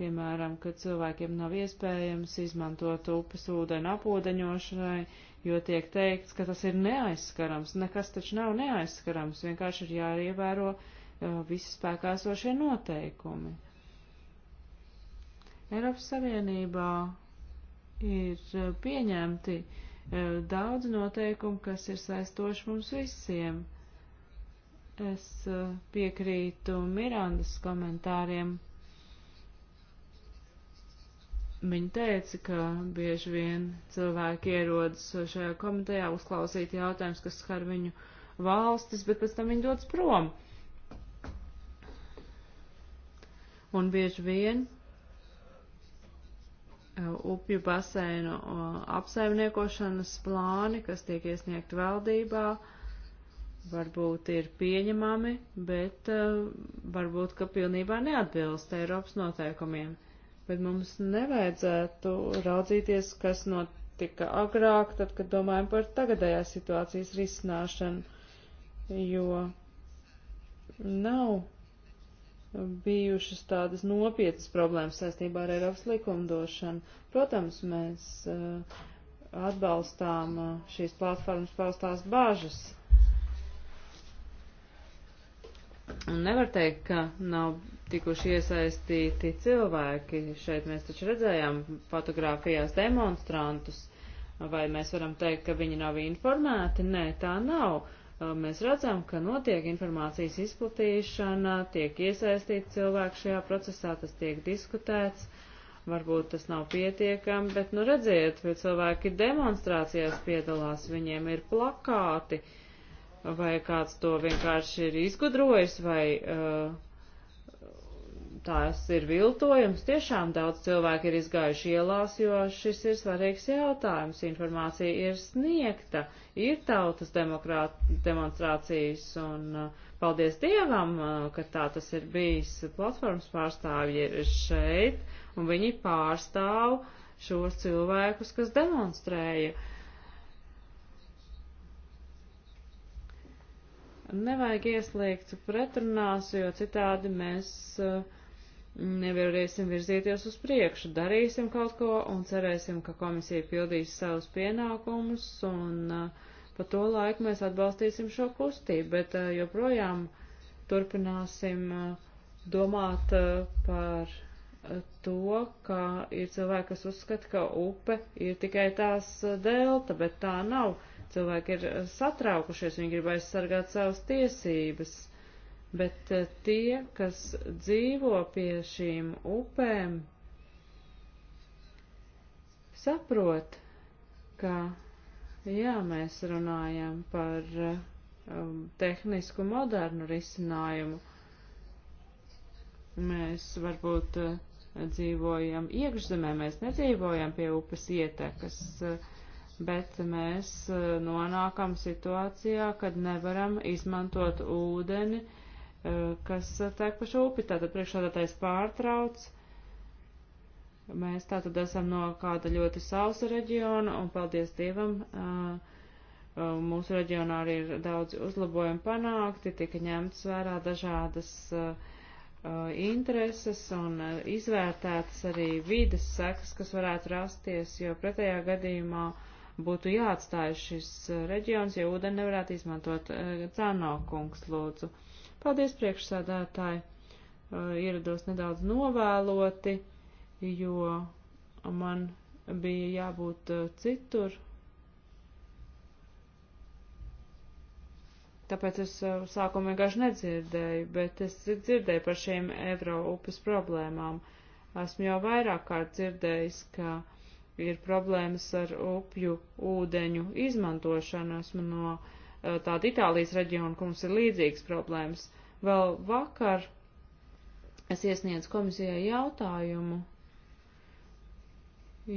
piemēram, ka cilvēkiem nav iespējams izmantot upes ūdeni apūdeņošanai, jo tiek teikts, ka tas ir neaizskarams. Nekas taču nav neaizskarams, vienkārši ir jāievēro uh, Uh, visi spēkā esošie noteikumi. Eiropas Savienībā ir uh, pieņemti uh, daudz noteikumu, kas ir saistoši mums visiem. Es piekrītu Mirandas komentāriem. Viņa teica, ka bieži vien cilvēki ierodas šajā komitejā uzklausīt jautājumus, kas skar viņu valstis, bet pēc tam viņi dodas prom. Uh, un bieži vien eh, upju basēnu eh, apsaimniekošanas plāni, kas tiek iesniegti valdībā, varbūt ir pieņemami, bet eh, varbūt, ka pilnībā neatbilst Eiropas noteikumiem. Bet mums nevajadzētu raudzīties, kas notika agrāk, tad, kad domājam par tagadējā situācijas risināšanu, jo nav bijušas tādas nopietnas problēmas saistībā ar Eiropas likumdošanu. Protams, mēs eh, atbalstām eh, šīs platformas paustās bāžas. Un nevar teikt, ka nav tikuši iesaistīti cilvēki. Šeit mēs taču redzējām fotografijās demonstrantus. Vai mēs varam teikt, ka viņi nav informēti? Nē, tā nav. Uh, mēs redzam, ka notiek informācijas izplatīšana, tiek iesaistīti cilvēki šajā procesā, tas tiek diskutēts, varbūt tas nav pietiekami, bet nu redziet, ja cilvēki demonstrācijās piedalās, viņiem ir plakāti, vai kāds to vienkārši ir izgudrojis, vai uh, tās ir viltojums. Tiešām daudz cilvēku ir izgājuši ielās, jo šis ir svarīgs jautājums. Informācija ir sniegta, ir tautas demonstrācijas un uh, paldies Dievam, uh, ka tā tas ir bijis. Platformas pārstāvji ir šeit un viņi pārstāv šos cilvēkus, kas demonstrēja. nevajag ieslēgt pretrunās, jo citādi mēs uh, nevarēsim virzīties uz priekšu. Darīsim kaut ko un cerēsim, ka komisija pildīs savus pienākumus un uh, pa to laiku mēs atbalstīsim šo kustību, bet uh, joprojām turpināsim uh, domāt uh, par uh, to, ka ir cilvēki, kas uzskata, ka upe ir tikai tās uh, delta, bet tā nav. Cilvēki ir satraukušies, viņi grib aizsargāt savas tiesības bet eh, tie, kas dzīvo pie šīm upēm, saprot, ka, jā, mēs runājam par eh, um, tehnisku modernu risinājumu. Mēs varbūt uh, dzīvojam iekšzemē, mēs nedzīvojam pie upes ietekas, uh, bet mēs uh, nonākam situācijā, kad nevaram izmantot ūdeni uh, kas tek pa šūpi. Tātad priekšsādātais pārtrauc. Mēs tātad esam no kāda ļoti sausa reģiona, un paldies Dievam, mūsu reģionā arī ir daudz uzlabojumu panākti, tika ņemts vērā dažādas intereses un izvērtētas arī vides sekas, kas varētu rasties, jo pretējā gadījumā būtu jāatstāj šis reģions, ja ūdeni nevarētu izmantot. Cāno kungs, lūdzu. Uh, Paldies, priekšsēdētāji! Uh, ierados nedaudz novēloti, jo man bija jābūt uh, citur. Tāpēc es uh, sākumā vienkārši nedzirdēju, bet es dzirdēju par šīm Eiropas problēmām. Esmu jau vairāk kārt dzirdējis, ka ir problēmas ar upju ūdeņu izmantošanu. Esmu no uh, Eh, tādu Itālijas reģionu, kur mums ir līdzīgas problēmas. Vēl vakar es iesniedzu komisijai jautājumu,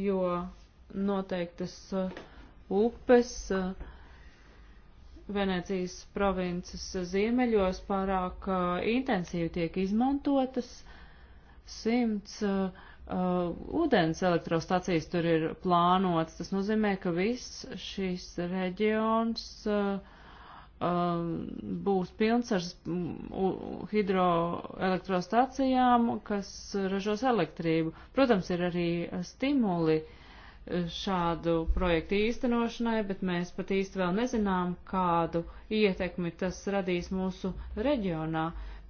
jo noteiktas eh, upes eh, Venecijas provinces ziemeļos pārāk intensīvi tiek izmantotas. Simts uh, uh, ūdens elektrostacijas tur ir plānots. Tas nozīmē, ka viss šis reģions uh, Um, būs pilns ar hidroelektrostacijām, kas ražos elektrību. Protams, ir arī stimuli šādu projektu īstenošanai, bet mēs pat īsti vēl nezinām, kādu ietekmi tas radīs mūsu reģionā.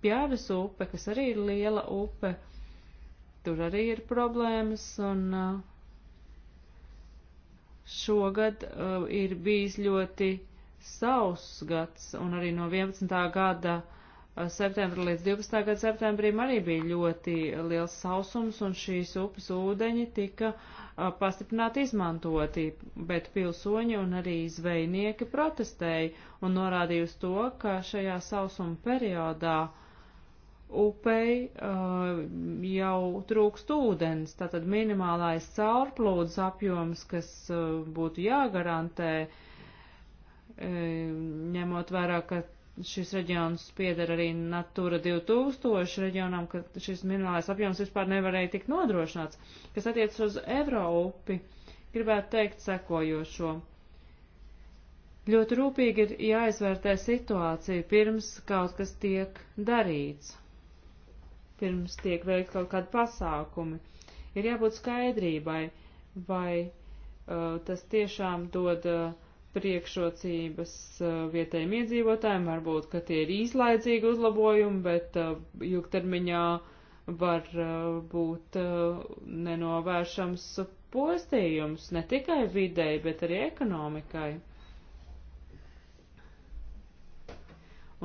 Pjāvis upe, kas arī ir liela upe, tur arī ir problēmas un uh, šogad uh, ir bijis ļoti sauss gads, un arī no 11. gada septembra līdz 12. gada septembrim arī bija ļoti liels sausums, un šīs upes ūdeņi tika pastiprināti izmantoti, bet pilsoņi un arī zvejnieki protestēja un norādīja uz to, ka šajā sausuma periodā upei uh, jau trūkst ūdens, tātad minimālais caurplūdes apjoms, kas uh, būtu jāgarantē, uh, E, ņemot vērā, ka šis reģions pieder arī Natura 2000 reģionam, ka šis minimālais apjoms vispār nevarēja tikt nodrošināts. Kas attiecas uz Eiropi, gribētu teikt sekojošo. Ļoti rūpīgi ir jāizvērtē situācija pirms kaut kas tiek darīts, pirms tiek veikt kaut kādi pasākumi. Ir jābūt skaidrībai, vai uh, tas tiešām dod uh, priekšrocības uh, vietējiem iedzīvotājiem, varbūt, ka tie ir īslaicīgi uzlabojumi, bet uh, ilgtermiņā var uh, būt nenovēršams postījums ne tikai videi, bet arī ekonomikai.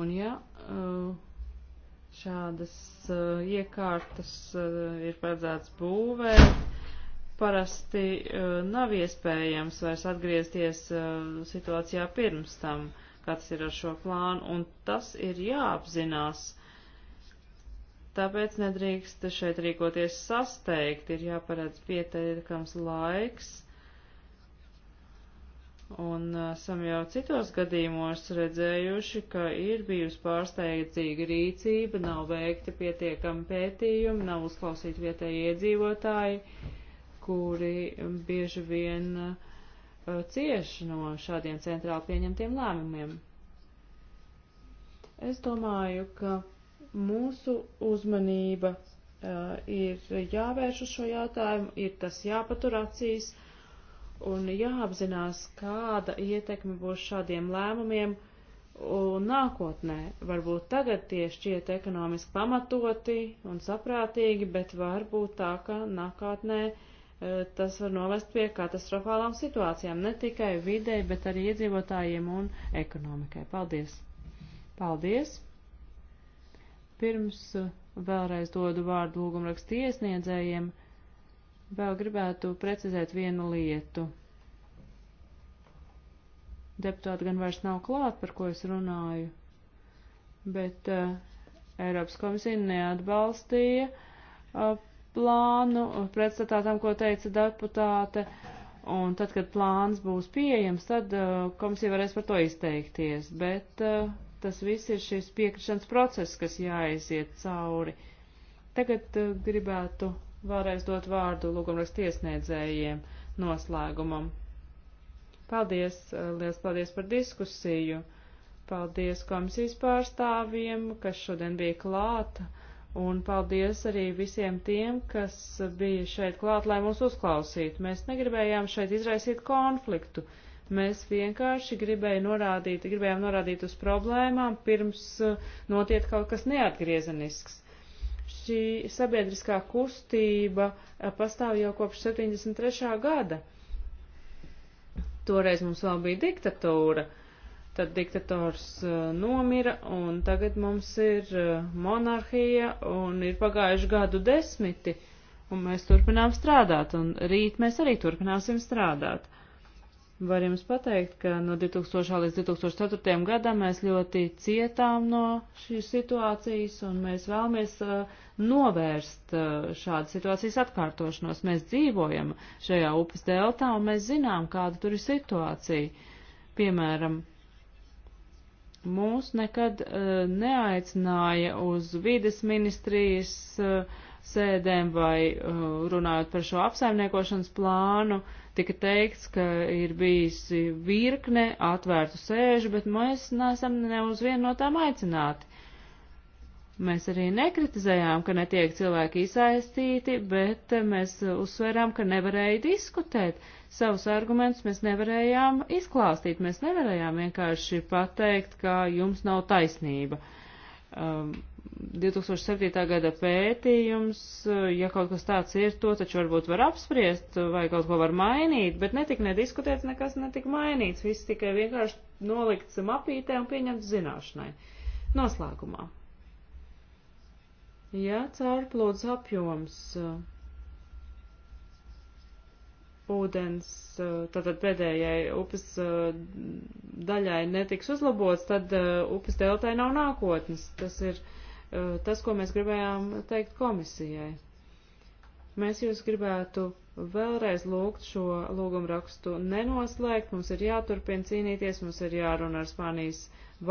Un ja šādas iekārtas ir paredzēts būvēt, parasti uh, nav iespējams vairs atgriezties uh, situācijā pirms tam, kāds ir ar šo plānu, un tas ir jāapzinās. Tāpēc nedrīkst šeit rīkoties sasteigt, ir jāparedz pieteikams laiks, un uh, esam jau citos gadījumos redzējuši, ka ir bijusi pārsteidzīga rīcība, nav veikti pietiekami pētījumi, nav uzklausīti vietēji iedzīvotāji kuri bieži vien eh, cieš no šādiem centrāli pieņemtiem lēmumiem. Es domāju, ka mūsu uzmanība uh, ir jāvērš uz šo jautājumu, ir tas jāpatur acīs un jāapzinās, kāda ietekme būs šādiem lēmumiem un nākotnē. Varbūt tagad tie šķiet ekonomiski pamatoti un saprātīgi, bet varbūt tā, ka nākotnē uh, tas var novest pie katastrofālām situācijām ne tikai videi, bet arī iedzīvotājiem un ekonomikai. Paldies! Paldies! Pirms uh, vēlreiz dodu vārdu lūgumrakstu iesniedzējiem, vēl gribētu precizēt vienu lietu. Deputāti gan vairs nav klāt, par ko es runāju, bet uh, Eiropas komisija neatbalstīja uh, plānu, pretstatā tam, ko teica deputāte. Un tad, kad plāns būs pieejams, tad uh, komisija varēs par to izteikties. Bet uh, tas viss ir šis piekrišanas process, kas jāaiziet cauri. Tagad uh, gribētu vēlreiz dot vārdu lūgumrakstu iesniedzējiem noslēgumam. Paldies, uh, liels paldies par diskusiju. Paldies komisijas pārstāvjiem, kas šodien bija klāta Un paldies arī visiem tiem, kas bija šeit klāt, lai mūs uzklausītu. Mēs negribējām šeit izraisīt konfliktu. Mēs vienkārši gribējām norādīt, gribējām norādīt uz problēmām, pirms uh, notiek kaut kas neatgriezenisks šī sabiedriskā kustība uh, pastāv jau kopš 73. gada. Toreiz mums vēl bija diktatūra, tad diktators uh, nomira, un tagad mums ir uh, monarhija, un ir pagājuši gadu desmiti, un mēs turpinām strādāt, un rīt mēs arī turpināsim strādāt. Var jums pateikt, ka no 2000. līdz 2004. gadam mēs ļoti cietām no šīs situācijas, un mēs vēlamies uh, novērst uh, šādas situācijas atkārtošanos. Mēs dzīvojam šajā upes deltā, un mēs zinām, kāda tur ir situācija. Piemēram, Mūs nekad uh, neaicināja uz vides ministrijas uh, sēdēm vai uh, runājot par šo apsaimniekošanas plānu. Tika teikts, ka ir bijusi virkne atvērtu sēžu, bet mēs neesam ne uz vienu no tām aicināti. Mēs arī nekritizējām, ka netiek cilvēki iesaistīti, bet mēs uzsvērām, ka nevarēja diskutēt. Savus argumentus mēs nevarējām izklāstīt, mēs nevarējām vienkārši pateikt, ka jums nav taisnība. Um, 2007. gada pētījums, ja kaut kas tāds ir, to taču varbūt var apspriest vai kaut ko var mainīt, bet netika nediskutēts, nekas netika mainīts, viss tikai vienkārši nolikts mapītē un pieņemts zināšanai. Noslēgumā. Ja caurplūdes apjoms uh, ūdens, uh, tātad pēdējai upes uh, daļai netiks uzlabots, tad upes deltai nav nākotnes. Tas ir tas, ko mēs gribējām teikt komisijai. Mēs jūs gribētu vēlreiz lūgt šo lūgumu rakstu nenoslēgt, mums ir jāturpina cīnīties, mums ir jārunā ar Spānijas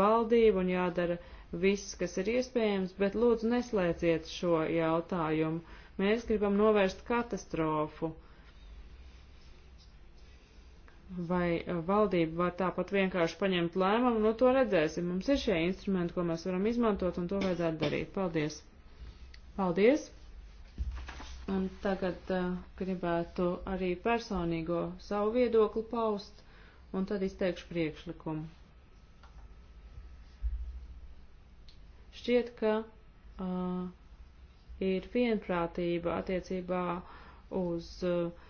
valdību un jādara viss, kas ir iespējams, bet lūdzu neslēdziet šo jautājumu. Mēs gribam novērst katastrofu. Vai valdība var tāpat vienkārši paņemt lēmumu, nu to redzēsim. Mums ir šie instrumenti, ko mēs varam izmantot, un to vajadzētu darīt. Paldies! Paldies! Un tagad uh, gribētu arī personīgo savu viedokli paust, un tad izteikšu priekšlikumu. Šķiet, ka uh, ir vienprātība attiecībā uz uh,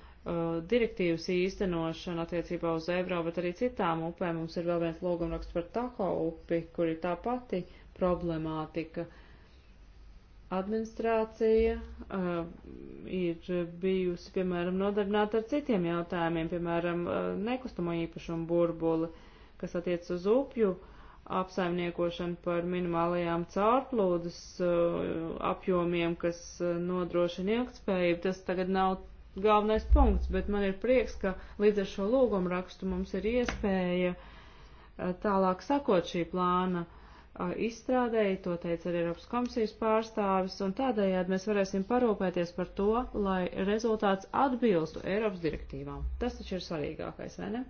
direktīvas īstenošanu attiecībā uz Ebro, bet arī citām upēm. Mums ir vēl viens logumraksts par Tako upi, kur ir tā pati problemātika. Administrācija uh, ir bijusi, piemēram, nodarbināta ar citiem jautājumiem, piemēram, uh, nekustamo īpašumu burbuli, kas attiec uz upju uh, apsaimniekošanu par minimālajām caurplūdes uh, apjomiem, kas uh, nodrošina ilgtspējību. Tas tagad nav galvenais punkts, bet man ir prieks, ka līdz ar šo lūgumu rakstu mums ir iespēja uh, tālāk sakot šī plāna izstrādēji, to teica arī Eiropas komisijas pārstāvis, un tādējādi mēs varēsim parūpēties par to, lai rezultāts atbilstu Eiropas direktīvām. Tas taču ir svarīgākais, vai ne?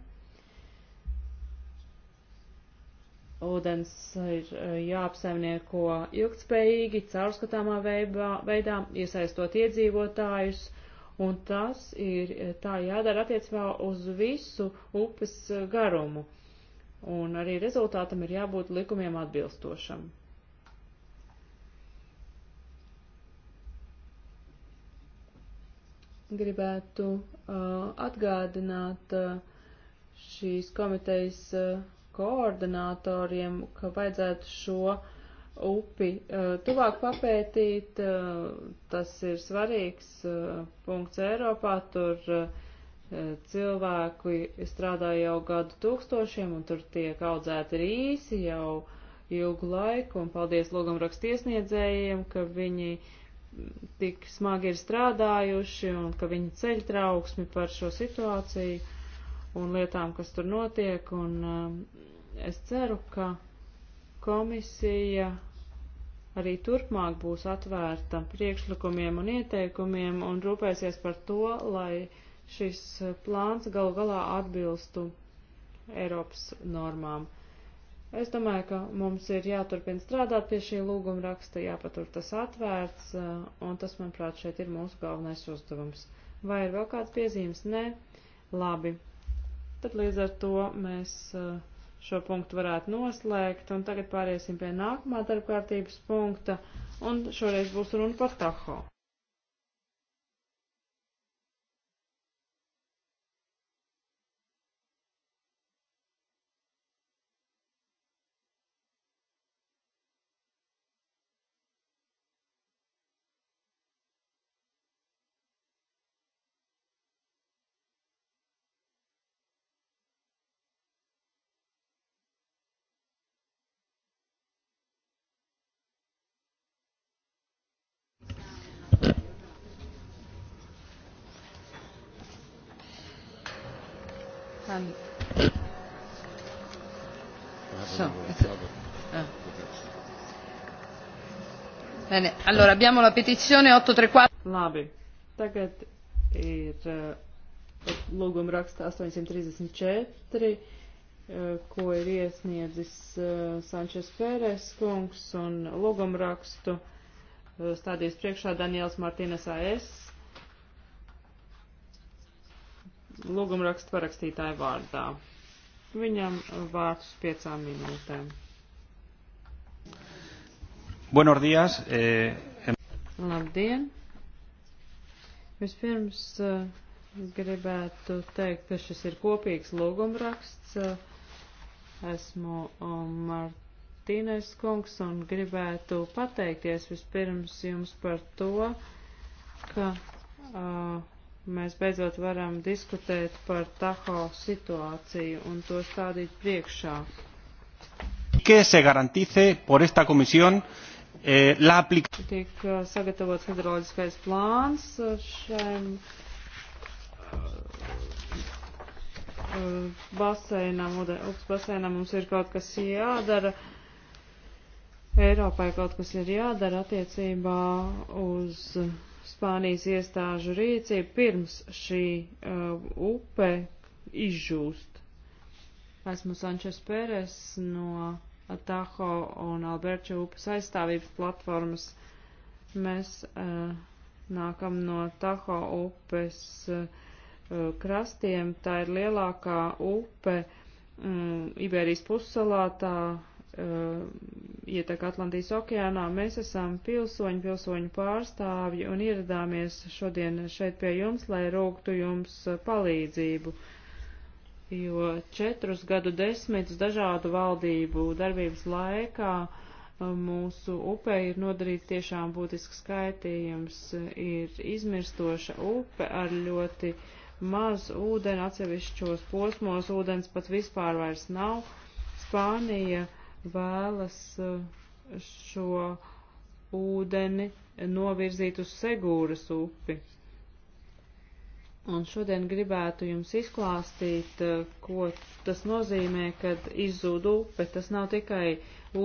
Ūdens ir e, jāapsaimnieko ilgtspējīgi, caurskatāmā veibā, veidā, iesaistot iedzīvotājus, un tas ir e, tā jādara attiecībā uz visu upes e, garumu. Un arī rezultātam ir jābūt likumiem atbilstošam. gribētu uh, atgādināt uh, šīs komitejas uh, koordinatoriem, ka vajadzētu šo upi uh, tuvāk papētīt. Uh, tas ir svarīgs uh, punkts Eiropā. Tur cilvēki strādā jau gadu tūkstošiem un tur tiek audzēti rīsi jau ilgu laiku. Un paldies logam rakstiesniedzējiem, ka viņi tik smagi ir strādājuši un ka viņi ceļ trauksmi par šo situāciju un lietām, kas tur notiek, un uh, es ceru, ka komisija arī turpmāk būs atvērta priekšlikumiem un ieteikumiem un rūpēsies par to, lai šis uh, plāns galu galā atbilstu Eiropas normām. Es domāju, ka mums ir jāturpina strādāt pie šī lūguma raksta, jāpatur tas atvērts, uh, un tas, manuprāt, šeit ir mūsu galvenais uzdevums. Vai ir vēl kāds piezīmes? Nē. Labi. Tad līdz ar to mēs eh, šo punktu varētu noslēgt, un tagad pāriesim pie nākamā darbkārtības punkta, un šoreiz būs runa par Tahoe. kann. So, ah. Bene, allora abbiamo la petizione 834. Labi, tagad ir uh, lūguma raksta 834, uh, eh, ko ir iesniedzis uh, eh, Sančes Pērēs kungs un lūguma rakstu uh, stādījis priekšā Daniels Martīnas AS lūgumrakstu parakstītāju vārdā. Viņam vārds piecām minūtēm. Buenos dias. Eh, en... Labdien. Vispirms uh, gribētu teikt, ka šis ir kopīgs lūgumraksts. Esmu um, Martīnes kungs un gribētu pateikties vispirms jums par to, ka uh, mēs beidzot varam diskutēt par Taho situāciju un to stādīt priekšā. Que se garantice por esta comisión eh, la aplicación. Tiek eh, sagatavots hidroloģiskais plāns eh, šiem eh, baseinam, upes baseinam mums ir kaut kas jādara. Eiropai kaut kas ir jādara attiecībā uz. Uh, Spānijas iestāžu rīcību pirms šī uh, upe izžūst. Esmu Sančes Pēres no Taho un Alberča upes aizstāvības platformas. Mēs uh, nākam no Taho upes uh, krastiem. Tā ir lielākā upe um, Iberijas pussalā. Tā Uh, ietek Atlantijas okeānā. Mēs esam pilsoņi, pilsoņu pārstāvji un ieradāmies šodien šeit pie jums, lai rūgtu jums uh, palīdzību, jo četrus gadu desmitus dažādu valdību darbības laikā uh, mūsu upē ir nodarīts tiešām būtisks skaitījums, ir izmirstoša upe ar ļoti maz ūdeni, atsevišķos posmos ūdens pat vispār vairs nav. Spānija uh, vēlas eh, šo ūdeni novirzīt uz Segūras upi. Un šodien gribētu jums izklāstīt, eh, ko tas nozīmē, kad izzūd upe. Tas nav tikai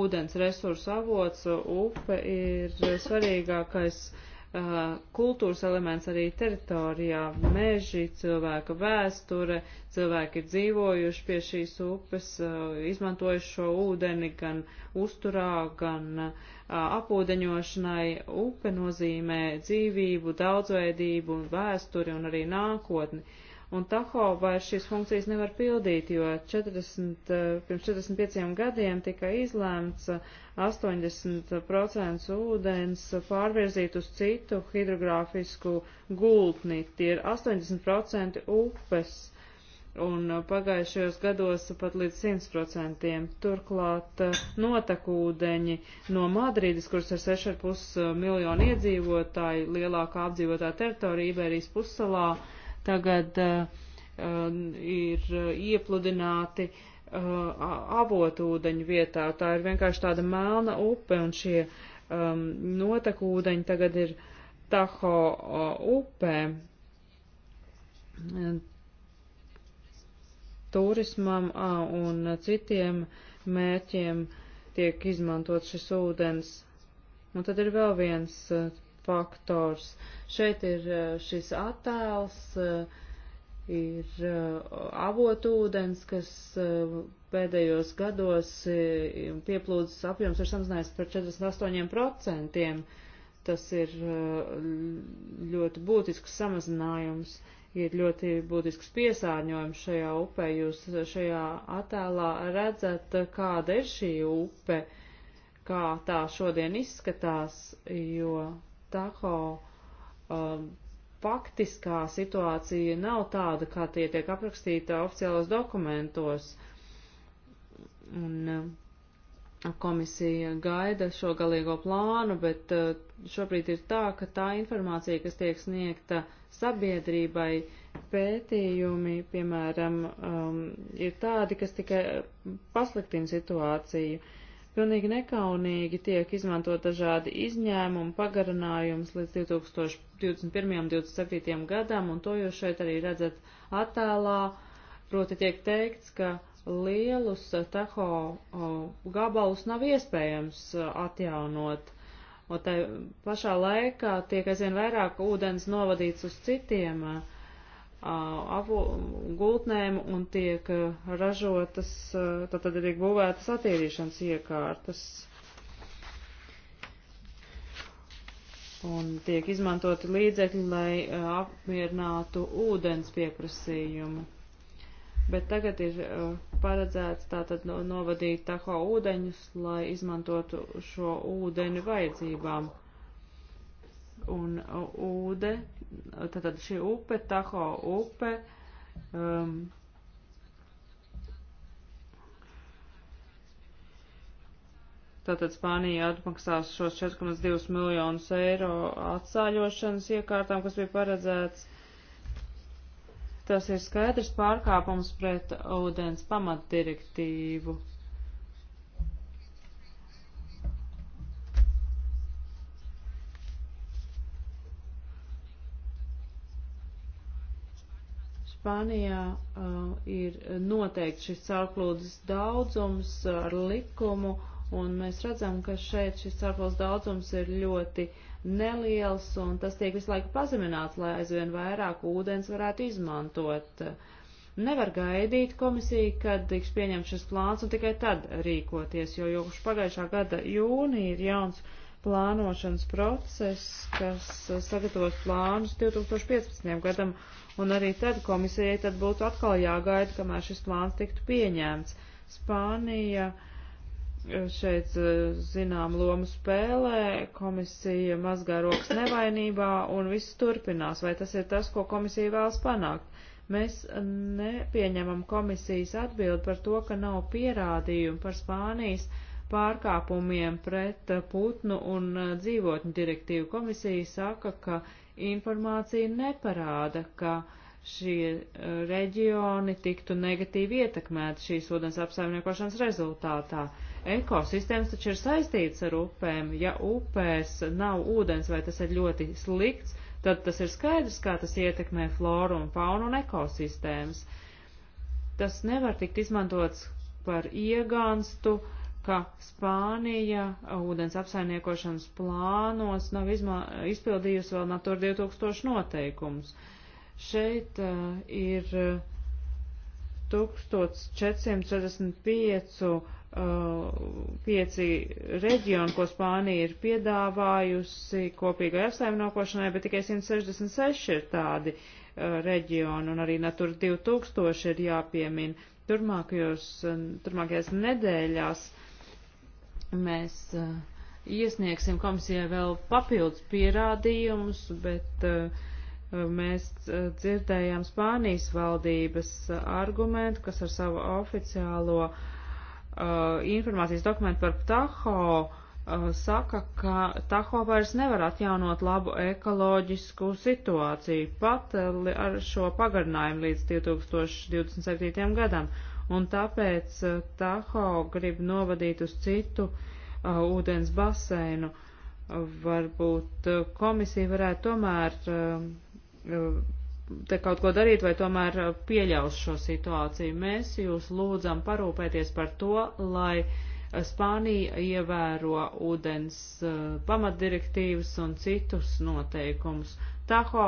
ūdens resursu avots, upe ir svarīgākais uh, Eh, kultūras elements arī teritorijā, meži, cilvēka vēsture, cilvēki ir dzīvojuši pie šīs upes, eh, izmantojuši šo ūdeni gan uzturā, gan eh, apūdeņošanai. Upe nozīmē dzīvību, daudzveidību un vēsturi un arī nākotni un Taho vairs šīs funkcijas nevar pildīt, jo 40, eh, pirms 45 gadiem tika izlēmts 80% eh, ūdens pārvirzīt uz citu hidrogrāfisku gultni, tie ir 80% upes, un eh, pagājušajos gados pat līdz 100%. Turklāt notekūdeņi no Madrīdas, kuras ir 6,5 miljonu iedzīvotāju, lielākā apdzīvotā teritorija Iberijas pussalā, tagad eh, um, ir eh, iepludināti eh, avotūdeņu vietā. Tā ir vienkārši tāda melna upe, un šie um, notekūdeņi tagad ir Taho upē. Turismam un citiem mērķiem tiek izmantot šis ūdens. Un tad ir vēl viens faktors. Šeit ir e, šis attēls, e, ir e, avotūdens, kas pēdējos gados pieplūdes apjoms ir samazinājies par 48%. Tas ir ļoti būtisks samazinājums, ir ļoti būtisks piesārņojums šajā upē. Jūs šajā attēlā redzat, kāda ir šī upe, kā tā šodien izskatās, jo tako um, faktiskā situācija nav tāda, kā tie tiek aprakstīta oficiālos dokumentos. Un, um, komisija gaida šo galīgo plānu, bet uh, šobrīd ir tā, ka tā informācija, kas tiek sniegta sabiedrībai, pētījumi, piemēram, um, ir tādi, kas tikai pasliktina situāciju. Pilnīgi nekaunīgi tiek izmantot dažādi izņēmumi, pagarinājums līdz 2021. un 2027. gadam, un to jūs šeit arī redzat attēlā. Proti tiek teikts, ka lielus taho gabalus nav iespējams atjaunot, un tai pašā laikā tiek aizvien vairāk ūdens novadīts uz citiem uh, avu gultnēm un tiek ražotas, tad arī būvētas attīrīšanas iekārtas. Un tiek izmantoti līdzekļi, lai apmierinātu ūdens pieprasījumu. Bet tagad ir paredzēts tātad novadīt taho ūdeņus, lai izmantotu šo ūdeni vajadzībām un ūde, tātad šī upe, Taho upe, um, Tātad Spānija atmaksās šos 4,2 miljonus eiro atsāļošanas iekārtām, kas bija paredzēts. Tas ir skaidrs pārkāpums pret ūdens pamatdirektīvu. direktīvu. Spānijā uh, ir noteikti šis caurplūdes daudzums ar likumu, un mēs redzam, ka šeit šis caurplūdes daudzums ir ļoti neliels, un tas tiek visu laiku pazemināts, lai aizvien vairāk ūdens varētu izmantot. Nevar gaidīt komisiju, kad tiks pieņemts šis plāns, un tikai tad rīkoties, jo jau pagājušā gada jūnija ir jauns plānošanas process, kas eh, sagatavos plānus 2015. gadam, un arī tad komisijai tad būtu atkal jāgaida, kamēr šis plāns tiktu pieņemts. Spānija eh, šeit eh, zinām lomu spēlē, komisija mazgā rokas nevainībā un viss turpinās, vai tas ir tas, ko komisija vēlas panākt. Mēs nepieņemam komisijas atbildi par to, ka nav pierādījumu par Spānijas pārkāpumiem pret eh, putnu un eh, dzīvotņu direktīvu. Komisija saka, ka informācija neparāda, ka šie eh, reģioni tiktu negatīvi ietekmēti šīs ūdens apsaimniekošanas rezultātā. Ekosistēmas taču ir saistīts ar upēm. Ja upēs nav ūdens vai tas ir ļoti slikts, tad tas ir skaidrs, kā tas ietekmē floru un faunu un ekosistēmas. Tas nevar tikt izmantots par iegānstu, uh, ka Spānija uh, ūdens apsaimniekošanas plānos nav izmā, izpildījusi vēl Natura 2000 noteikumus. Šeit uh, ir 1445 uh, uh, pieci reģioni, ko Spānija ir piedāvājusi kopīgai apsaimniekošanai, bet tikai 166 ir tādi uh, reģioni, un arī Natura 2000 ir jāpiemina turmākajos, uh, turmākajās nedēļās. Uh, Mēs uh, iesniegsim komisijai vēl papildus pierādījumus, bet uh, mēs eh, dzirdējām Spānijas valdības argumentu, kas ar savu oficiālo uh, informācijas dokumentu par Taho uh, saka, ka Taho vairs nevar atjaunot labu ekoloģisku situāciju pat ar šo pagarinājumu līdz 2027. gadam un tāpēc eh, Taho grib novadīt uz citu uh, ūdens baseinu. Varbūt eh, komisija varētu tomēr uh, te kaut ko darīt vai tomēr pieļaus šo situāciju. Mēs jūs lūdzam parūpēties par to, lai Spānija ievēro ūdens uh, pamatdirektīvas un citus noteikumus. Taho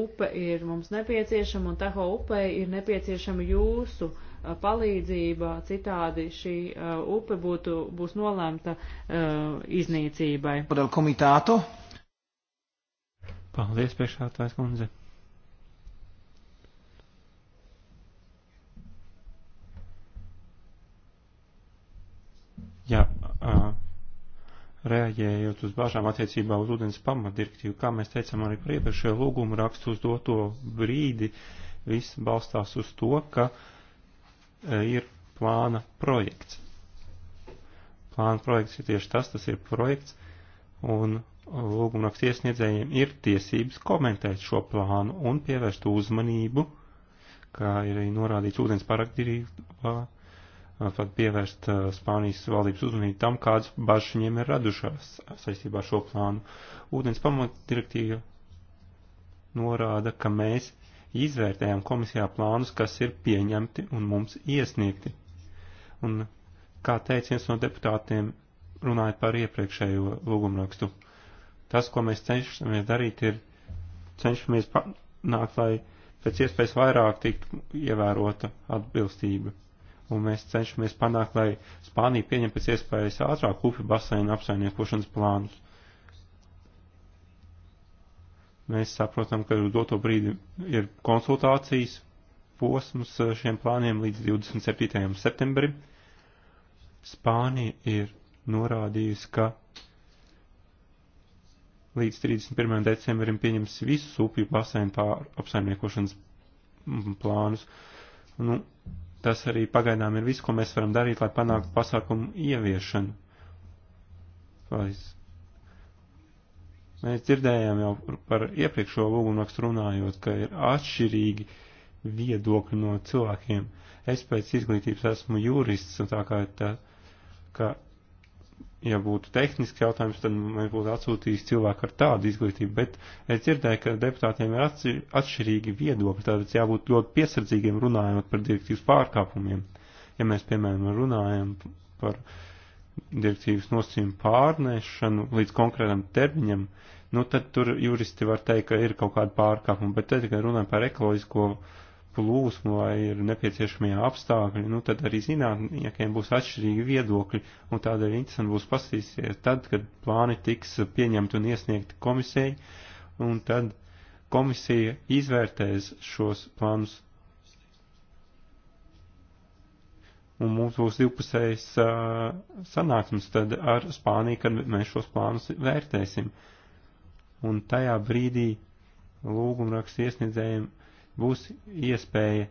upe ir mums nepieciešama un Taho upei ir nepieciešama jūsu uh, Uh, palīdzība, citādi šī uh, upe būtu, būs nolēmta uh, iznīcībai. Padal komitātu. Paldies, priekšētājs kundze. Jā, uh, reaģējot uz bāžām attiecībā uz ūdens pamatdirektīvu, kā mēs teicām arī priekšējo lūgumu rakstu uz doto brīdi, viss balstās uz to, ka uh, Eh, ir plāna projekts. Plāna projekts ir tieši tas, tas ir projekts, un lūgumraksts iesniedzējiem ir tiesības komentēt šo plānu un pievērst uzmanību, kā ir arī norādīts ūdens parakdirībā, pat eh, pievērst eh, Spānijas valdības uzmanību tam, kādas bažas viņiem ir radušās saistībā ar šo plānu. Ūdens pamatdirektīva norāda, ka mēs izvērtējām komisijā plānus, kas ir pieņemti un mums iesniegti. Un, kā teica viens no deputātiem, runājot par iepriekšējo lūgumrakstu, tas, ko mēs cenšamies darīt, ir cenšamies panākt, lai pēc iespējas vairāk tiktu ievērota atbilstība. Un mēs cenšamies panākt, lai Spānija pieņem pēc iespējas ātrāk upju baseinu apsaimniekošanas plānus. Mēs saprotam, ka uz doto brīdi ir konsultācijas posms šiem plāniem līdz 27. septembrim. Spānija ir norādījusi, ka līdz 31. decembrim pieņems visus upju basēnu pār apsaimniekošanas plānus. Nu, tas arī pagaidām ir viss, ko mēs varam darīt, lai panāktu pasākumu ieviešanu. Lai Mēs dzirdējām jau par iepriekšo lūgumrakstu runājot, ka ir atšķirīgi viedokļi no cilvēkiem. Es pēc izglītības esmu jurists, un tā kā tā, ka, ja būtu tehniski jautājums, tad mēs būtu atsūtījis cilvēku ar tādu izglītību, bet es dzirdēju, ka deputātiem ir atšķirīgi viedokļi, tāpēc jābūt ļoti piesardzīgiem runājot par direktīvas pārkāpumiem. Ja mēs, piemēram, runājam par. Uh, direktīvas nosacījumu pārnēšanu līdz konkrētam termiņam, nu tad tur juristi var teikt, ka ir kaut kāda pārkāpuma, bet tad, kad runājam par ekoloģisko plūsmu vai ir nepieciešamie apstākļi, nu tad arī zinātniekiem būs atšķirīgi viedokļi, un tādēļ interesanti būs pasīsies tad, kad plāni tiks pieņemti un iesniegti komisijai, un tad komisija izvērtēs šos plānus un mums būs divpusējas uh, sanāksmes tad ar Spāniju, kad mēs šos plānus vērtēsim. Un tajā brīdī lūgumraksta iesniedzējiem būs iespēja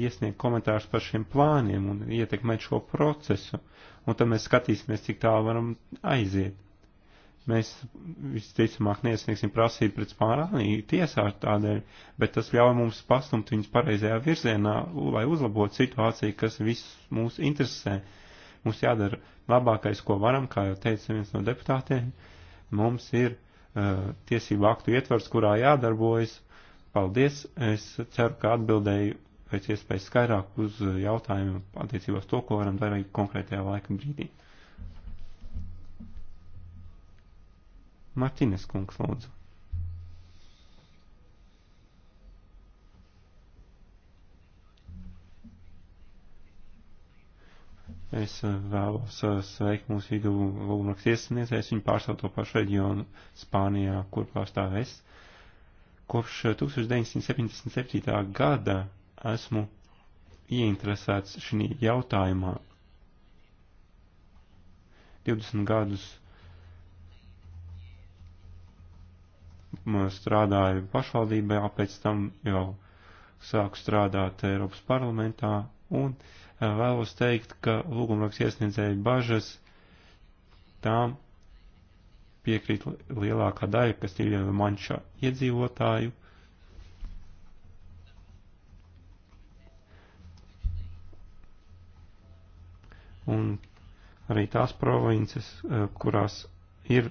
iesniegt komentārus par šiem plāniem un ietekmēt šo procesu, un tad mēs skatīsimies, cik tālu varam aiziet. Mēs visticamāk neiesniegsim prasību pret Spāniju tiesā tādēļ, bet tas ļauj mums pastumt viņus pareizajā virzienā, lai uzlabotu situāciju, kas visus mūs interesē. Mums jādara labākais, ko varam, kā jau teica viens no deputātiem. Mums ir uh, tiesību aktu ietvers, kurā jādarbojas. Paldies! Es ceru, ka atbildēju pēc iespējas skaidrāk uz uh, jautājumiem attiecībās to, ko varam darīt konkrētajā laika brīdī. Martīnes kungs, lūdzu. Es uh, vēlos uh, sveikt mūsu vidū lūgumraks iesniedzējs, viņu pārstāv to pašu reģionu Spānijā, kur pārstāv es. Kopš 1977. Uh, gada esmu ieinteresēts šī jautājumā. 20 gadus strādāju pašvaldībā, pēc tam jau sāku strādāt Eiropas parlamentā un e, vēlos teikt, ka lūgumraks iesniedzēja bažas tām piekrīt lielākā daļa Kastīļa manča iedzīvotāju. Un arī tās provinces, e, kurās ir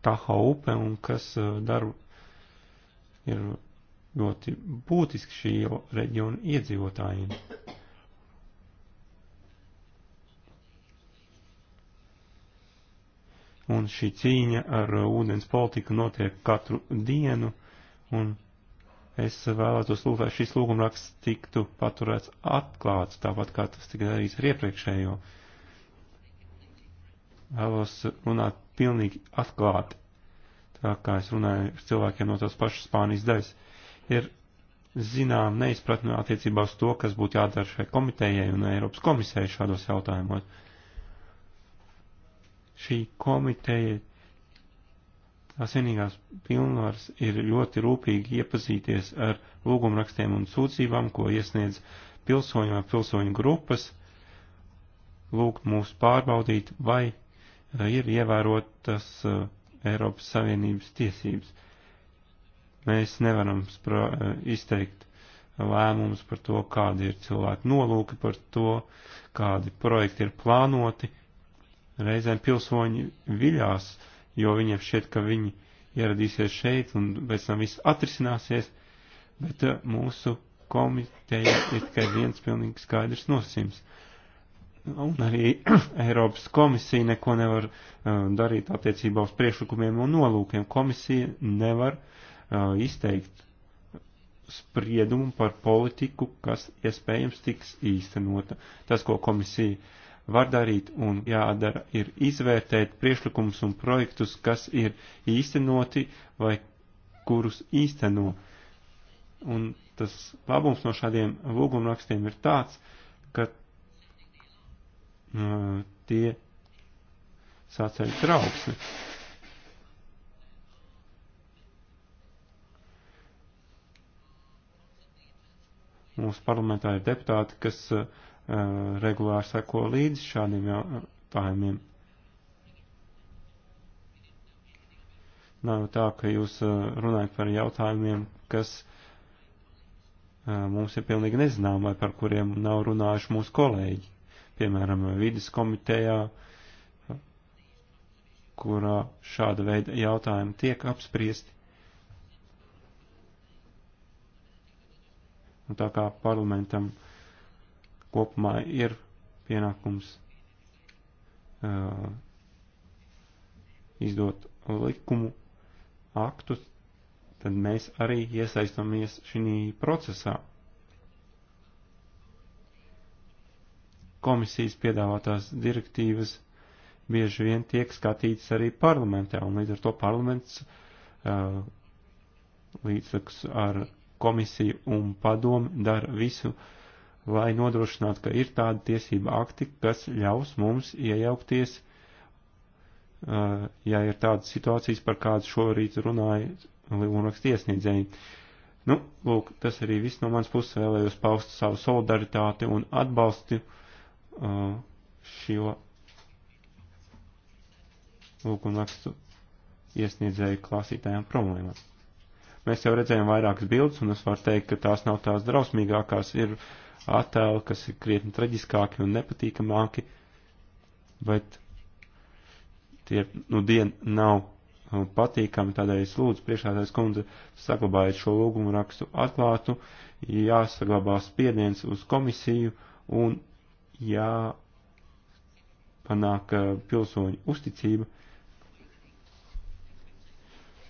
Taho upe un kas darbu ir ļoti būtiski šī reģiona iedzīvotājiem. Un šī cīņa ar ūdens politiku notiek katru dienu, un es vēlētos lūgt, lai šis lūgumraksts tiktu paturēts atklāts, tāpat kā tas tika darīts ar iepriekšējo. Vēlos runāt pilnīgi atklāti. Tā kā es runāju ar cilvēkiem no tās pašas Spānijas daļas, ir zinām neizpratne attiecībā uz to, kas būtu jādara šai komitejai un Eiropas komisijai šādos jautājumos. Šī komiteja, tās vienīgās pilnvars, ir ļoti rūpīgi iepazīties ar lūgumrakstiem un sūdzībām, ko iesniedz pilsoņu vai pilsoņu grupas, lūgt mūs pārbaudīt, vai Eh, ir ievērotas eh, Eiropas Savienības tiesības. Mēs nevaram eh, izteikt lēmumus par to, kādi ir cilvēki nolūki par to, kādi projekti ir plānoti. Reizēm pilsoņi viļās, jo viņiem šķiet, ka viņi ieradīsies šeit un pēc tam viss atrisināsies, bet mūsu komiteja ir tikai viens pilnīgi skaidrs nosacījums. Nu, un arī Eiropas komisija neko nevar uh, darīt attiecībā uz priekšlikumiem un nolūkiem. Komisija nevar uh, izteikt spriedumu par politiku, kas iespējams tiks īstenota. Tas, ko komisija var darīt un jādara, ir izvērtēt priešlikumus un projektus, kas ir īstenoti vai kurus īsteno. Un tas labums no šādiem lūgumrakstiem ir tāds, Nu, tie sāceļ trauksmi. Mūsu parlamentā ir deputāti, kas uh, regulāri seko līdzi šādiem jautājumiem. Nav tā, ka jūs uh, runājat par jautājumiem, kas uh, mums ir pilnīgi nezināmi vai par kuriem nav runājuši mūsu kolēģi piemēram, vidas komitejā, kurā šāda veida jautājumi tiek apspriesti. Un tā kā parlamentam kopumā ir pienākums uh, izdot likumu aktus, tad mēs arī iesaistamies šī procesā. komisijas piedāvātās direktīvas bieži vien tiek skatītas arī parlamentā, un līdz ar to parlaments uh, līdzsaks ar komisiju un padomu dara visu, lai nodrošinātu, ka ir tāda tiesība akti, kas ļaus mums iejaukties, uh, ja ir tādas situācijas, par kādas šorīt runāja Lūnaks tiesniedzēji. Nu, lūk, tas arī viss no manas puses vēlējos paust savu solidaritāti un atbalstu uh, Uh, šo lūgumu rakstu iesniedzēju klasītājām problēmām. Mēs jau redzējām vairākas bildes, un es varu teikt, ka tās nav tās drausmīgākās, ir attēli, kas ir krietni traģiskāki un nepatīkamāki, bet tie, nu, dien nav uh, patīkami, tādēļ es lūdzu priekšādājas kundze saglabājiet šo lūgumu rakstu atklātu, jāsaglabā spiediens uz komisiju un jāpanāk pilsoņu uzticība,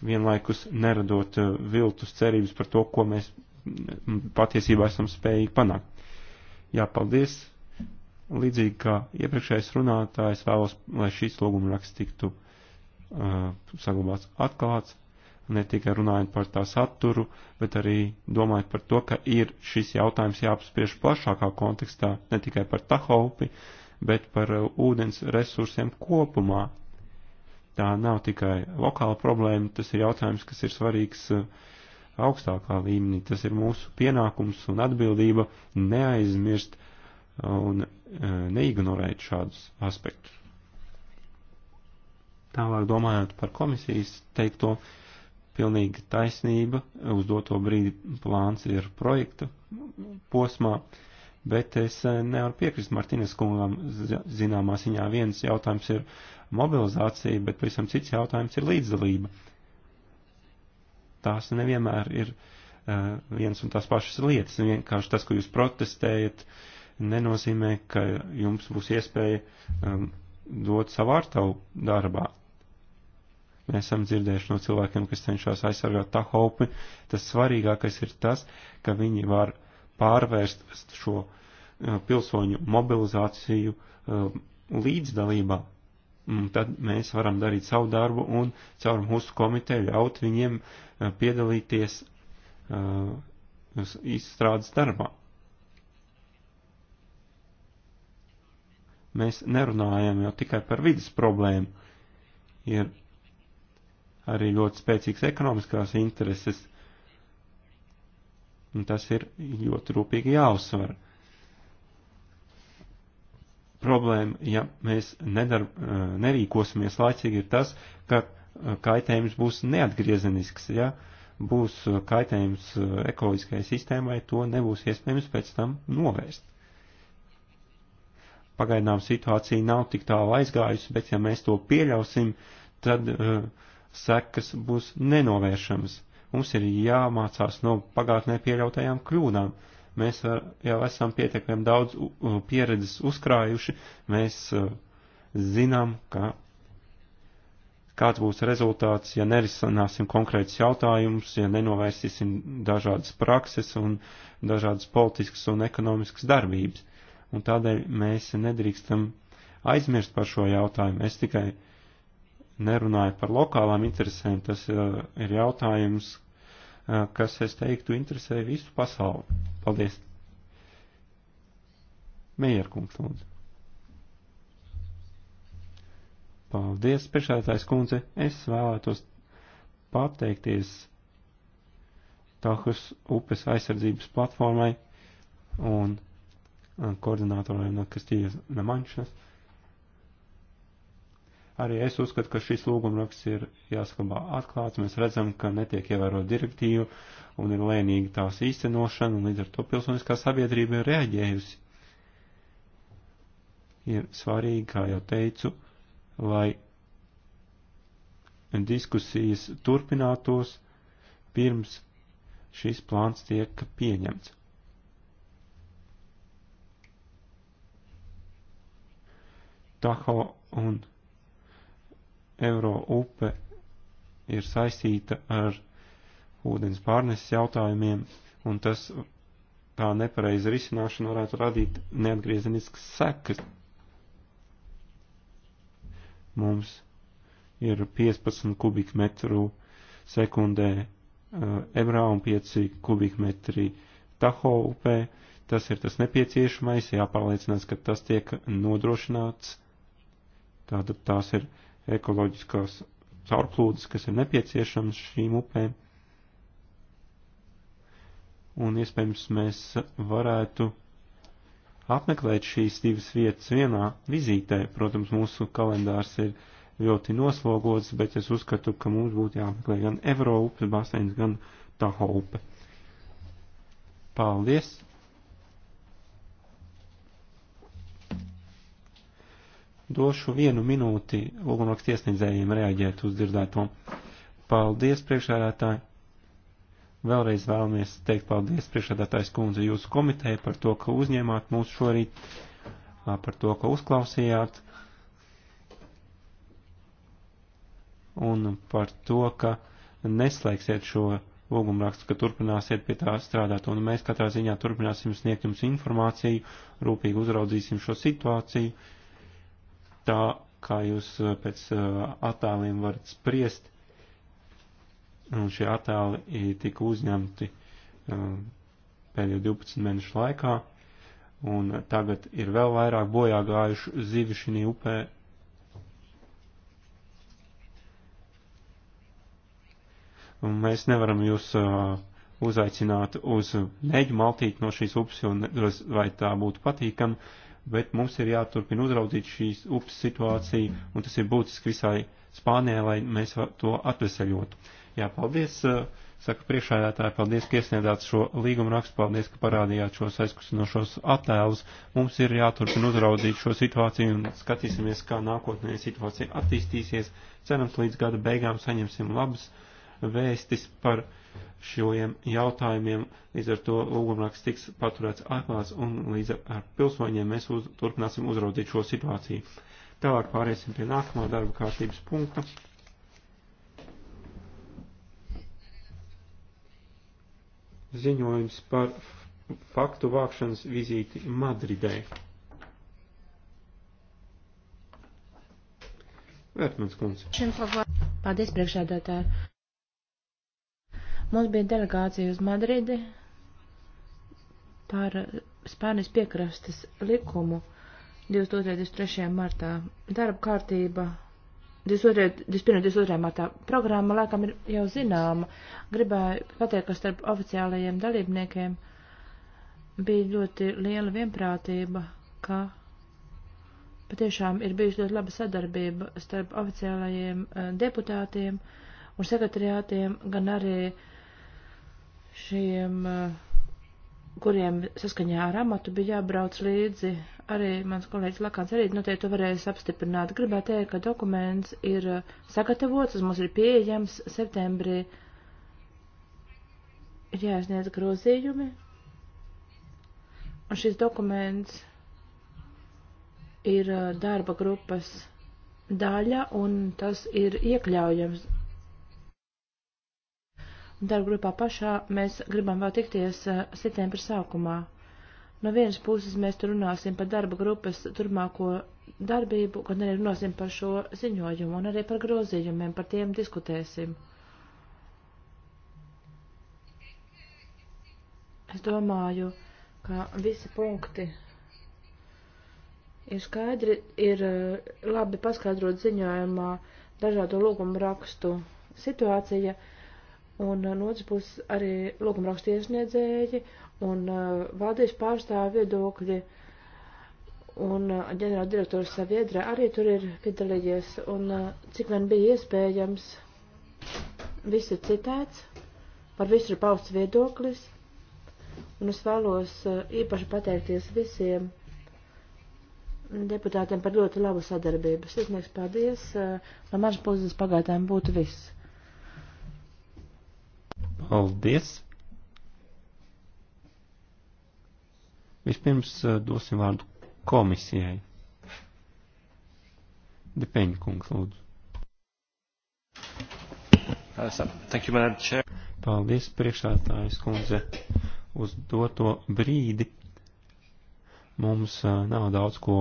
vienlaikus neradot eh, viltus cerības par to, ko mēs mm, patiesībā esam spējīgi panākt. Jā, paldies! Līdzīgi kā iepriekšējais runātājs vēlos, lai šīs lūguma raksts tiktu uh, saglabāts atklāts ne tikai runājot par tā saturu, bet arī domājot par to, ka ir šis jautājums jāapspriež plašākā kontekstā, ne tikai par tahaupi, bet par uh, ūdens resursiem kopumā. Tā nav tikai lokāla problēma, tas ir jautājums, kas ir svarīgs uh, augstākā līmenī. Tas ir mūsu pienākums un atbildība neaizmirst uh, un neignorēt šādus aspektus. Tālāk domājot par komisijas teikto, uh, pilnīga taisnība, uz doto brīdi plāns ir projekta posmā, bet es eh, nevaru piekrist Martīnes kungam zināmā ziņā. Viens jautājums ir mobilizācija, bet pavisam cits jautājums ir līdzdalība. Tās nevienmēr ir uh, viens un tās pašas lietas. Vienkārši tas, ko jūs protestējat, nenozīmē, ka jums būs iespēja um, dot savu ārtavu darbā Mēs esam dzirdējuši no cilvēkiem, kas cenšas aizsargāt tahopi. Tas svarīgākais ir tas, ka viņi var pārvērst šo eh, pilsoņu mobilizāciju eh, līdzdalībā. Un mm, tad mēs varam darīt savu darbu un caur mūsu komiteju ļaut viņiem eh, piedalīties izstrādes darbā. Mēs nerunājam jau tikai par vidas problēmu. Ir arī ļoti spēcīgas ekonomiskās intereses, un tas ir ļoti rūpīgi jāuzsver. Problēma, ja mēs nedar, eh, nerīkosimies laicīgi, ir tas, ka eh, kaitējums būs neatgriezenisks, ja būs eh, kaitējums ekoloģiskajai sistēmai, to nebūs iespējams pēc tam novērst pagaidām situācija nav tik tālu aizgājusi, bet ja mēs to pieļausim, tad uh, sekas būs nenovēršamas. Mums ir jāmācās no pagātnē pieļautajām kļūdām. Mēs var, jau esam pietiekami daudz pieredzes uzkrājuši, mēs uh, zinām, ka kāds būs rezultāts, ja nerisināsim konkrētus jautājumus, ja nenovērsīsim dažādas prakses un dažādas politiskas un ekonomiskas darbības. Un tādēļ mēs nedrīkstam aizmirst par šo jautājumu. Es tikai uh, nerunāju par lokālām interesēm, tas uh, ir jautājums, uh, kas, es teiktu, interesē visu pasauli. Paldies! Mērkungs, lūdzu. Paldies, priekšētājs kundze. Es vēlētos pateikties Tahus upes aizsardzības platformai un uh, koordinātoriem no Kastījas Nemanšas. No Arī es uzskatu, ka šis lūgumraksts ir jāsklabā atklāts. Mēs redzam, ka netiek ievērot direktīvu un ir lēnīgi tās īstenošana, un līdz ar to pilsoniskā sabiedrība ir reaģējusi. Ir svarīgi, kā jau teicu, lai diskusijas turpinātos pirms šis plāns tiek pieņemts. Taho un Eiro upe ir saistīta ar ūdens pārneses jautājumiem, un tas tā nepareiza risināšana varētu radīt neatgriezeniskas sekas. Mums ir 15 kubikmetru sekundē uh, Ebrā un 5 kubikmetri Taho upē. Tas ir tas nepieciešamais, jāpārliecinās, ka tas tiek nodrošināts. Tātad tās ir ekoloģiskās caurplūdes, kas ir nepieciešams šīm upēm. Un iespējams mēs varētu apmeklēt šīs divas vietas vienā vizītē. Protams, mūsu kalendārs ir ļoti noslogots, bet es uzskatu, ka mums būtu jāapmeklē gan Eiropas basēns, gan Taho upe. Paldies! Došu vienu minūti lūgumrakstu iesniedzējiem reaģēt uz dzirdēto. Paldies, priekšsēdētāji! Vēlreiz vēlamies teikt paldies, priekšsēdētājs kundze, jūsu komiteja par to, ka uzņēmāt mūs šorīt, par to, ka uzklausījāt un par to, ka neslēgsiet šo lūgumrakstu, ka turpināsiet pie tā strādāt, un mēs katrā ziņā turpināsim sniegt jums informāciju, rūpīgi uzraudzīsim šo situāciju tā, kā jūs uh, pēc uh, attēliem varat spriest. Un šie attēli tika uzņemti um, pēdējo 12 mēnešu laikā, un tagad ir vēl vairāk bojā gājuši zivi šī upē. Un mēs nevaram jūs uh, uzaicināt uz mēģi maltīt no šīs upes, jo vai tā būtu patīkami, bet mums ir jāturpina uzraudzīt šīs upes situāciju, un tas ir būtiski visai Spānijai, lai mēs to atveseļotu. Jā, paldies, saka priekšādātāji, paldies, ka iesniedzāt šo līgumu rakstu, paldies, ka parādījāt šos aizkustinošos attēlus. Mums ir jāturpina uzraudzīt šo situāciju un skatīsimies, kā nākotnē situācija attīstīsies. Cerams, līdz gada beigām saņemsim labas vēstis par šiem jautājumiem. Līdz ar to lūgumraksts tiks paturēts atklāts un līdz ar pilsoņiem mēs uz, turpināsim uzraudzīt šo situāciju. Tālāk pāriesim pie nākamā darba kārtības punkta. Ziņojums par faktu vākšanas vizīti Madridē. Vērtmans kundze. Paldies, priekšādātāji. Mums bija delegācija uz Madridi par Spānijas piekrastes likumu 22.23. martā. Darba kārtība 21.22. martā programma laikam ir jau zināma. Gribēju pateikt, ka starp oficiālajiem dalībniekiem bija ļoti liela vienprātība, ka patiešām ir bijusi ļoti laba sadarbība starp oficiālajiem eh, deputātiem un sekretariātiem, gan arī uh, šiem, eh, kuriem saskaņā ar amatu bija jābrauc līdzi. Arī mans kolēģis Lakāns arī noteikti to varēs apstiprināt. Gribētu teikt, ka dokuments ir eh, sagatavots, tas mums ir pieejams septembrī. Ir jāizniedz grozījumi. Un šis dokuments ir eh, darba grupas daļa, un tas ir iekļaujams darba grupā pašā mēs gribam vēl tikties eh, septembra sākumā. No vienas puses mēs tur runāsim par darba grupas turpmāko darbību, gan arī runāsim par šo ziņojumu un arī par grozījumiem, par tiem diskutēsim. Es domāju, ka visi punkti ir skaidri, ir eh, labi paskaidrot ziņojumā dažādo lūgumu rakstu situācija. Uh, un uh, no otras puses arī lūgumrakstu iesniedzēji un uh, valdības pārstāvi viedokļi un uh, ģenerāldirektors Saviedra arī tur ir piedalījies un cik vien bija iespējams, viss ir citēts, par visu ir pausts viedoklis un es vēlos īpaši pateikties visiem deputātiem par ļoti labu sadarbību. Sirsnieks, paldies. No manas puses pagaidām būtu viss. Paldies! Vispirms eh, dosim vārdu komisijai. Depeņa kungs, lūdzu. Uh, thank you, Madam Chair. Paldies, priekšsētājs kundze, uz doto brīdi. Mums eh, nav daudz ko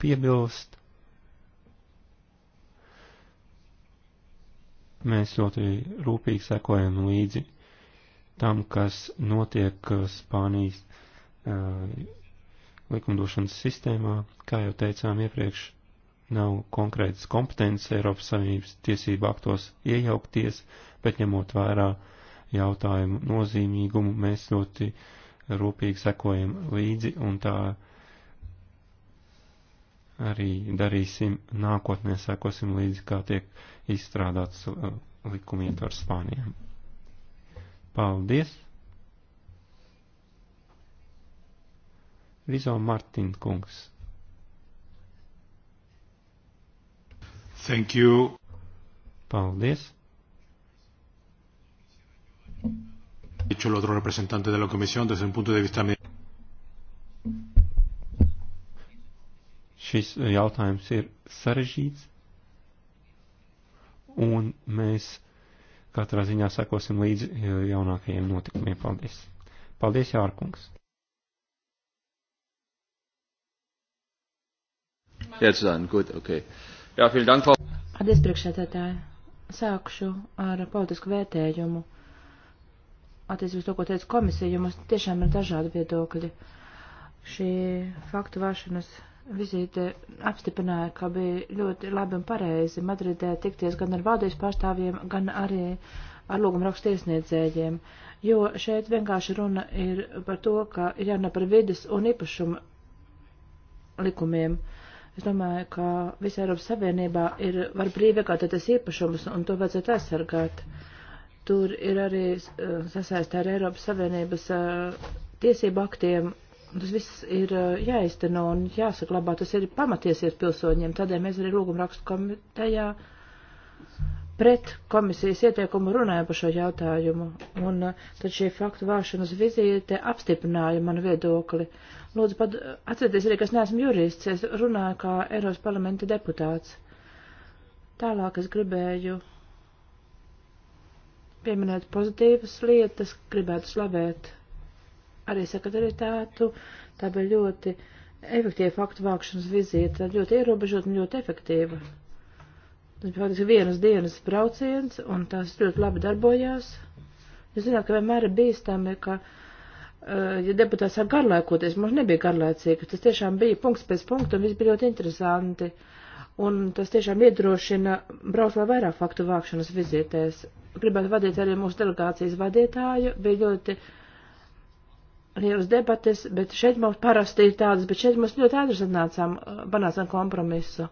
piebilst. Mēs ļoti rūpīgi sekojam līdzi tam, kas notiek uh, Spānijas uh, likumdošanas sistēmā. Kā jau teicām iepriekš, nav konkrētas kompetences Eiropas Savienības tiesību aktos iejaukties, bet ņemot vērā jautājumu nozīmīgumu, mēs ļoti rūpīgi sekojam līdzi un tā uh, arī darīsim nākotnē, sekosim līdzi, kā tiek izstrādāts uh, likuma ietvars Spānijā. Paldies! Rizo Martinkungs. Thank you. Paldies. Dicho el otro representante de la comisión desde un punto de vista Šis jautājums ir sarežģīts, un mēs katrā ziņā sekosim līdzi e, jaunākajiem notikumiem. Paldies! Paldies, Jārkungs! Jetzt dann, gut, okay. Jā, vielen Dank, Frau. Paldies, priekšsēdētāji. Sākšu ar politisku vērtējumu. Attiecībā uz to, ko teica komisija, jo mums tiešām ir dažādi viedokļi. Šī faktu vāšanas vizīte apstiprināja, ka bija ļoti labi un pareizi Madridē tikties gan ar valdības pārstāvjiem, gan arī ar lūgumrakstu iesniedzējiem, jo šeit vienkārši runa ir par to, ka ir jārunā par vidas un īpašumu likumiem. Es domāju, ka visā Eiropas Savienībā ir var brīvi iegādāties īpašumus, un to vajadzētu aizsargāt. Tur ir arī eh, sasaistē ar Eiropas Savienības eh, tiesību aktiem Tas viss ir eh, jāizteno un jāsaglabā. Tas ir pamatiesies pilsoņiem. Tādēļ mēs arī lūgum rakstu komitejā pret komisijas ieteikumu runājam par šo jautājumu. Un eh, tad šī faktu vāšanas vizīte apstiprināja manu viedokli. Lūdzu, pad, atcerieties arī, ka es neesmu jurists, es runāju kā Eiropas parlamenta deputāts. Tālāk es gribēju pieminēt pozitīvas lietas, gribētu slavēt arī sekretaritātu. Tā bija ļoti efektīva faktu vākšanas vizīte, ļoti ierobežota un ļoti efektīva. Tas bija faktiski vienas dienas brauciens, un tās ļoti labi darbojās. Jūs zināt, ka vienmēr ir bīstami, ka, eh, ja deputāts sāk garlaikoties, mums nebija garlaicīgi, tas tiešām bija punkts pēc punkta, un viss bija ļoti interesanti. Un tas tiešām iedrošina braukt vēl vairāk faktu vākšanas vizītēs. Gribētu vadīt arī mūsu delegācijas vadītāju, bija ļoti lielas debates, bet šeit mums parasti ir tādas, bet šeit mēs ļoti ātri sanācām, panācām kompromisu,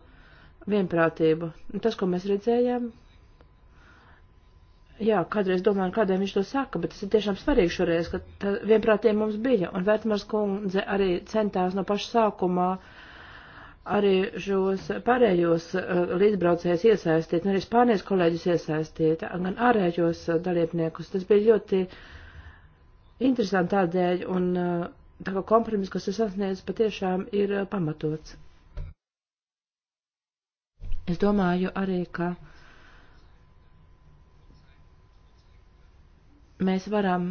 vienprātību. Un tas, ko mēs redzējām, jā, kādreiz domājam, kādēļ viņš to saka, bet tas ir tiešām svarīgi šoreiz, ka tā vienprātība mums bija, un Vērtmars kundze arī centās no paša sākumā arī šos pārējos uh, līdzbraucējus iesaistīt, un arī spānijas kolēģus iesaistīt, gan ārējos eh, dalībniekus. Tas bija ļoti uh, interesanti tādēļ, un uh, tā kā kompromis, kas ir sasniedzis, patiešām ir uh, pamatots. Es domāju arī, ka mēs varam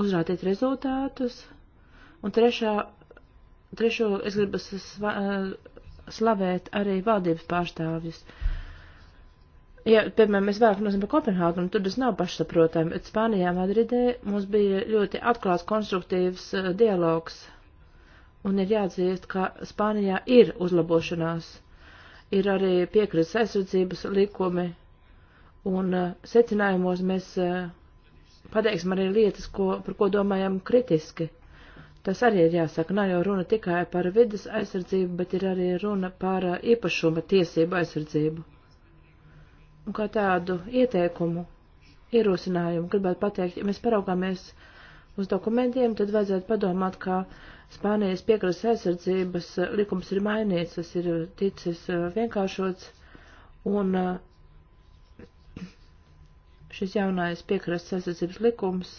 uzrādīt rezultātus, un trešā, trešo es gribu sva, uh, slavēt arī valdības pārstāvjus. Uh, ja, piemēram, es vēlāk nozīmē Kopenhāgenu, tad tas nav pašsaprotami, bet Spānijā, Madridē mums bija ļoti atklāts konstruktīvs uh, dialogs, un ir jāatzīst, ka Spānijā ir uzlabošanās, ir arī piekrits aizsardzības likumi, un uh, secinājumos mēs uh, pateiksim arī lietas, ko, par ko domājam kritiski. Tas arī ir jāsaka, nav jau runa tikai par vidas aizsardzību, bet ir arī runa par īpašuma tiesību aizsardzību un kā tādu ieteikumu, ierosinājumu gribētu pateikt, ja mēs paraugāmies uz dokumentiem, tad vajadzētu padomāt, ka Spānijas piekrastes aizsardzības likums ir mainīts, tas ir ticis uh, vienkāršots, un uh, šis jaunais piekrastes aizsardzības likums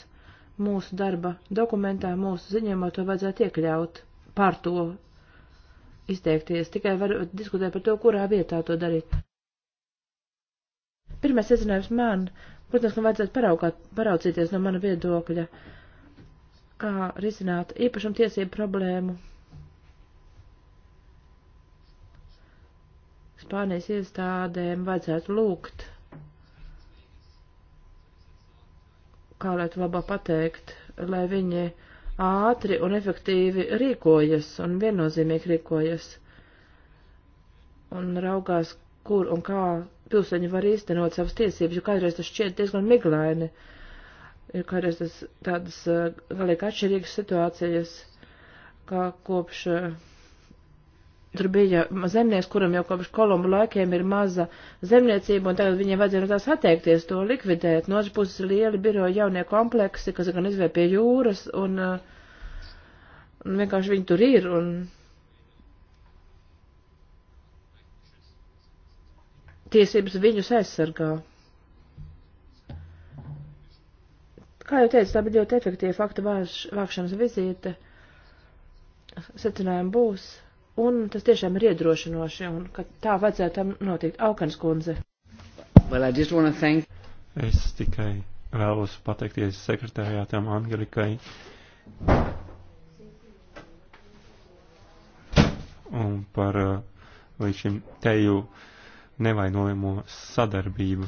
mūsu darba dokumentā, mūsu ziņojumā to vajadzētu iekļaut pār to izteikties, tikai var diskutēt par to, kurā vietā to darīt. Pirmais iezinājums man, protams, ka vajadzētu paraugāt, paraudzīties no mana viedokļa, kā risināt īpašumtiesību problēmu. Spānijas iestādēm vajadzētu lūgt, kā lai to labāk pateikt, lai viņi ātri un efektīvi rīkojas un viennozīmīgi rīkojas un raugās, kur un kā pilsoņi var īstenot savas tiesības, jo kādreiz tas šķiet diezgan miglaini, ir kādreiz tas tādas galīgi uh, atšķirīgas situācijas, kā kopš uh, tur bija zemnieks, kuram jau kopš kolumbu laikiem ir maza zemniecība, un tagad viņiem vajadzēja no tās atteikties, to likvidēt. No otras puses ir lieli biroja jaunie kompleksi, kas gan izvēr pie jūras, un, uh, un vienkārši viņi tur ir, un tiesības viņus aizsargā. Kā jau teicu, tā bija ļoti efektīva faktu vāž, vākšanas vizīte. Secinājumi būs, un tas tiešām ir iedrošinoši, un ka tā vajadzētu tam notikt. Aukans kundze. Well, thank... Es tikai vēlos pateikties sekretārātām Angelikai. Un par uh, līdz šim teju nevainojamo sadarbību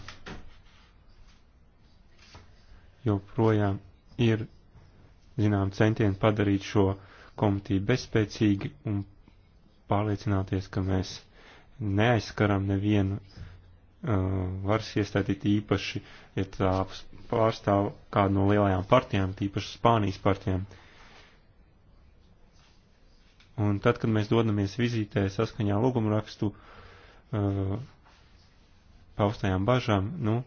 joprojām ir, zinām, centieni padarīt šo komitiju bezspēcīgi un pārliecināties, ka mēs neaizskaram nevienu uh, varas iestādīt īpaši, ja tā pārstāv kādu no lielajām partijām, tīpaši Spānijas partijām. Un tad, kad mēs dodamies vizītē saskaņā lūgumrakstu, uh, paustajām bažām, nu,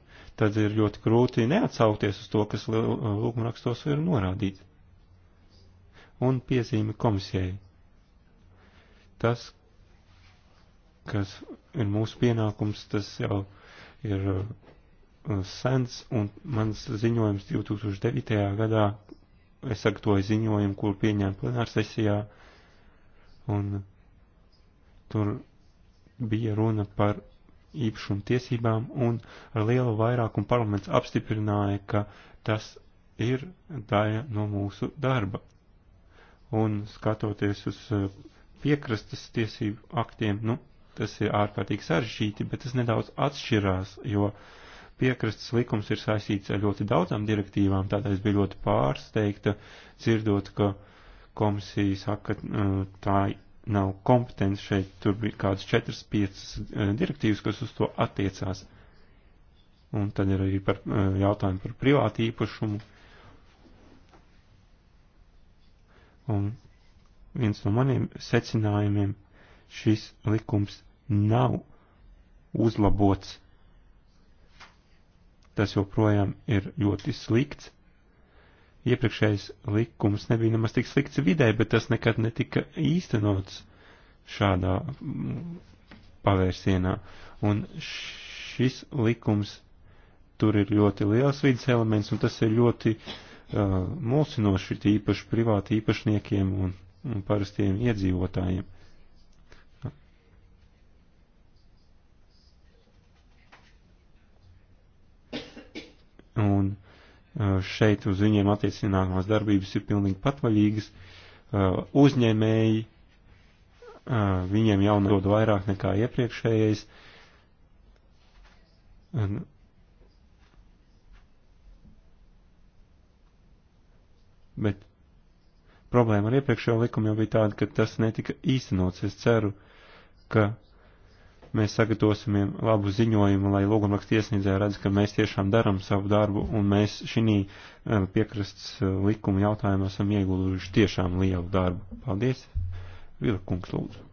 tad ir ļoti grūti neatsaukties uz to, kas lūgumrakstos ir norādīts. Un piezīme komisijai. Tas, kas ir mūsu pienākums, tas jau ir uh, sens, un mans ziņojums 2009. gadā, es sagatavoju ziņojumu, kur pieņēmu plenārsesijā, un tur bija runa par īpašuma tiesībām, un ar lielu vairākumu parlaments apstiprināja, ka tas ir daļa no mūsu darba. Un skatoties uz eh, piekrastes tiesību aktiem, nu, tas ir ārkārtīgi sarežģīti, bet tas nedaudz atšķirās, jo piekrastes likums ir saistīts ar ļoti daudzām direktīvām, tādēļ es biju ļoti pārsteigta dzirdot, ka komisija saka, eh, tā nav kompetents šeit, tur bija kādas 4-5 eh, direktīvas, kas uz to attiecās. Un tad ir arī par eh, jautājumu par privātu īpašumu. Un viens no maniem secinājumiem šis likums nav uzlabots. Tas joprojām ir ļoti slikts iepriekšējais likums nebija nemaz tik slikts vidē, bet tas nekad netika īstenots šādā mm, pavērsienā. Un šis likums tur ir ļoti liels vidas elements, un tas ir ļoti uh, mulsinoši īpaši privāti īpašniekiem un, un parastiem iedzīvotājiem. Un šeit uz viņiem attiecināmās darbības ir pilnīgi patvaļīgas. Uzņēmēji viņiem jau nedod vairāk nekā iepriekšējais. Bet problēma ar iepriekšējo likumu jau bija tāda, ka tas netika īstenots. Es ceru, ka mēs sagatavosim labu ziņojumu, lai logumraksta iesniedzēja redz, ka mēs tiešām daram savu darbu un mēs šī e, piekrasts e, likuma jautājumā esam ieguldījuši tiešām lielu darbu. Paldies! Vilkungs, lūdzu!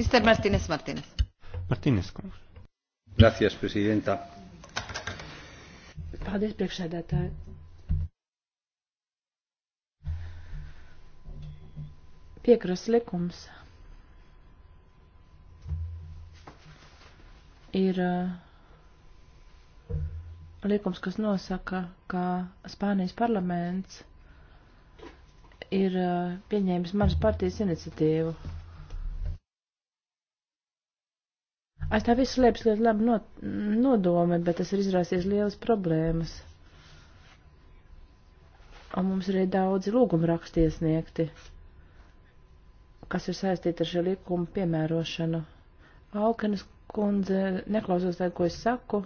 Mr. Martínez Martínez. Martínez, kungs. Gracias, presidenta. Paldies, priekšsēdētāji. Piekras likums ir eh, likums, kas nosaka, ka Spānijas parlaments ir eh, pieņēmis manas partijas iniciatīvu. Aiz tā viss liepas ļoti labi no, nodomi, bet tas ir izrāsies lielas problēmas. Un mums ir arī daudzi lūguma rakstiesniegti, kas ir saistīti ar šo likumu piemērošanu. Aukenes kundze neklausos tā, ko es saku,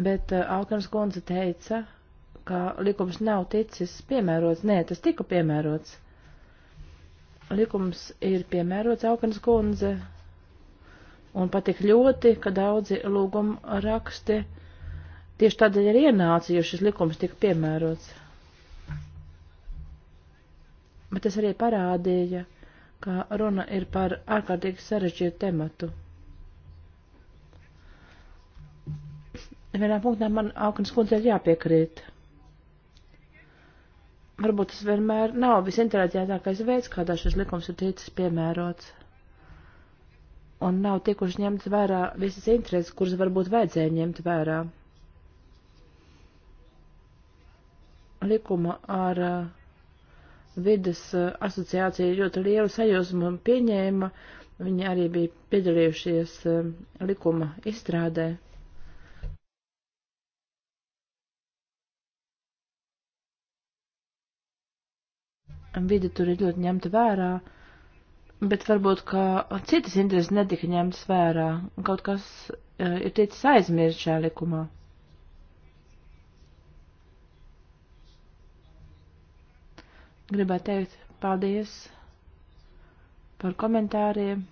bet eh, Alkanas kundze teica, ka likums nav ticis piemērots. Nē, tas tika piemērots. Likums ir piemērots Alkanas kundze, un patik ļoti, ka daudzi lūguma raksti tieši tādēļ ir ienāca, jo šis likums tika piemērots. Bet tas arī parādīja, ka runa ir par ārkārtīgi sarežģītu tematu. vienā punktā man Aukanas kundzei ir jāpiekrīt. Varbūt tas vienmēr nav visinteresētākais veids, kādā šis likums ir ticis piemērots. Un nav tikuši ņemts vērā visas intereses, kuras varbūt vajadzēja ņemt vērā. Likuma ar uh, vidas uh, asociācija ļoti lielu sajūsmu pieņēma. Viņi arī bija piedalījušies uh, likuma izstrādē. vide tur ir ļoti ņemta vērā, bet varbūt, ka citas intereses netika ņemtas vērā, un kaut kas uh, ir ticis aizmirst šajā likumā. Gribētu teikt paldies par komentāriem.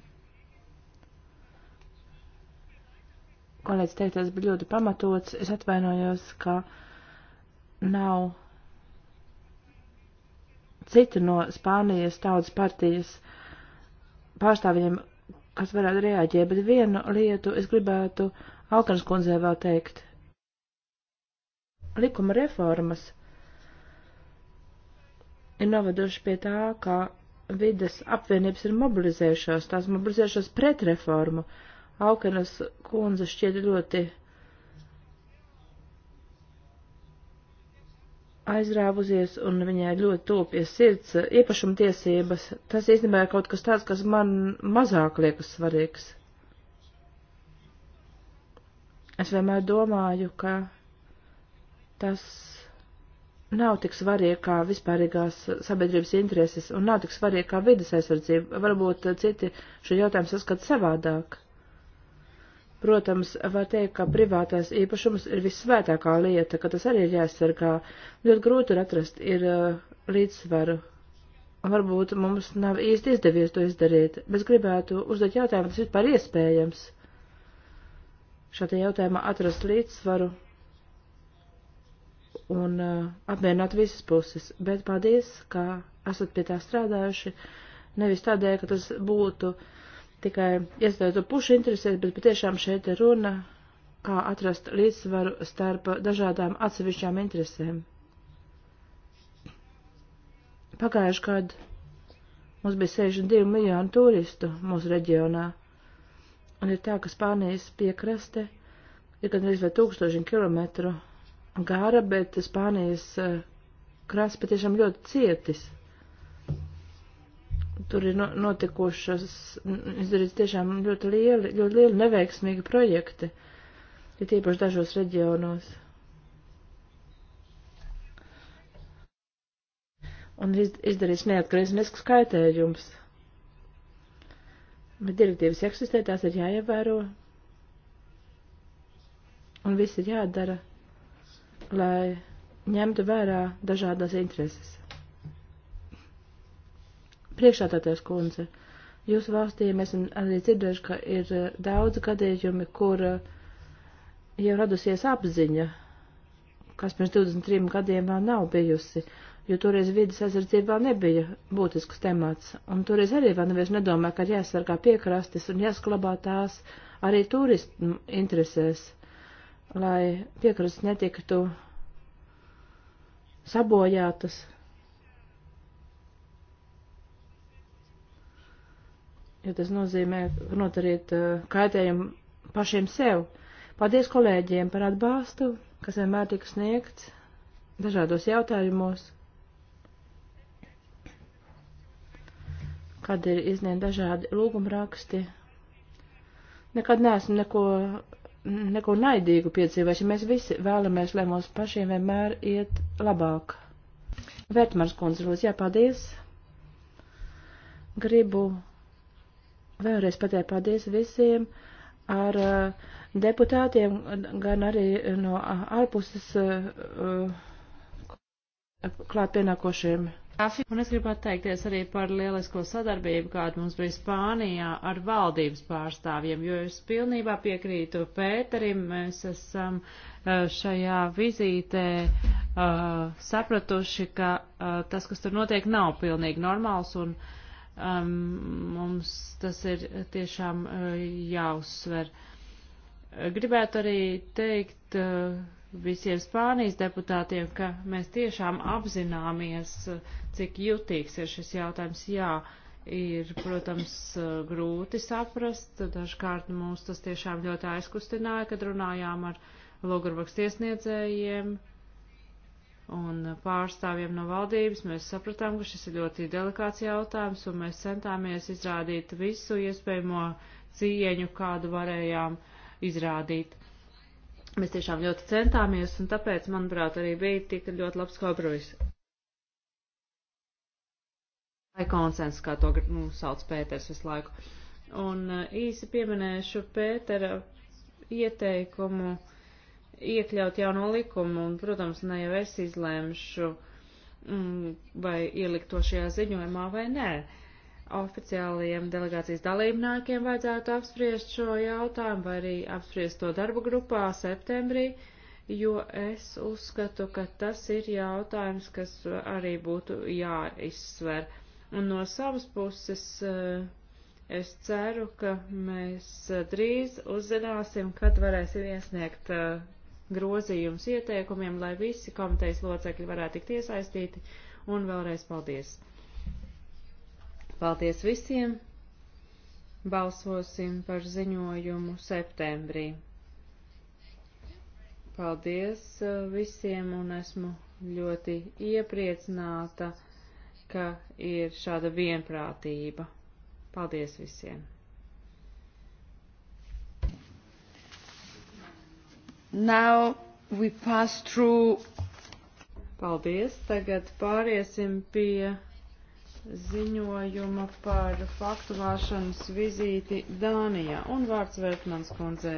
Kolēģis teiktais bija ļoti pamatots. Es atvainojos, ka nav citu no Spānijas tautas partijas pārstāvjiem, kas varētu reaģēt, bet vienu lietu es gribētu Alkanas kundzē vēl teikt. Likuma reformas ir noveduši pie tā, ka vides apvienības ir mobilizējušās, tās mobilizējušās pret reformu. Aukenas kundze šķiet ļoti aizrāvusies un viņai ļoti tūpies sirds eh, īpašumtiesības, tas īstenībā ir kaut kas tāds, kas man mazāk liekas svarīgs. Es vienmēr domāju, ka tas nav tik svarīgi kā vispārīgās sabiedrības intereses un nav tik svarīgi kā vidas aizsardzība. Varbūt eh, citi šo jautājumu saskata savādāk. Protams, var teikt, ka privātais īpašums ir vissvētākā lieta, ka tas arī ir jāsargā. Ļoti grūti ir atrast ir uh, līdzsvaru. Varbūt mums nav īsti izdevies to izdarīt, bet gribētu uzdot jautājumu, tas vispār iespējams. Šādā jautājumā atrast līdzsvaru un uh, apmierināt visas puses, bet paldies, ka esat pie tā strādājuši, nevis tādēļ, ka tas būtu uh, tikai iesaistot pušu interesēs, bet patiešām šeit ir runa, kā atrast līdzsvaru starp dažādām atsevišķām interesēm. Pagājuši gadu mums bija 62 miljonu turistu mūsu reģionā, un ir tā, ka Spānijas piekraste ir gandrīz vai tūkstošiem kilometru gara, bet Spānijas eh, krasts patiešām ļoti cietis Tur ir notikušas, izdarīts tiešām ļoti lieli, ļoti lieli neveiksmīgi projekti, ir ja tīpaši dažos reģionos. Un izdarīts neatgrieznisks skaitējums. Bet direktīvas eksistē, tās ir jāievēro. Un viss ir jādara, lai ņemtu vērā dažādas intereses. Priekšātātājs kundze, jūsu valstī mēs arī dzirdējuši, ka ir eh, daudz gadījumi, kur eh, jau radusies apziņa, kas pirms 23 gadiem vēl nav bijusi, jo toreiz vidas aizsardzība vēl nebija būtisks temats, un toreiz arī vēl neviens nedomā, ka ir jāsargā piekrastes un jāsklabā tās arī turistu interesēs, lai piekrastes netiktu sabojātas, jo tas nozīmē notarīt eh, kaitējumu pašiem sev. Paldies kolēģiem par atbalstu, kas vienmēr tika sniegts dažādos jautājumos, kad ir izniegti dažādi lūgumraksti. Nekad neesmu neko, neko naidīgu piedzīvojuši. Mēs visi vēlamies, lai mums pašiem vienmēr iet labāk. Vērtmārs kundze, lūdzu, jā, paldies. Gribu Vēlreiz pateikt paldies visiem ar uh, deputātiem, gan arī no uh, ārpuses uh, uh, klāt pienākošiem. Un es gribētu teikties arī par lielisko sadarbību, kāda mums bija Spānijā ar valdības pārstāvjiem, jo es pilnībā piekrītu Pēterim, mēs esam uh, šajā vizītē uh, sapratuši, ka tas, kas tur notiek, nav pilnīgi normāls un uh, um, mums tas ir tiešām uh, jāuzsver. Gribētu arī teikt uh, visiem Spānijas deputātiem, ka mēs tiešām apzināmies, uh, cik jutīgs ir šis jautājums. Jā, ir, protams, uh, grūti saprast, dažkārt mums tas tiešām ļoti aizkustināja, kad runājām ar Logurvaks tiesniedzējiem. Uh, un pārstāvjiem no valdības, mēs sapratām, ka šis ir ļoti delikāts jautājums, un mēs centāmies izrādīt visu iespējamo cieņu, kādu varējām izrādīt. Mēs tiešām ļoti centāmies, un tāpēc, manuprāt, arī bija tik ļoti labs kompromiss. Vai konsens, kā to nu, sauc Pēters visu laiku. Un uh, īsi pieminēšu Pētera ieteikumu uh, iekļaut jauno likumu, un, protams, ne jau es izlēmšu, mm, vai ielikt to šajā ziņojumā vai nē. Oficiālajiem delegācijas dalībniekiem vajadzētu apspriest šo jautājumu, vai arī apspriest to darba grupā septembrī, jo es uzskatu, ka tas ir jautājums, kas arī būtu jāizsver. Un no savas puses. Uh, Es ceru, ka mēs eh, drīz uzzināsim, kad varēsim iesniegt uh, grozījumus ieteikumiem, lai visi komitejas locekļi varētu tikt iesaistīti. Un vēlreiz paldies! Paldies visiem! Balsosim par ziņojumu septembrī. Paldies uh, visiem un esmu ļoti iepriecināta, ka ir šāda vienprātība. Paldies visiem! Now we pass through. Paldies. Tagad pāriesim pie ziņojuma par faktu vāšanas vizīti Dānijā un vārds Vērtmans kundzē.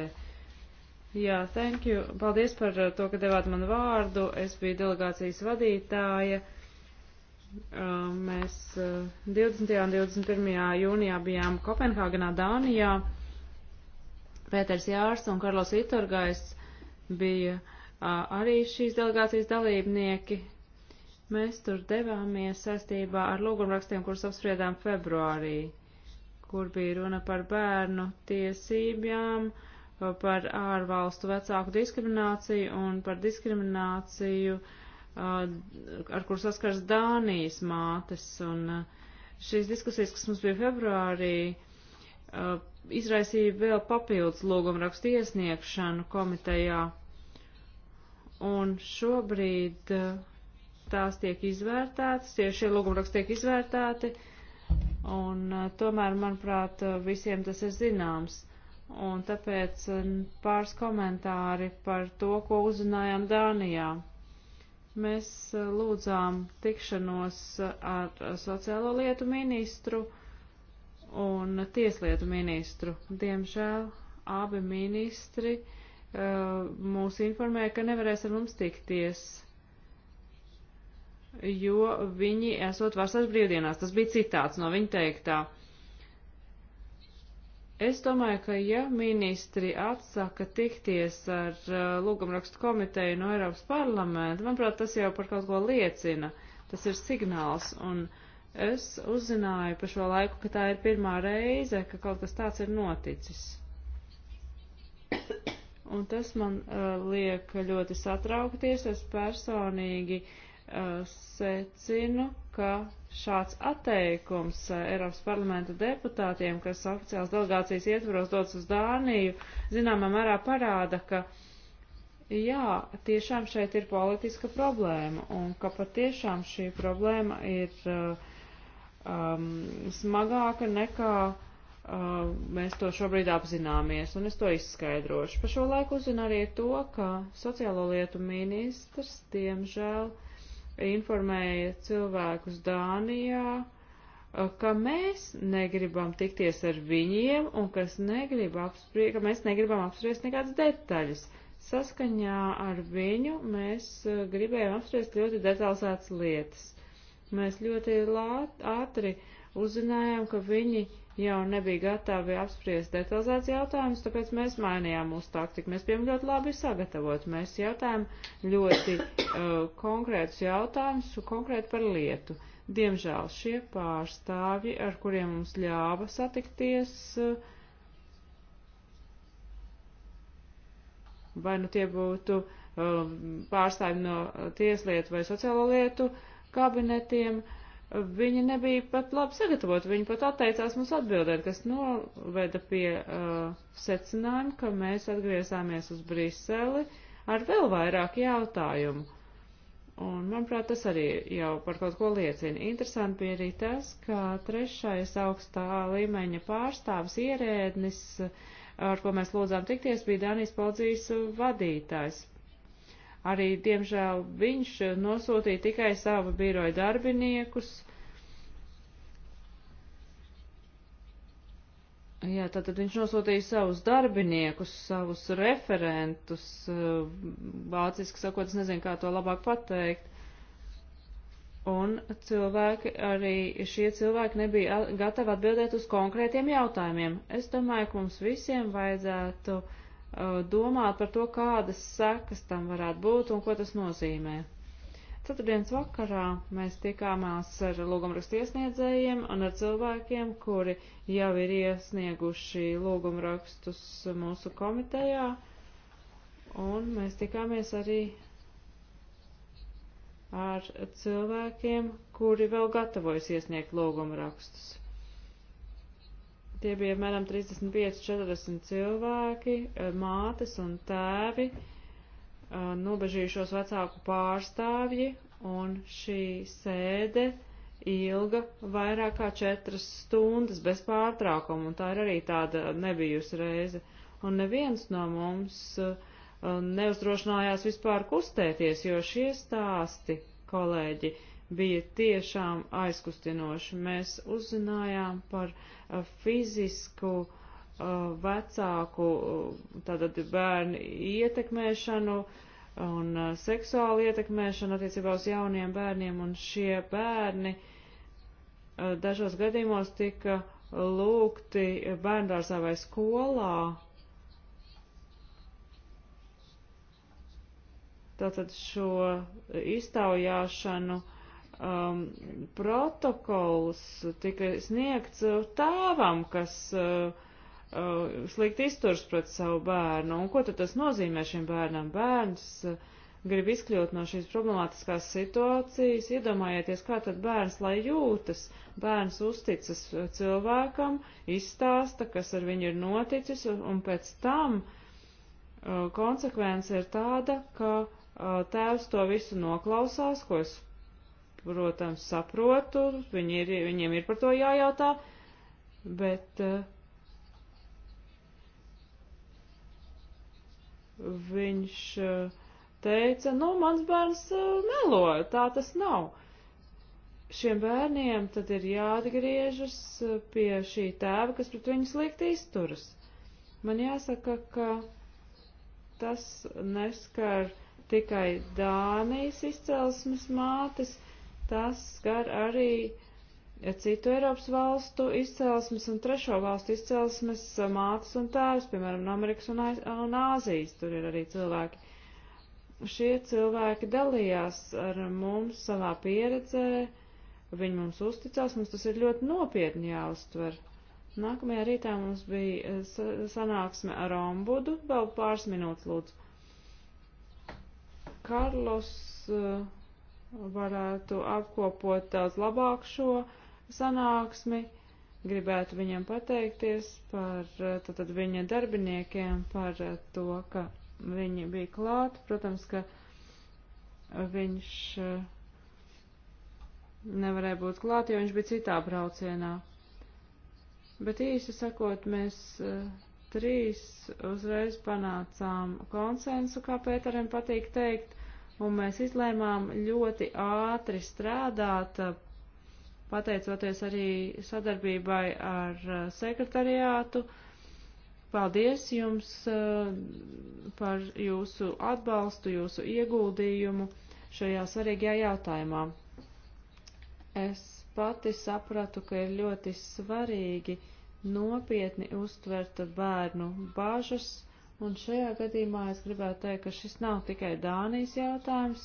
Jā, thank you. Paldies par uh, to, ka devāt man vārdu. Es biju delegācijas vadītāja. Uh, mēs 20. Uh, un 21. jūnijā bijām Kopenhāgenā, Dānijā. Pēters Jārs un Karlos Itorgais bija arī šīs delegācijas dalībnieki. Mēs tur devāmies saistībā ar lūgumrakstiem, kurus apspriedām februārī, kur bija runa par bērnu tiesībām, par ārvalstu vecāku diskrimināciju un par diskrimināciju, ar kur saskars Dānijas mātes. Un šīs diskusijas, kas mums bija februārī, izraisīja vēl papildus lūgumrakstu iesniegšanu komitejā. Un šobrīd eh, tās tiek izvērtētas, tie šie lūgumraksti tiek izvērtēti, un eh, tomēr, manuprāt, visiem tas ir zināms. Un tāpēc eh, pāris komentāri par to, ko uzzinājām Dānijā. Mēs lūdzām tikšanos ar sociālo lietu ministru un tieslietu ministru. Diemžēl abi ministri uh, mūs informēja, ka nevarēs ar mums tikties, jo viņi esot vasaras brīvdienās. Tas bija citāts no viņa teiktā. Es domāju, ka ja ministri atsaka tikties ar uh, lūgumrakstu komiteju no Eiropas parlamenta, manuprāt, tas jau par kaut ko liecina. Tas ir signāls. Un, uh, Es uzzināju pa šo laiku, ka tā ir pirmā reize, ka kaut kas tāds ir noticis. Un tas man uh, liek ļoti satraukties. Es personīgi uh, secinu, ka šāds atteikums uh, Eiropas parlamenta deputātiem, kas oficiāls delegācijas ietvaros dodas uz Dāniju, zināmā mērā parāda, ka uh, jā, tiešām šeit ir politiska problēma un ka patiešām šī problēma ir uh, um, smagāka nekā uh, mēs to šobrīd apzināmies, un es to izskaidrošu. Pa šo laiku uzzinu arī to, ka sociālo lietu ministrs, diemžēl, informēja cilvēkus Dānijā, uh, ka mēs negribam tikties ar viņiem un kas negrib apspriest, ka mēs negribam apspriest nekādas detaļas. Saskaņā ar viņu mēs uh, gribējām apspriest ļoti detalizētas lietas Mēs ļoti lāt, ātri uzzinājām, ka viņi jau nebija gatavi apspriest detalizēts jautājums, tāpēc mēs mainījām mūsu taktiku. Mēs bijām ļoti labi sagatavot. Mēs jautājām ļoti uh, konkrētus jautājumus, konkrēti par lietu. Diemžēl šie pārstāvji, ar kuriem mums ļāva satikties, uh, vai nu tie būtu uh, pārstāvji no tieslietu vai sociālo lietu, uh, kabinetiem, viņi nebija pat labi sagatavoti, viņi pat atteicās mums atbildēt, kas noveda pie uh, secinājuma, ka mēs atgriezāmies uz Briseli ar vēl vairāk jautājumu. Un, manuprāt, tas arī jau par kaut ko liecina. Interesanti bija arī tas, ka trešais augstā līmeņa pārstāvis ierēdnis, ar ko mēs lūdzām tikties, bija Danijas policijas vadītājs. Arī, diemžēl, viņš nosūtīja tikai savu biroju darbiniekus. Jā, tātad viņš nosūtīja savus darbiniekus, savus referentus, eh, vāciski sakot, es nezinu, kā to labāk pateikt. Un cilvēki arī, šie cilvēki nebija gatavi atbildēt uz konkrētiem jautājumiem. Es domāju, ka mums visiem vajadzētu uh, Uh, domāt par to, kādas sekas tam varētu būt un ko tas nozīmē. Ceturtdienas vakarā mēs tikāmās ar lūgumrakstu iesniedzējiem un ar cilvēkiem, kuri jau ir iesnieguši lūgumrakstus mūsu komitejā, un mēs tikāmies arī ar cilvēkiem, kuri vēl gatavojas iesniegt lūgumrakstus. Tie bija apmēram 35-40 cilvēki, eh, mātes un tēvi, eh, nobežījušos vecāku pārstāvji, un šī sēde ilga vairāk kā četras stundas bez pārtraukuma, un tā ir arī tāda nebijusi reize. Un neviens no mums eh, neuzdrošinājās vispār kustēties, jo šie stāsti, kolēģi, uh, bija tiešām aizkustinoši. Mēs uzzinājām par fizisku vecāku, tātad bērnu ietekmēšanu un seksuālu ietekmēšanu attiecībā uz jauniem bērniem, un šie bērni dažos gadījumos tika lūgti bērndārzā vai skolā. Tātad šo iztaujāšanu uh, um, protokols tika sniegts uh, tēvam, kas uh, uh, slikti izturs pret savu bērnu. Un ko tad tas nozīmē šim bērnam? Bērns uh, grib izkļūt no šīs problemātiskās situācijas. Iedomājieties, kā tad bērns lai jūtas. Bērns uzticas cilvēkam, izstāsta, kas ar viņu ir noticis, un pēc tam uh, konsekvence ir tāda, ka uh, tēvs to visu noklausās, ko es protams, saprotu, viņi ir, viņiem ir par to jājautā, bet uh, viņš uh, teica, nu, mans bērns uh, melo, tā tas nav. Šiem bērniem tad ir jāatgriežas pie šī tēva, kas pret viņu slikti izturas. Man jāsaka, ka tas neskar tikai Dānijas izcelsmes mātes, uh, tas skar arī citu Eiropas valstu izcelsmes un trešo valstu izcelsmes mātes un tēvs, piemēram, no Amerikas un, un Āzijas, tur ir arī cilvēki. Šie cilvēki dalījās ar mums savā pieredzē, viņi mums uzticās, mums tas ir ļoti nopietni jāuztver. Nākamajā rītā mums bija eh, sanāksme ar ombudu, vēl pāris minūtes lūdzu. Karlos uh, varētu apkopot daudz labāk šo sanāksmi. Gribētu viņiem pateikties par tātad viņa darbiniekiem, par to, ka viņi bija klāt. Protams, ka viņš uh, nevarēja būt klāt, jo viņš bija citā braucienā. Bet īsi sakot, mēs uh, trīs uzreiz panācām konsensu, kā Pēterim patīk teikt un mēs izlēmām ļoti ātri strādāt, pateicoties arī sadarbībai ar uh, sekretariātu. Paldies jums uh, par jūsu atbalstu, jūsu ieguldījumu šajā svarīgajā jautājumā. Es pati sapratu, ka ir ļoti svarīgi nopietni uztvert bērnu bāžas Un šajā gadījumā es gribētu teikt, ka šis nav tikai Dānijas jautājums,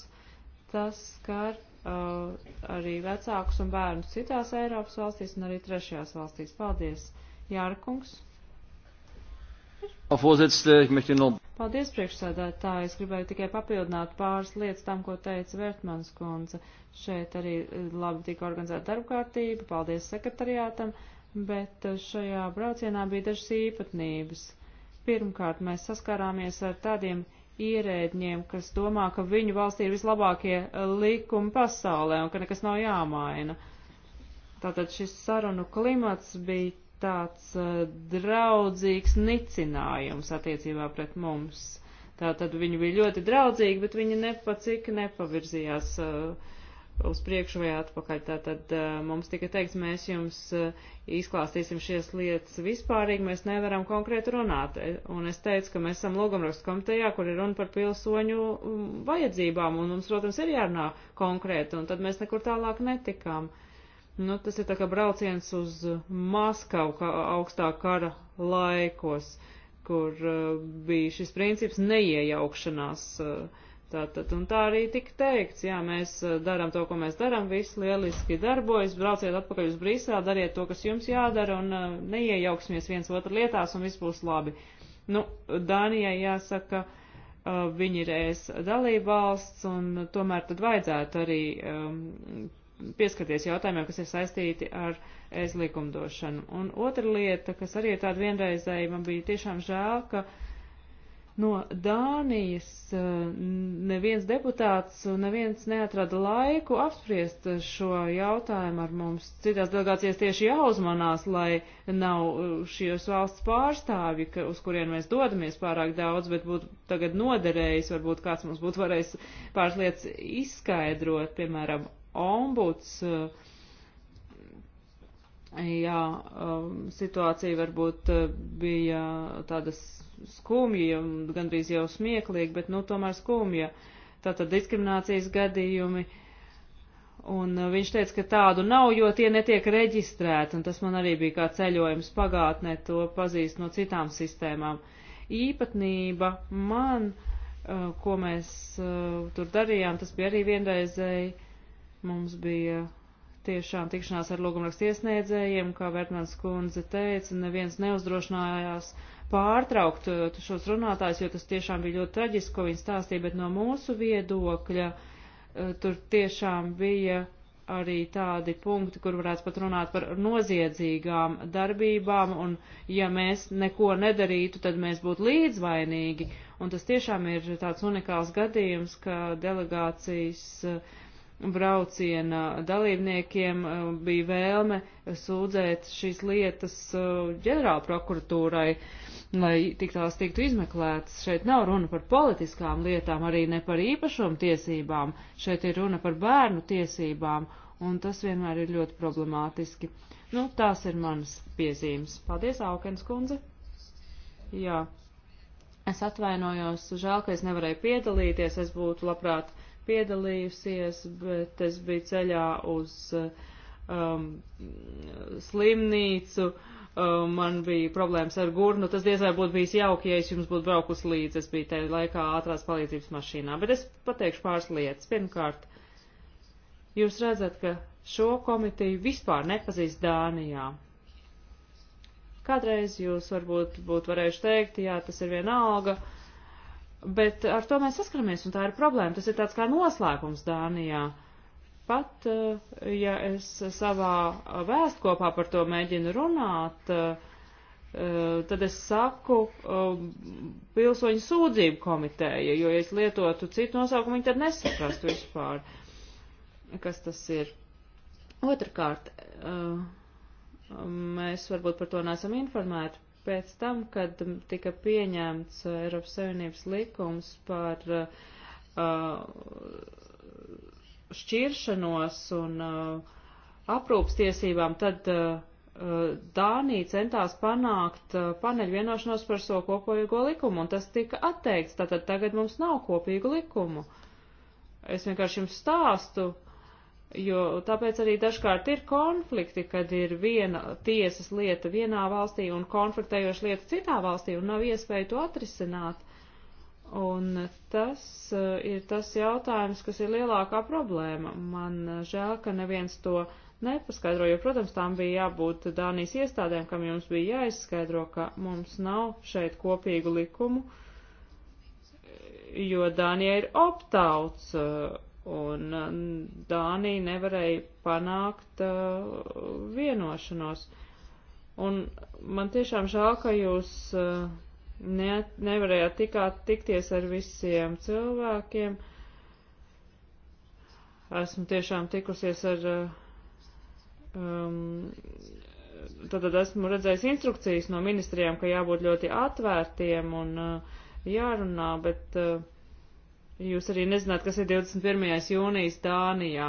tas skar uh, arī vecākus un bērnus citās Eiropas valstīs un arī trešajās valstīs. Paldies, Jārkungs! Paldies, priekšsēdētāji. Es gribēju tikai papildināt pāris lietas tam, ko teica Vērtmans kundze. Šeit arī eh, labi tika organizēta darbkārtība, paldies sekretariātam, bet eh, šajā braucienā bija dažas īpatnības. Pirmkārt, mēs saskārāmies ar tādiem ierēdņiem, kas domā, ka viņu valstī ir vislabākie eh, likumi pasaulē un ka nekas nav jāmaina. Tātad šis sarunu klimats bija tāds uh, draudzīgs nicinājums attiecībā pret mums. Tātad viņi bija ļoti draudzīgi, bet viņi nepacik nepavirzījās uh, uz priekšu vai atpakaļ. Tātad mums tika teikts, mēs jums izklāstīsim šies lietas vispārīgi, mēs nevaram konkrēti runāt. E, un es teicu, ka mēs esam logumrakstu komitejā, kur ir runa par pilsoņu vajadzībām, un mums, protams, ir jārunā konkrēti, un tad mēs nekur tālāk netikām. Nu, tas ir tā kā brauciens uz Maskavu kā augstā kara laikos, kur uh, bija šis princips neiejaukšanās. Uh, Tātad, un tā arī tika teikts, jā, mēs eh, darām to, ko mēs darām, viss lieliski darbojas, brauciet atpakaļ uz Brīselē, dariet to, kas jums jādara, un uh, neiejauksimies viens otru lietās, un viss būs labi. Nu, Dānijai jāsaka, uh, viņi ir es dalībvalsts, un tomēr tad vajadzētu arī um, pieskaties jautājumiem, kas ir saistīti ar es likumdošanu. Un otra lieta, kas arī ir tāda vienreizēja, man bija tiešām žēl, ka. Uh, No Dānijas eh, neviens deputāts, neviens neatrada laiku apspriest šo jautājumu ar mums. Citās delegācijās tieši jāuzmanās, lai nav eh, šīs valsts pārstāvi, ka, uz kurien mēs dodamies pārāk daudz, bet būtu tagad noderējis, varbūt kāds mums būtu varējis pāris lietas izskaidrot, piemēram, ombuds. Uh, Jā, um, situācija varbūt uh, bija tāda skumja, gandrīz jau smieklīga, bet nu tomēr skumja. Tātad diskriminācijas gadījumi. Un uh, viņš teica, ka tādu nav, jo tie netiek reģistrēti, un tas man arī bija kā ceļojums pagātnē, to pazīst no citām sistēmām. Īpatnība man, uh, ko mēs tur darījām, tas bija arī vienreizēji. Mums bija tiešām tikšanās ar lūgumrakstu iesniedzējiem, kā Vērtmans kundze teica, neviens neuzdrošinājās pārtraukt uh, šos runātājus, jo tas tiešām bija ļoti traģiski, ko viņi stāstīja, bet no mūsu viedokļa uh, tur tiešām bija arī tādi punkti, kur varētu pat runāt par noziedzīgām darbībām, un ja mēs neko nedarītu, tad mēs būtu līdzvainīgi. Un tas tiešām ir tāds unikāls gadījums, ka delegācijas uh, brauciena dalībniekiem eh, bija vēlme sūdzēt šīs lietas eh, ģenerāla prokuratūrai, lai tik tās tiktu izmeklētas. Šeit nav runa par politiskām lietām, arī ne par īpašumu tiesībām, šeit ir runa par bērnu tiesībām, un tas vienmēr ir ļoti problemātiski. Nu, tās ir manas piezīmes. Paldies, Aukens kundze! Jā. Es atvainojos, žēl, ka es nevarēju piedalīties, es būtu labprāt uh, piedalījusies, bet es biju ceļā uz um, slimnīcu, um, man bija problēmas ar gurnu, tas diez vai būtu bijis jauki, ja es jums būtu braukus līdz, es biju te laikā ātrās palīdzības mašīnā, bet es pateikšu pāris lietas. Pirmkārt, jūs redzat, ka šo komiteju vispār nepazīst Dānijā. Kādreiz jūs varbūt būtu varējuši teikt, jā, tas ir viena alga, uh, Bet ar to mēs saskaramies, un tā ir problēma. Tas ir tāds kā noslēpums Dānijā. Pat, eh, ja es savā vēstkopā par to mēģinu runāt, eh, tad es saku eh, pilsoņu sūdzību komiteja, jo, ja es lietotu citu nosaukumu, viņi tad nesaprastu vispār, kas tas ir. Otrakārt, mēs varbūt par to neesam informēti pēc tam, kad tika pieņemts uh, Eiropas Savienības likums par uh, uh šķiršanos un uh, aprūpas tiesībām, tad uh, uh, Dānija centās panākt paneļu vienošanos par savu so kopīgo likumu, un tas tika atteikts. Tātad tagad mums nav kopīgu likumu. Es vienkārši jums stāstu, uh, Jo tāpēc arī dažkārt ir konflikti, kad ir viena tiesas lieta vienā valstī un konfliktējoša lieta citā valstī un nav iespēja to atrisināt. Un tas uh, ir tas jautājums, kas ir lielākā problēma. Man uh, žēl, ka neviens to nepaskaidro, jo, protams, tām bija jābūt Dānijas iestādēm, kam jums bija jāizskaidro, ka mums nav šeit kopīgu likumu, jo Dānija ir optauts. Uh, un uh, Dānija nevarēja panākt uh, vienošanos. Un man tiešām žēl, ka jūs uh, ne, nevarējāt tikāt tikties ar visiem cilvēkiem. Esmu tiešām tikusies ar. Uh, um, Tātad esmu redzējis instrukcijas no ministrijām, ka jābūt ļoti atvērtiem un uh, jārunā, bet uh, Jūs arī nezināt, kas ir 21. jūnijas Dānijā.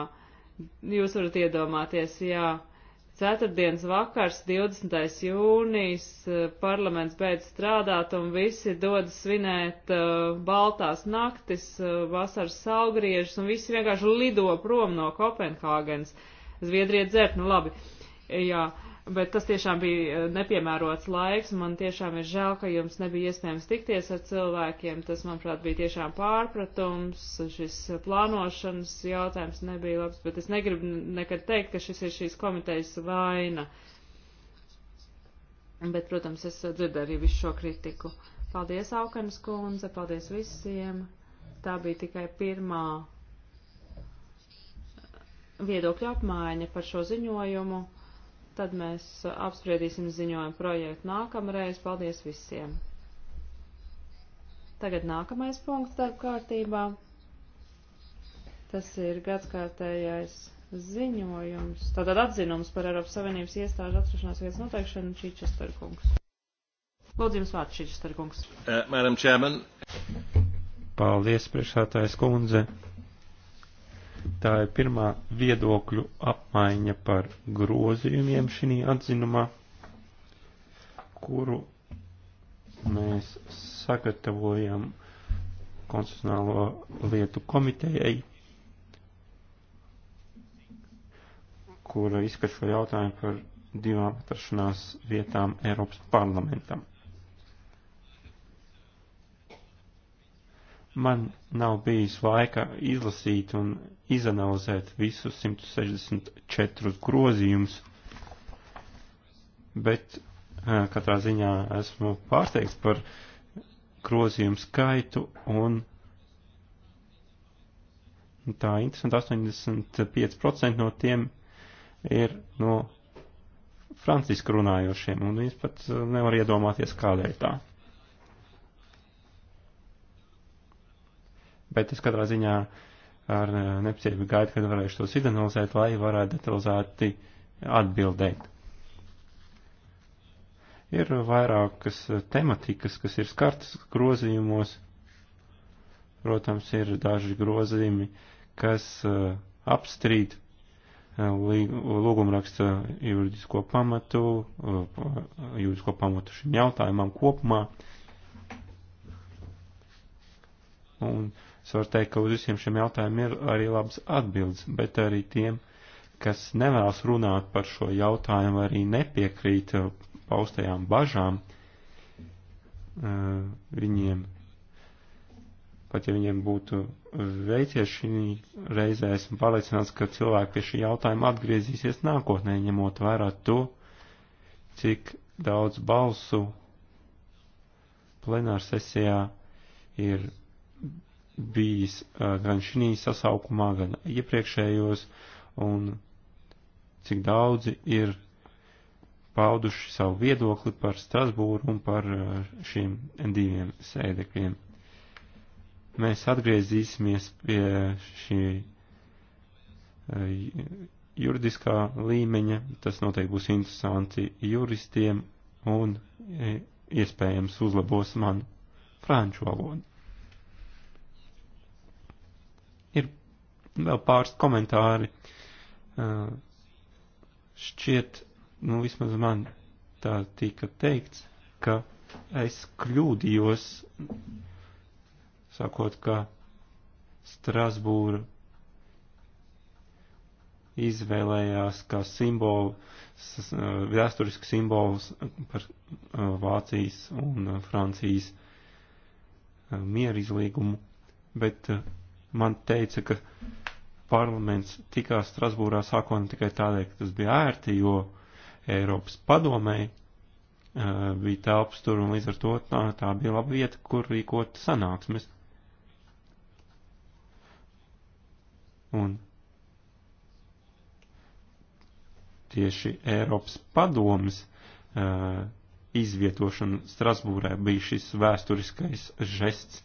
Jūs varat iedomāties, jā. Ceturtdienas vakars, 20. jūnijas, eh, parlaments beidz strādāt un visi dodas svinēt uh, baltās naktis, uh, vasaras saugriežus un visi vienkārši lido prom no Kopenhāgenes. Zviedrija dzert, nu labi. Jā, uh, bet tas tiešām bija eh, nepiemērots laiks. Man tiešām ir žēl, ka jums nebija iespējams tikties ar cilvēkiem. Tas, manuprāt, bija tiešām pārpratums. Šis plānošanas jautājums nebija labs, bet es negribu nekad teikt, ka šis ir šīs komitejas vaina. Bet, protams, es eh, dzirdēju arī visu šo kritiku. Paldies, Aukanas kundze, paldies visiem. Tā bija tikai pirmā viedokļa apmaiņa par šo ziņojumu tad mēs apspriedīsim ziņojumu projektu nākamreiz. Paldies visiem! Tagad nākamais punkts darba kārtībā. Tas ir gadskārtējais ziņojums, tātad atzinums par Eiropas Savienības iestāžu atrašanās vietas noteikšanu Čīčesterkungs. Lūdzu, jums vārds Čīčesterkungs. Uh, Madam Chairman. Paldies, priekšsētājs kundze. Tā ir pirmā viedokļu apmaiņa par grozījumiem šī atzinumā, kuru mēs sagatavojam konstitucionālo lietu komitejai, kura izskatīja jautājumu par divām atrašanās vietām Eiropas parlamentam. man nav bijis laika izlasīt un izanalizēt visus 164 grozījumus, bet katrā ziņā esmu pārsteigts par grozījumu skaitu un tā interesanti 85% no tiem ir no franciski runājošiem, un es pat nevaru iedomāties, kādēļ tā. Bet es katrā ziņā ar eh, nepacietību gaidu, kad varēšu tos izanalizēt, lai varētu detalizēti atbildēt. Ir vairākas eh, tematikas, kas ir skartas grozījumos. Protams, ir daži grozījumi, kas uh, apstrīd lūgumraksta juridisko pamatu, juridisko pamatu šim jautājumam kopumā. Un uh, Es varu teikt, ka uz visiem šiem jautājumiem ir arī labas atbildes, bet arī tiem, kas nevēlas runāt par šo jautājumu, arī nepiekrīt uh, paustajām bažām, uh, viņiem, pat ja viņiem būtu veicies šī reizē, esmu pārliecināts, ka cilvēki pie šī jautājuma atgriezīsies nākotnē, ņemot vērā to, cik daudz balsu plenārsesijā ir bijis eh, gan šī sasaukumā, gan iepriekšējos, un cik daudzi ir pauduši savu viedokli par Strasbūru un par eh, šiem diviem sēdekļiem. Mēs atgriezīsimies pie šī eh, juridiskā līmeņa, tas noteikti būs interesanti juristiem un iespējams uzlabos manu franču valodu. Ir vēl pāris komentāri. Uh, šķiet, nu vismaz man tā tika teikts, ka es kļūdījos, sakot, ka Strasbūra izvēlējās kā simbolu, vēsturisku simbolu par Vācijas un Francijas mieru izlīgumu, bet man teica, ka parlaments tikās Strasbūrā sākotnē tikai tādēļ, ka tas bija ērti, jo Eiropas padomēji bija telpas tur un līdz ar to tā, tā bija laba vieta, kur rīkot sanāksmes. Un tieši Eiropas padomas izvietošana Strasbūrē bija šis vēsturiskais žests,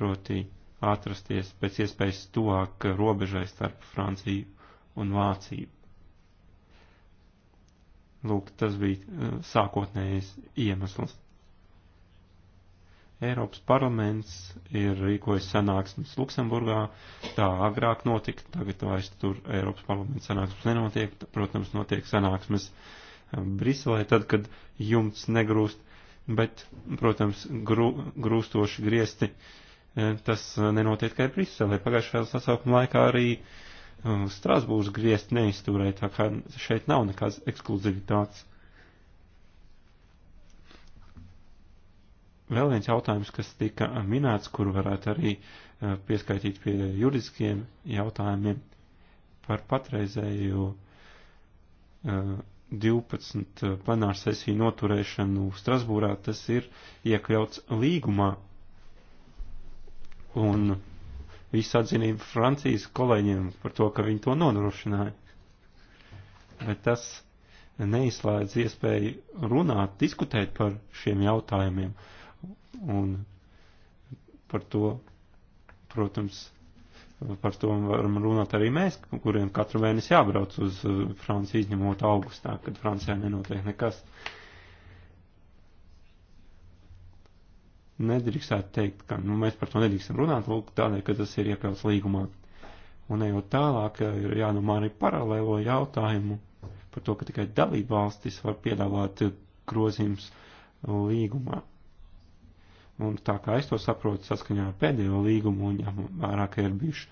proti atrasties pēc iespējas tuvāk robežai starp Franciju un Vāciju. Lūk, tas bija eh, sākotnējais iemesls. Eiropas parlaments ir rīkojis sanāksmes Luksemburgā, tā agrāk notika, tagad vairs tur Eiropas parlaments sanāksmes nenotiek, protams, notiek sanāksmes eh, Briselē, tad, kad jumts negrūst, bet, protams, grū, grūstoši griesti uh, E, tas nenotiek tikai Briselē. Pagājušajā sasaukuma laikā arī e, Strasbūras griezt neizturēja, tā kā šeit nav nekāds ekskluzivitāts. Vēl viens jautājums, kas tika minēts, kuru varētu arī e, pieskaitīt pie juridiskiem jautājumiem par patreizējo 12 plenāru sesiju noturēšanu Strasbūrā, tas ir iekļauts līgumā un visu atzinību Francijas kolēģiem par to, ka viņi to nodrošināja. Bet tas neizslēdz iespēju runāt, diskutēt par šiem jautājumiem un par to, protams, par to varam runāt arī mēs, kuriem katru mēnesi jābrauc uz Franciju, izņemot augustā, kad Francijā nenotiek nekas. Uh, nedrīkstētu teikt, ka nu, mēs par to nedrīkstam runāt, lūk, tādēļ, ka tas ir iekļauts līgumā. Un ejot tālāk, ir jādomā arī paralēlo jautājumu par to, ka tikai dalība valstis var piedāvāt grozījums līgumā. Un tā kā es to saprotu saskaņā ar pēdējo līgumu, un ja vērā, ka ir bijuši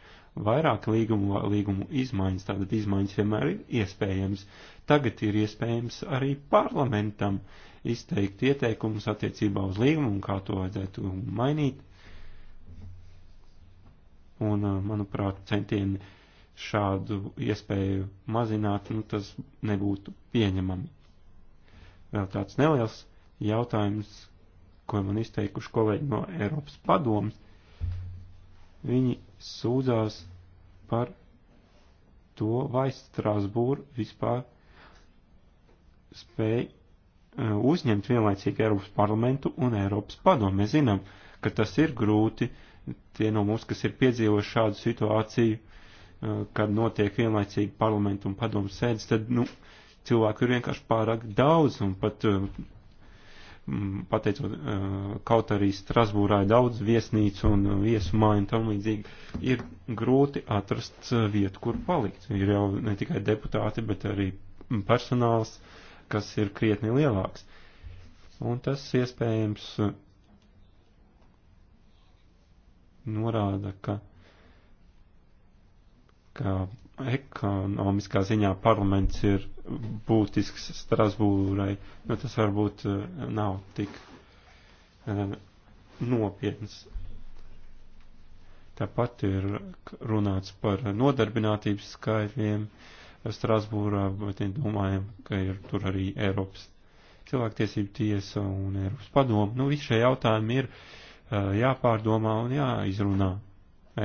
vairāk līgumu, līgumu izmaiņas, tātad izmaiņas vienmēr ir iespējams. Tagad ir iespējams arī parlamentam uh, izteikt ieteikumus attiecībā uz līgumu un kā to vajadzētu mainīt. Un, manuprāt, centieni šādu iespēju mazināt, nu, tas nebūtu pieņemami. Vēl tāds neliels jautājums, ko man izteikuši kolēģi no Eiropas padomas. Viņi sūdzās par to, vai Strasbūra vispār spēja Eh, uzņemt vienlaicīgi Eiropas parlamentu un Eiropas padomu. Mēs zinām, ka tas ir grūti. Tie no mums, kas ir piedzīvojuši šādu situāciju, eh, kad notiek vienlaicīgi parlamentu un padomu sēdes, tad, nu, cilvēku ir vienkārši pārāk daudz un pat, eh, pateicot, kaut arī Strasbūrā ir daudz viesnīcu un viesu māju un tam līdzīgi, ir grūti atrast vietu, kur palikt. Ir jau ne tikai deputāti, bet arī personāls. Uh, kas ir krietni lielāks. Un tas iespējams norāda, ka, ka ekonomiskā ziņā parlaments ir būtisks Strasbūrai, nu tas varbūt eh, nav tik eh, nopietns. Tāpat ir runāts par nodarbinātības skaitļiem, uh, Strasbūrā, bet domājam, ka ir tur arī Eiropas cilvēktiesību tiesa un Eiropas padoma. Nu, visi šie jautājumi ir eh, jāpārdomā un jāizrunā.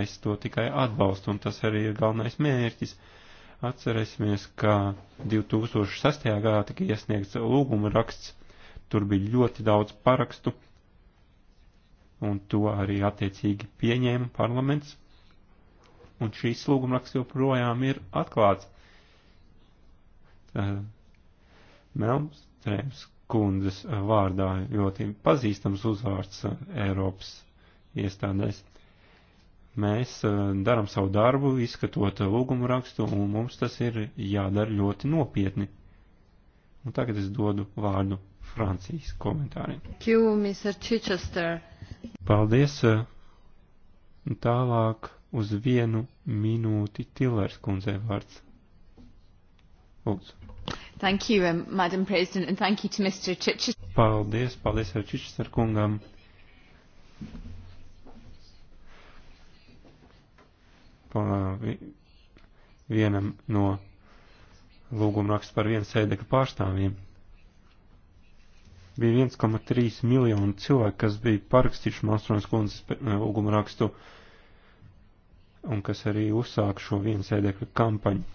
Es to tikai atbalstu, un tas arī ir galvenais mērķis. Atcerēsimies, ka 2006. gadā tika iesniegts lūguma raksts, tur bija ļoti daudz parakstu, un to arī attiecīgi pieņēma parlaments, un šīs lūgumraksts joprojām ir atklāts. Eh, Melmstrēms kundzes eh, vārdā ļoti pazīstams uzvārds eh, Eiropas iestādēs. Mēs daram savu darbu, izskatot lūgumu rakstu, un mums tas ir jādara ļoti nopietni. Un tagad es dodu vārdu Francijas komentāriem. Q, Mr. Chichester. Paldies. Tālāk uz vienu minūti Tilers kundzei vārds. Lūdzu. Thank you, um, Madam President, and thank you to Mr. Chichester. Paldies, paldies ar Chichester kungam. Pa, vienam no lūguma raksts par vienu sēdekļu pārstāvjiem. Bija 1,3 miljonu cilvēku, kas bija parakstījuši Mastronas kundzes eh, lūguma rakstu un kas arī uzsāk šo vienu sēdekļu kampaņu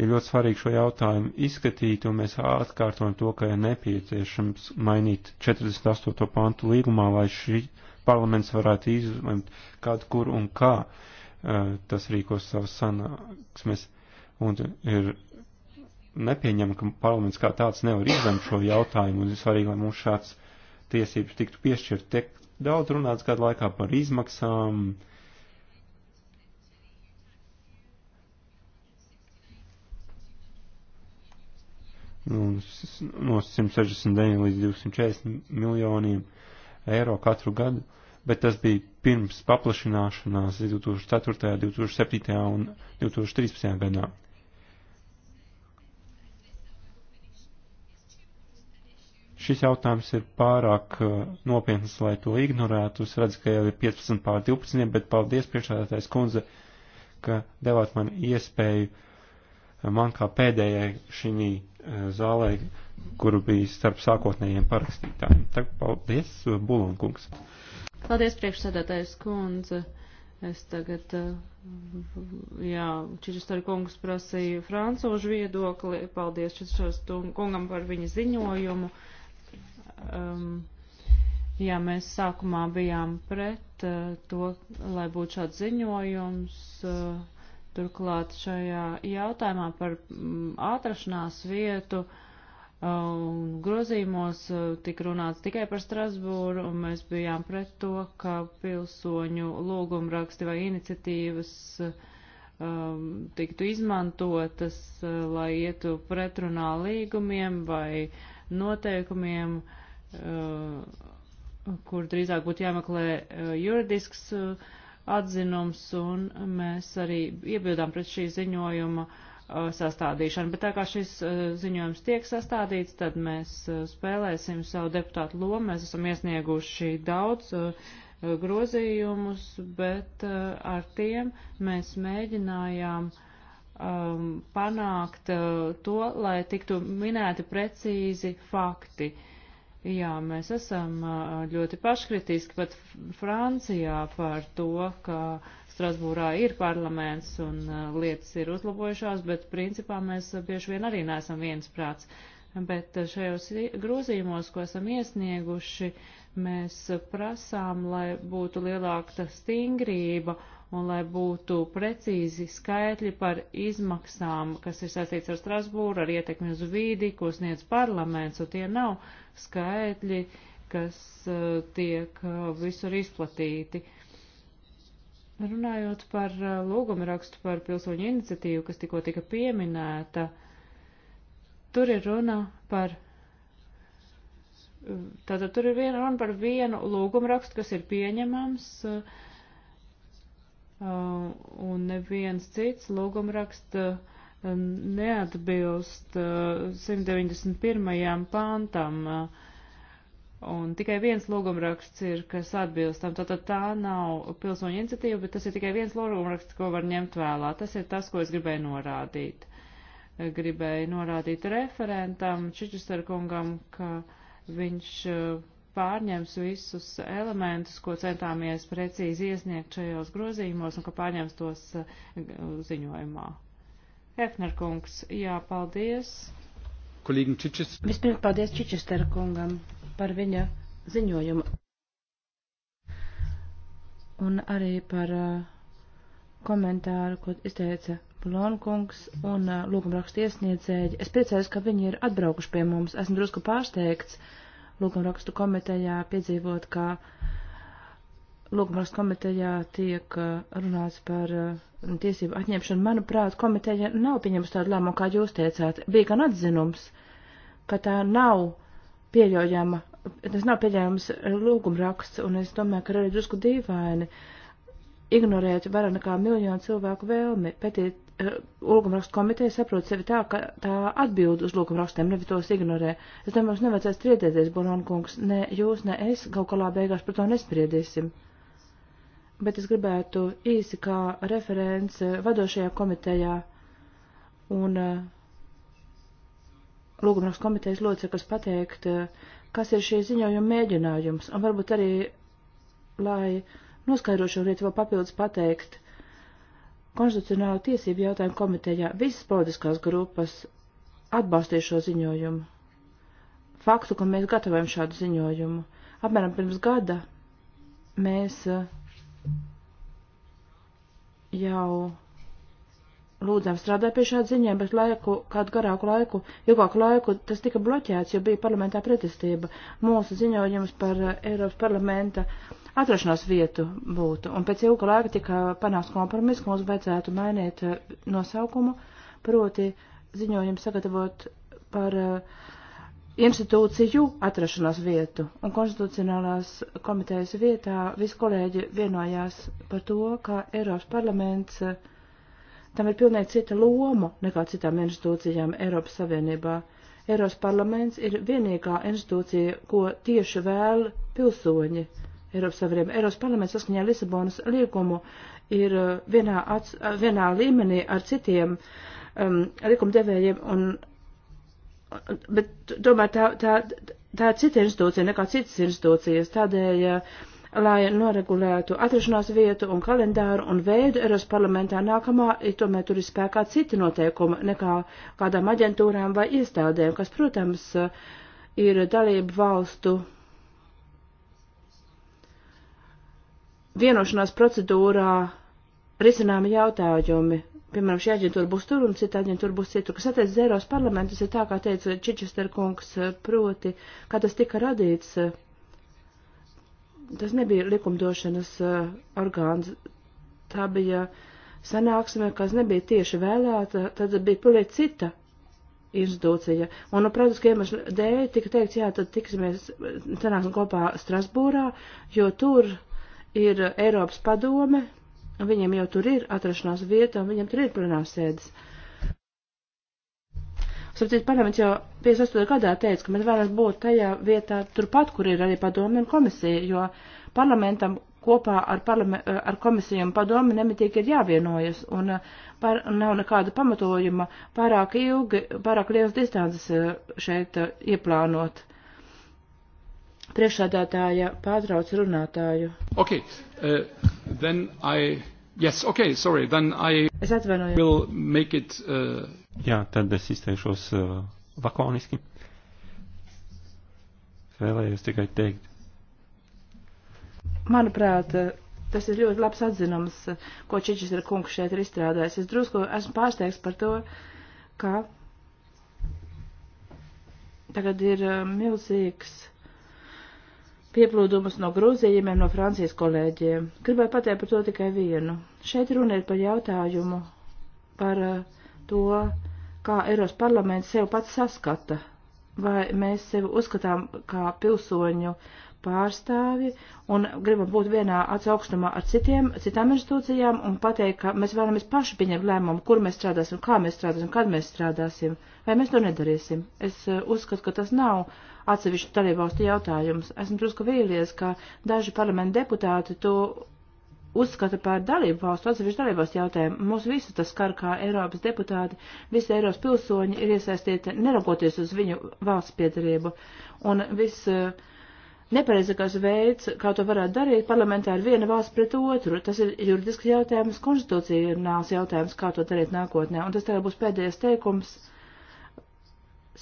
ir ļoti svarīgi šo jautājumu izskatīt, un mēs atkārtojam to, ka ir nepieciešams mainīt 48. pantu līgumā, lai šī parlaments varētu izlemt, kad, kur un kā uh, tas rīkos savas sanāksmes. Un ir nepieņem, ka parlaments kā tāds nevar izlemt šo jautājumu, un ir svarīgi, lai mums šāds tiesības tiktu piešķirt. Tiek daudz runāts gadu laikā par izmaksām, uh, Nu, no 169 līdz 240 miljoniem eiro katru gadu, bet tas bija pirms paplašināšanās 2004., 2007. un 2013. gadā. Šis jautājums ir pārāk uh, nopietns, lai to ignorētu. Es redzu, ka jau ir 15 pār 12, bet paldies priekšādātais kundze, ka devāt man iespēju uh, man kā pēdējai šī e, zālē, kuru bija starp sākotnējiem parakstītājiem. Tā, paldies, e, Bulonkungs. Paldies, priekšsēdētājs kundze. Es tagad, e, jā, Čičistori kungs prasīja francūžu viedokli. Paldies Čičistori kungam par viņa ziņojumu. Um, jā, mēs sākumā bijām pret uh, to, lai būtu šāds ziņojums. Uh, Turklāt šajā jautājumā par mm, atrašanās vietu uh, un grozīmos uh, tika runāts tikai par Strasbūru, un mēs bijām pret to, ka pilsoņu lūgumraksti vai iniciatīvas uh, um, tiktu izmantotas, lai ietu pretrunā līgumiem vai noteikumiem, uh, kur drīzāk būtu jāmeklē uh, juridisks uh, atzinums, un mēs arī iebildām pret šī ziņojuma uh, sastādīšanu. Bet tā kā šis uh, ziņojums tiek sastādīts, tad mēs uh, spēlēsim savu deputātu lomu. Mēs esam iesnieguši daudz grozījumus, bet ar tiem mēs mēģinājām um, panākt uh, to, lai tiktu minēti precīzi fakti. Uh, Jā, mēs esam ļoti paškritiski pat Francijā par to, ka Strasbūrā ir parlaments un lietas ir uzlabojušās, bet principā mēs bieži vien arī neesam viensprāts. Bet šajos grozījumos, ko esam iesnieguši, mēs prasām, lai būtu lielāka stingrība un lai būtu precīzi skaitļi par izmaksām, kas ir saistīts ar Strasbūru, ar ietekmi uz vīdi, ko sniedz parlaments, un tie nav skaitļi, kas uh, tiek uh, visur izplatīti. Runājot par uh, lūgumu rakstu par pilsoņu iniciatīvu, kas tikko tika pieminēta, tur ir runa par. Tātad tur ir viena runa par vienu lūgumu rakstu, kas ir pieņemams. Uh, Uh, un neviens cits lūgumraksta uh, neatbilst 191. Uh, pantam. Un tikai viens lūgumraksts ir, kas atbilst tam. Tātad tā nav pilsoņa iniciatīva, bet tas ir tikai viens lūgumraksts, ko var ņemt vēlā. Tas ir tas, ko es gribēju norādīt. Gribēju norādīt referentam Čičistarkungam, ka viņš pārņems visus elementus, ko centāmies precīzi iesniegt šajos grozījumos un ka pārņems tos eh, ziņojumā. Hefner kungs, jā, paldies. Kolīgam Čičis. Vispirms paldies Čičistera kungam par viņa ziņojumu. Un arī par eh, komentāru, ko izteica Blonkungs un eh, lūgumrakstu iesniedzēji. Es priecājos, ka viņi ir atbraukuši pie mums. Esmu drusku pārsteigts. Uh, lūgumrakstu komitejā piedzīvot, ka lūgumrakstu komitejā tiek uh, runāts par uh, tiesību atņemšanu. Manuprāt, komiteja nav pieņemusi tādu lēmumu, kā jūs teicāt. Bija gan atzinums, ka tā nav pieļaujama, tas nav pieļaujams lūgumraksts, un es domāju, ka arī drusku dīvaini. Uh, ignorēt vairāk nekā miljonu cilvēku vēlmi pētīt. Eh, lūgumrakstu komiteja saprot sevi tā, ka tā atbild uz lūgumrakstiem, nevis tos ignorē. Es domāju, mums nevajadzēs triedēties, Bononkungs, ne jūs, ne es, kaut kādā beigās par to nespriedīsim. Bet es gribētu īsi kā referents eh, vadošajā komitejā un eh, lūgumrakstu komitejas locekas pateikt, kas ir šī ziņojuma mēģinājums, un varbūt arī, lai uh, noskaidrošu lietu vēl papildus pateikt. Konstitucionāla tiesība jautājuma komitejā visas politiskās grupas atbalstīja šo ziņojumu. Faktu, ka mēs gatavojam šādu ziņojumu. Apmēram pirms gada mēs eh, jau lūdzām strādāt pie šāda ziņojuma, bet laiku, kādu garāku laiku, ilgāku laiku tas tika bloķēts, jo bija parlamentā pretestība. Mūsu ziņojums par eh, Eiropas parlamenta uh, atrašanās vietu būtu. Un pēc ilga laika tika panāks kompromiss, ka mums vajadzētu mainīt eh, nosaukumu, proti ziņojumu sagatavot par eh, institūciju atrašanās vietu. Un konstitucionālās komitejas vietā visi kolēģi vienojās par to, ka Eiropas parlaments eh, tam ir pilnīgi cita loma nekā citām institūcijām Eiropas Savienībā. Eiropas parlaments ir vienīgā institūcija, ko tieši vēl pilsoņi Eiropas Savienība. Eiropas parlaments saskaņā Lisabonas līgumu ir uh, vienā, ats, uh, vienā līmenī ar citiem um, likumdevējiem, un, uh, bet tomēr tā, tā, tā ir cita institūcija nekā citas institūcijas. Tādēļ, lai noregulētu atrašanās vietu un kalendāru un veidu Eiropas parlamentā nākamā, ir tomēr tur ir spēkā citi noteikumi nekā kādām aģentūrām vai iestādēm, kas, protams, ir dalību valstu vienošanās procedūrā risināmi jautājumi. Piemēram, šī aģentūra būs tur un cita aģentūra būs citur. Kas attiecas Eiropas parlamentu, tas ir tā, kā teica Čičester kungs, eh, proti, kā tas tika radīts. Eh, tas nebija likumdošanas eh, orgāns, tā bija sanāksme, kas nebija tieši vēlēta, tad bija pilnīgi cita institūcija. Un, nu, protams, ka iemeslu dēļ tika teikts, jā, tad tiksimies, sanāksim kopā Strasbūrā, jo tur ir Eiropas padome, un viņiem jau tur ir atrašanās vieta, un viņiem tur ir plenās sēdes. Sapratiet, parlaments jau 58. gadā teica, ka mēs vēlamies būt tajā vietā turpat, kur ir arī padome un komisija, jo parlamentam kopā ar, parlame, ar komisiju un padomi nemitīgi ir jāvienojas, un uh, par, nav nekāda pamatojuma pārāk ilgi, pārāk liels distances uh, šeit uh, ieplānot. Priekšādātāja pārtrauc runātāju. Okay, uh, then I... Yes, okay, sorry, then I... Es atvainojos. Will make it... Uh... Jā, tad es izteikšos uh, lakoniski. Vēlējos tikai teikt. Manuprāt, uh, tas ir ļoti labs atzinums, uh, ko Čičis ir kungs šeit ir izstrādājis. Es drusku esmu pārsteigts par to, ka tagad ir uh, milzīgs pieplūdumus no grūzījumiem no Francijas kolēģiem. Gribēju pateikt par to tikai vienu. Šeit runa ir par jautājumu par eh, to, kā Eiros parlaments sev pats saskata, vai mēs sevi uzskatām kā pilsoņu pārstāvji un gribam būt vienā atsaukstumā ar citiem, citām institūcijām un pateikt, ka mēs vēlamies paši pieņemt lēmumu, kur mēs strādāsim, kā mēs strādāsim, kad mēs strādāsim, vai mēs to nedarīsim. Es eh, uzskatu, ka tas nav atsevišķu dalībvalstu jautājums. Esmu drusku vīlies, ka daži parlamenta deputāti to uzskata par dalību valstu atsevišķu dalībvalstu jautājumu. Mūs visu tas skar kā Eiropas deputāti, visi Eiropas pilsoņi ir iesaistīti, neraugoties uz viņu valsts piedarību. Un viss uh, nepareizākais veids, kā to varētu darīt, parlamentā ir viena valsts pret otru. Tas ir juridisks jautājums, konstitūcijāls jautājums, kā to darīt nākotnē. Un tas tagad būs pēdējais teikums.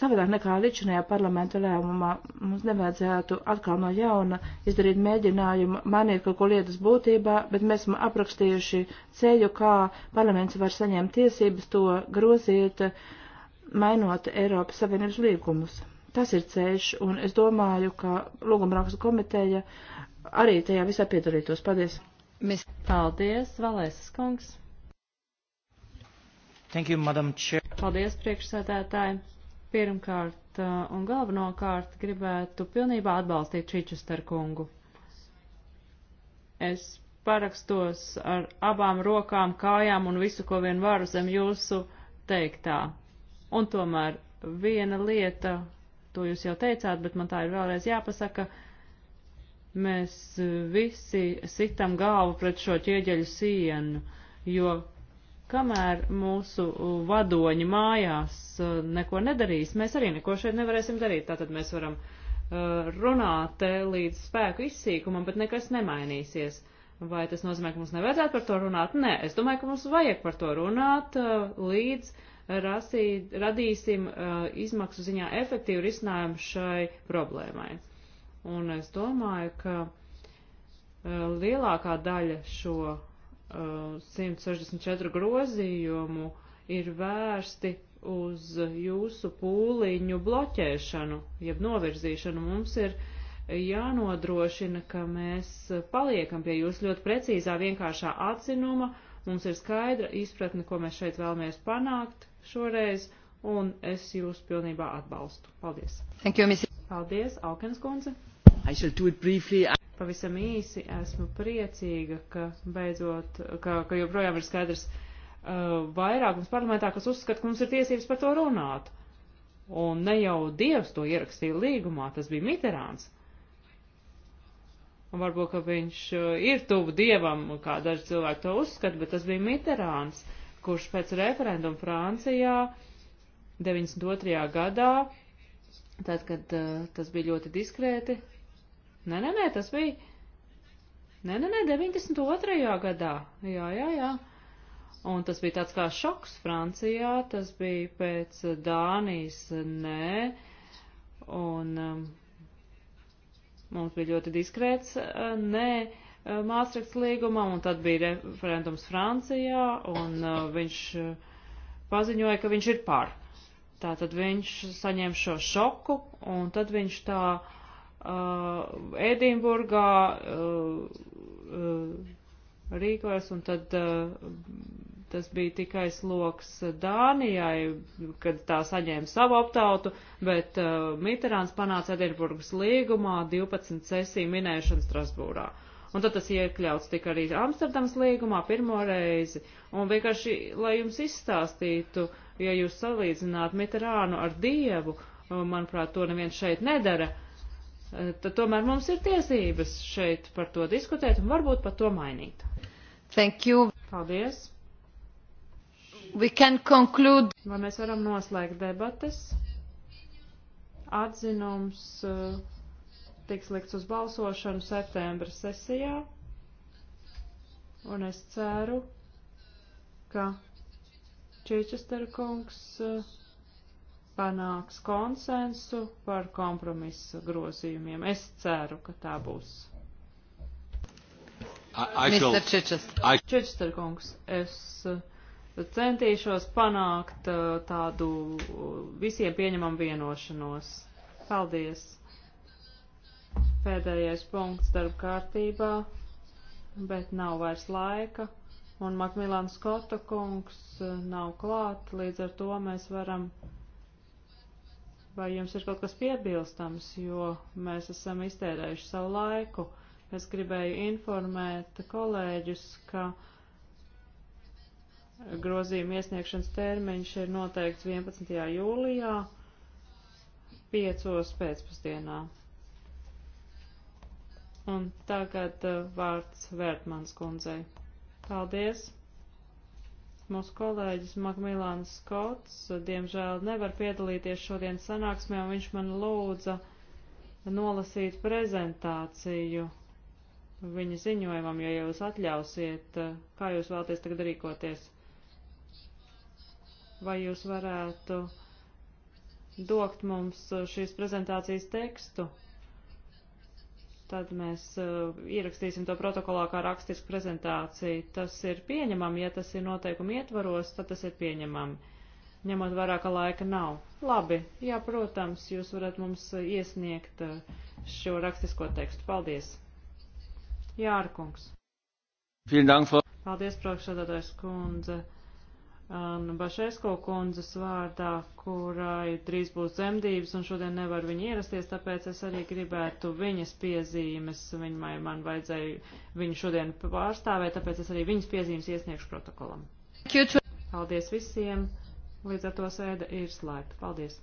Savādāk nekā ličinajā parlamenta lēmumā mums nevajadzētu atkal no jauna izdarīt mēģinājumu mainīt kaut ko lietas būtībā, bet mēs esam aprakstījuši ceļu, kā parlaments var saņemt tiesības to grozīt, mainot Eiropas Savienības līgumus. Tas ir ceļš, un es domāju, ka lūgumrakstu komiteja arī tajā visā piedalītos. Paldies! Mēs paldies, Valēsas kungs! Thank you, Madam Chair. Paldies, priekšsēdētāji! Pirmkārt uh, un galvenokārt gribētu pilnībā atbalstīt Čičester kungu. Es parakstos ar abām rokām, kājām un visu, ko vien varu zem jūsu teiktā. Un tomēr viena lieta, to jūs jau teicāt, bet man tā ir vēlreiz jāpasaka, mēs visi sitam galvu pret šo ķieģeļu sienu, jo kamēr mūsu vadoņi mājās uh, neko nedarīs, mēs arī neko šeit nevarēsim darīt. Tātad mēs varam uh, runāt eh, līdz spēku izsīkumam, bet nekas nemainīsies. Vai tas nozīmē, ka mums nevajadzētu par to runāt? Nē, es domāju, ka mums vajag par to runāt uh, līdz uh, rasī, radīsim uh, izmaksu ziņā efektīvu risinājumu šai problēmai. Un es domāju, ka uh, lielākā daļa šo uh, 164 grozījumu ir vērsti uz jūsu pūliņu bloķēšanu, jeb novirzīšanu. Mums ir jānodrošina, ka mēs paliekam pie jūsu ļoti precīzā, vienkāršā atzinuma. Mums ir skaidra izpratne, ko mēs šeit vēlamies panākt, šoreiz, un es jūs pilnībā atbalstu. Paldies! Thank you, Miss. Paldies, Alkens kundze! I shall do it briefly. Pavisam īsi esmu priecīga, ka beidzot, ka, ka joprojām ir skaidrs uh, vairākums parlamentā, kas uzskata, ka mums ir tiesības par to runāt. Un ne jau Dievs to ierakstīja līgumā, tas bija Miterāns. Un varbūt, ka viņš uh, ir tuvu Dievam, kā daži cilvēki to uzskata, bet tas bija Miterāns. Uh, kurš pēc referenduma Francijā 92. gadā, tad, kad uh, tas bija ļoti diskrēti, nē, nē, nē, tas bija, nē, nē, nē, 92. gadā, jā, jā, jā. Un tas bija tāds kā šoks Francijā, tas bija pēc Dānijas, nē, un um, mums bija ļoti diskrēts, uh, nē. Eh, Māstrikts līgumam, un tad bija referendums Francijā, un eh, viņš eh, paziņoja, ka viņš ir par. Tātad viņš saņēma šo šoku, un tad viņš tā uh, Edinburgā uh, uh, rīkojas, un tad uh, tas bija tikai sloks Dānijai, kad tā saņēma savu aptautu, bet uh, Mitterāns panāca Edinburgas līgumā 12 sesiju minēšanu Strasbūrā. Uh, Un tad tas iekļauts tika arī Amsterdams līgumā pirmo reizi. Un vienkārši, lai jums izstāstītu, ja jūs salīdzināt Mitterānu ar Dievu, manuprāt, to neviens šeit nedara, eh, tad tomēr mums ir tiesības šeit par to diskutēt un varbūt par to mainīt. Thank you. Paldies. We can conclude. Vai mēs varam noslēgt debates? Atzinums. Uh, tiks likts uz balsošanu septembra sesijā, un es ceru, ka Čičester kungs eh, panāks konsensu par kompromisu grozījumiem. Es ceru, ka tā būs. Čičester kungs, es eh, centīšos panākt eh, tādu visiem pieņemam vienošanos. Paldies! pēdējais punkts darba kārtībā, bet nav vairs laika, un Makmilāns Skota kungs eh, nav klāt, līdz ar to mēs varam, vai jums ir kaut kas piebilstams, jo mēs esam iztērējuši savu laiku. Es gribēju informēt kolēģus, ka grozījuma iesniegšanas termiņš ir noteikts 11. jūlijā, 5. pēcpusdienā. Un tagad uh, vārds Vērtmans kundzei. Paldies! Mūsu kolēģis Makmilāns Skots, uh, diemžēl, nevar piedalīties šodien sanāksmē, un viņš man lūdza nolasīt prezentāciju viņa ziņojumam, ja jūs atļausiet, uh, kā jūs vēlaties tagad rīkoties. Vai jūs varētu dokt mums uh, šīs prezentācijas tekstu? tad mēs uh, ierakstīsim to protokolā kā rakstisku prezentāciju. Tas ir pieņemami, ja tas ir noteikumi ietvaros, tad tas ir pieņemami, ņemot vērā, ka laika nav. Labi, jā, protams, jūs varat mums iesniegt eh, šo rakstisko tekstu. Paldies! Jārkungs! Paldies, priekšsēdētājs kundze! Anna Bašesko kundzes vārdā, kurai drīz būs dzemdības un šodien nevar viņa ierasties, tāpēc es arī gribētu viņas piezīmes, viņai man vajadzēja viņu šodien pārstāvēt, tāpēc es arī viņas piezīmes iesniegšu protokolam. Paldies visiem, līdz ar to sēde ir slēgta. Paldies!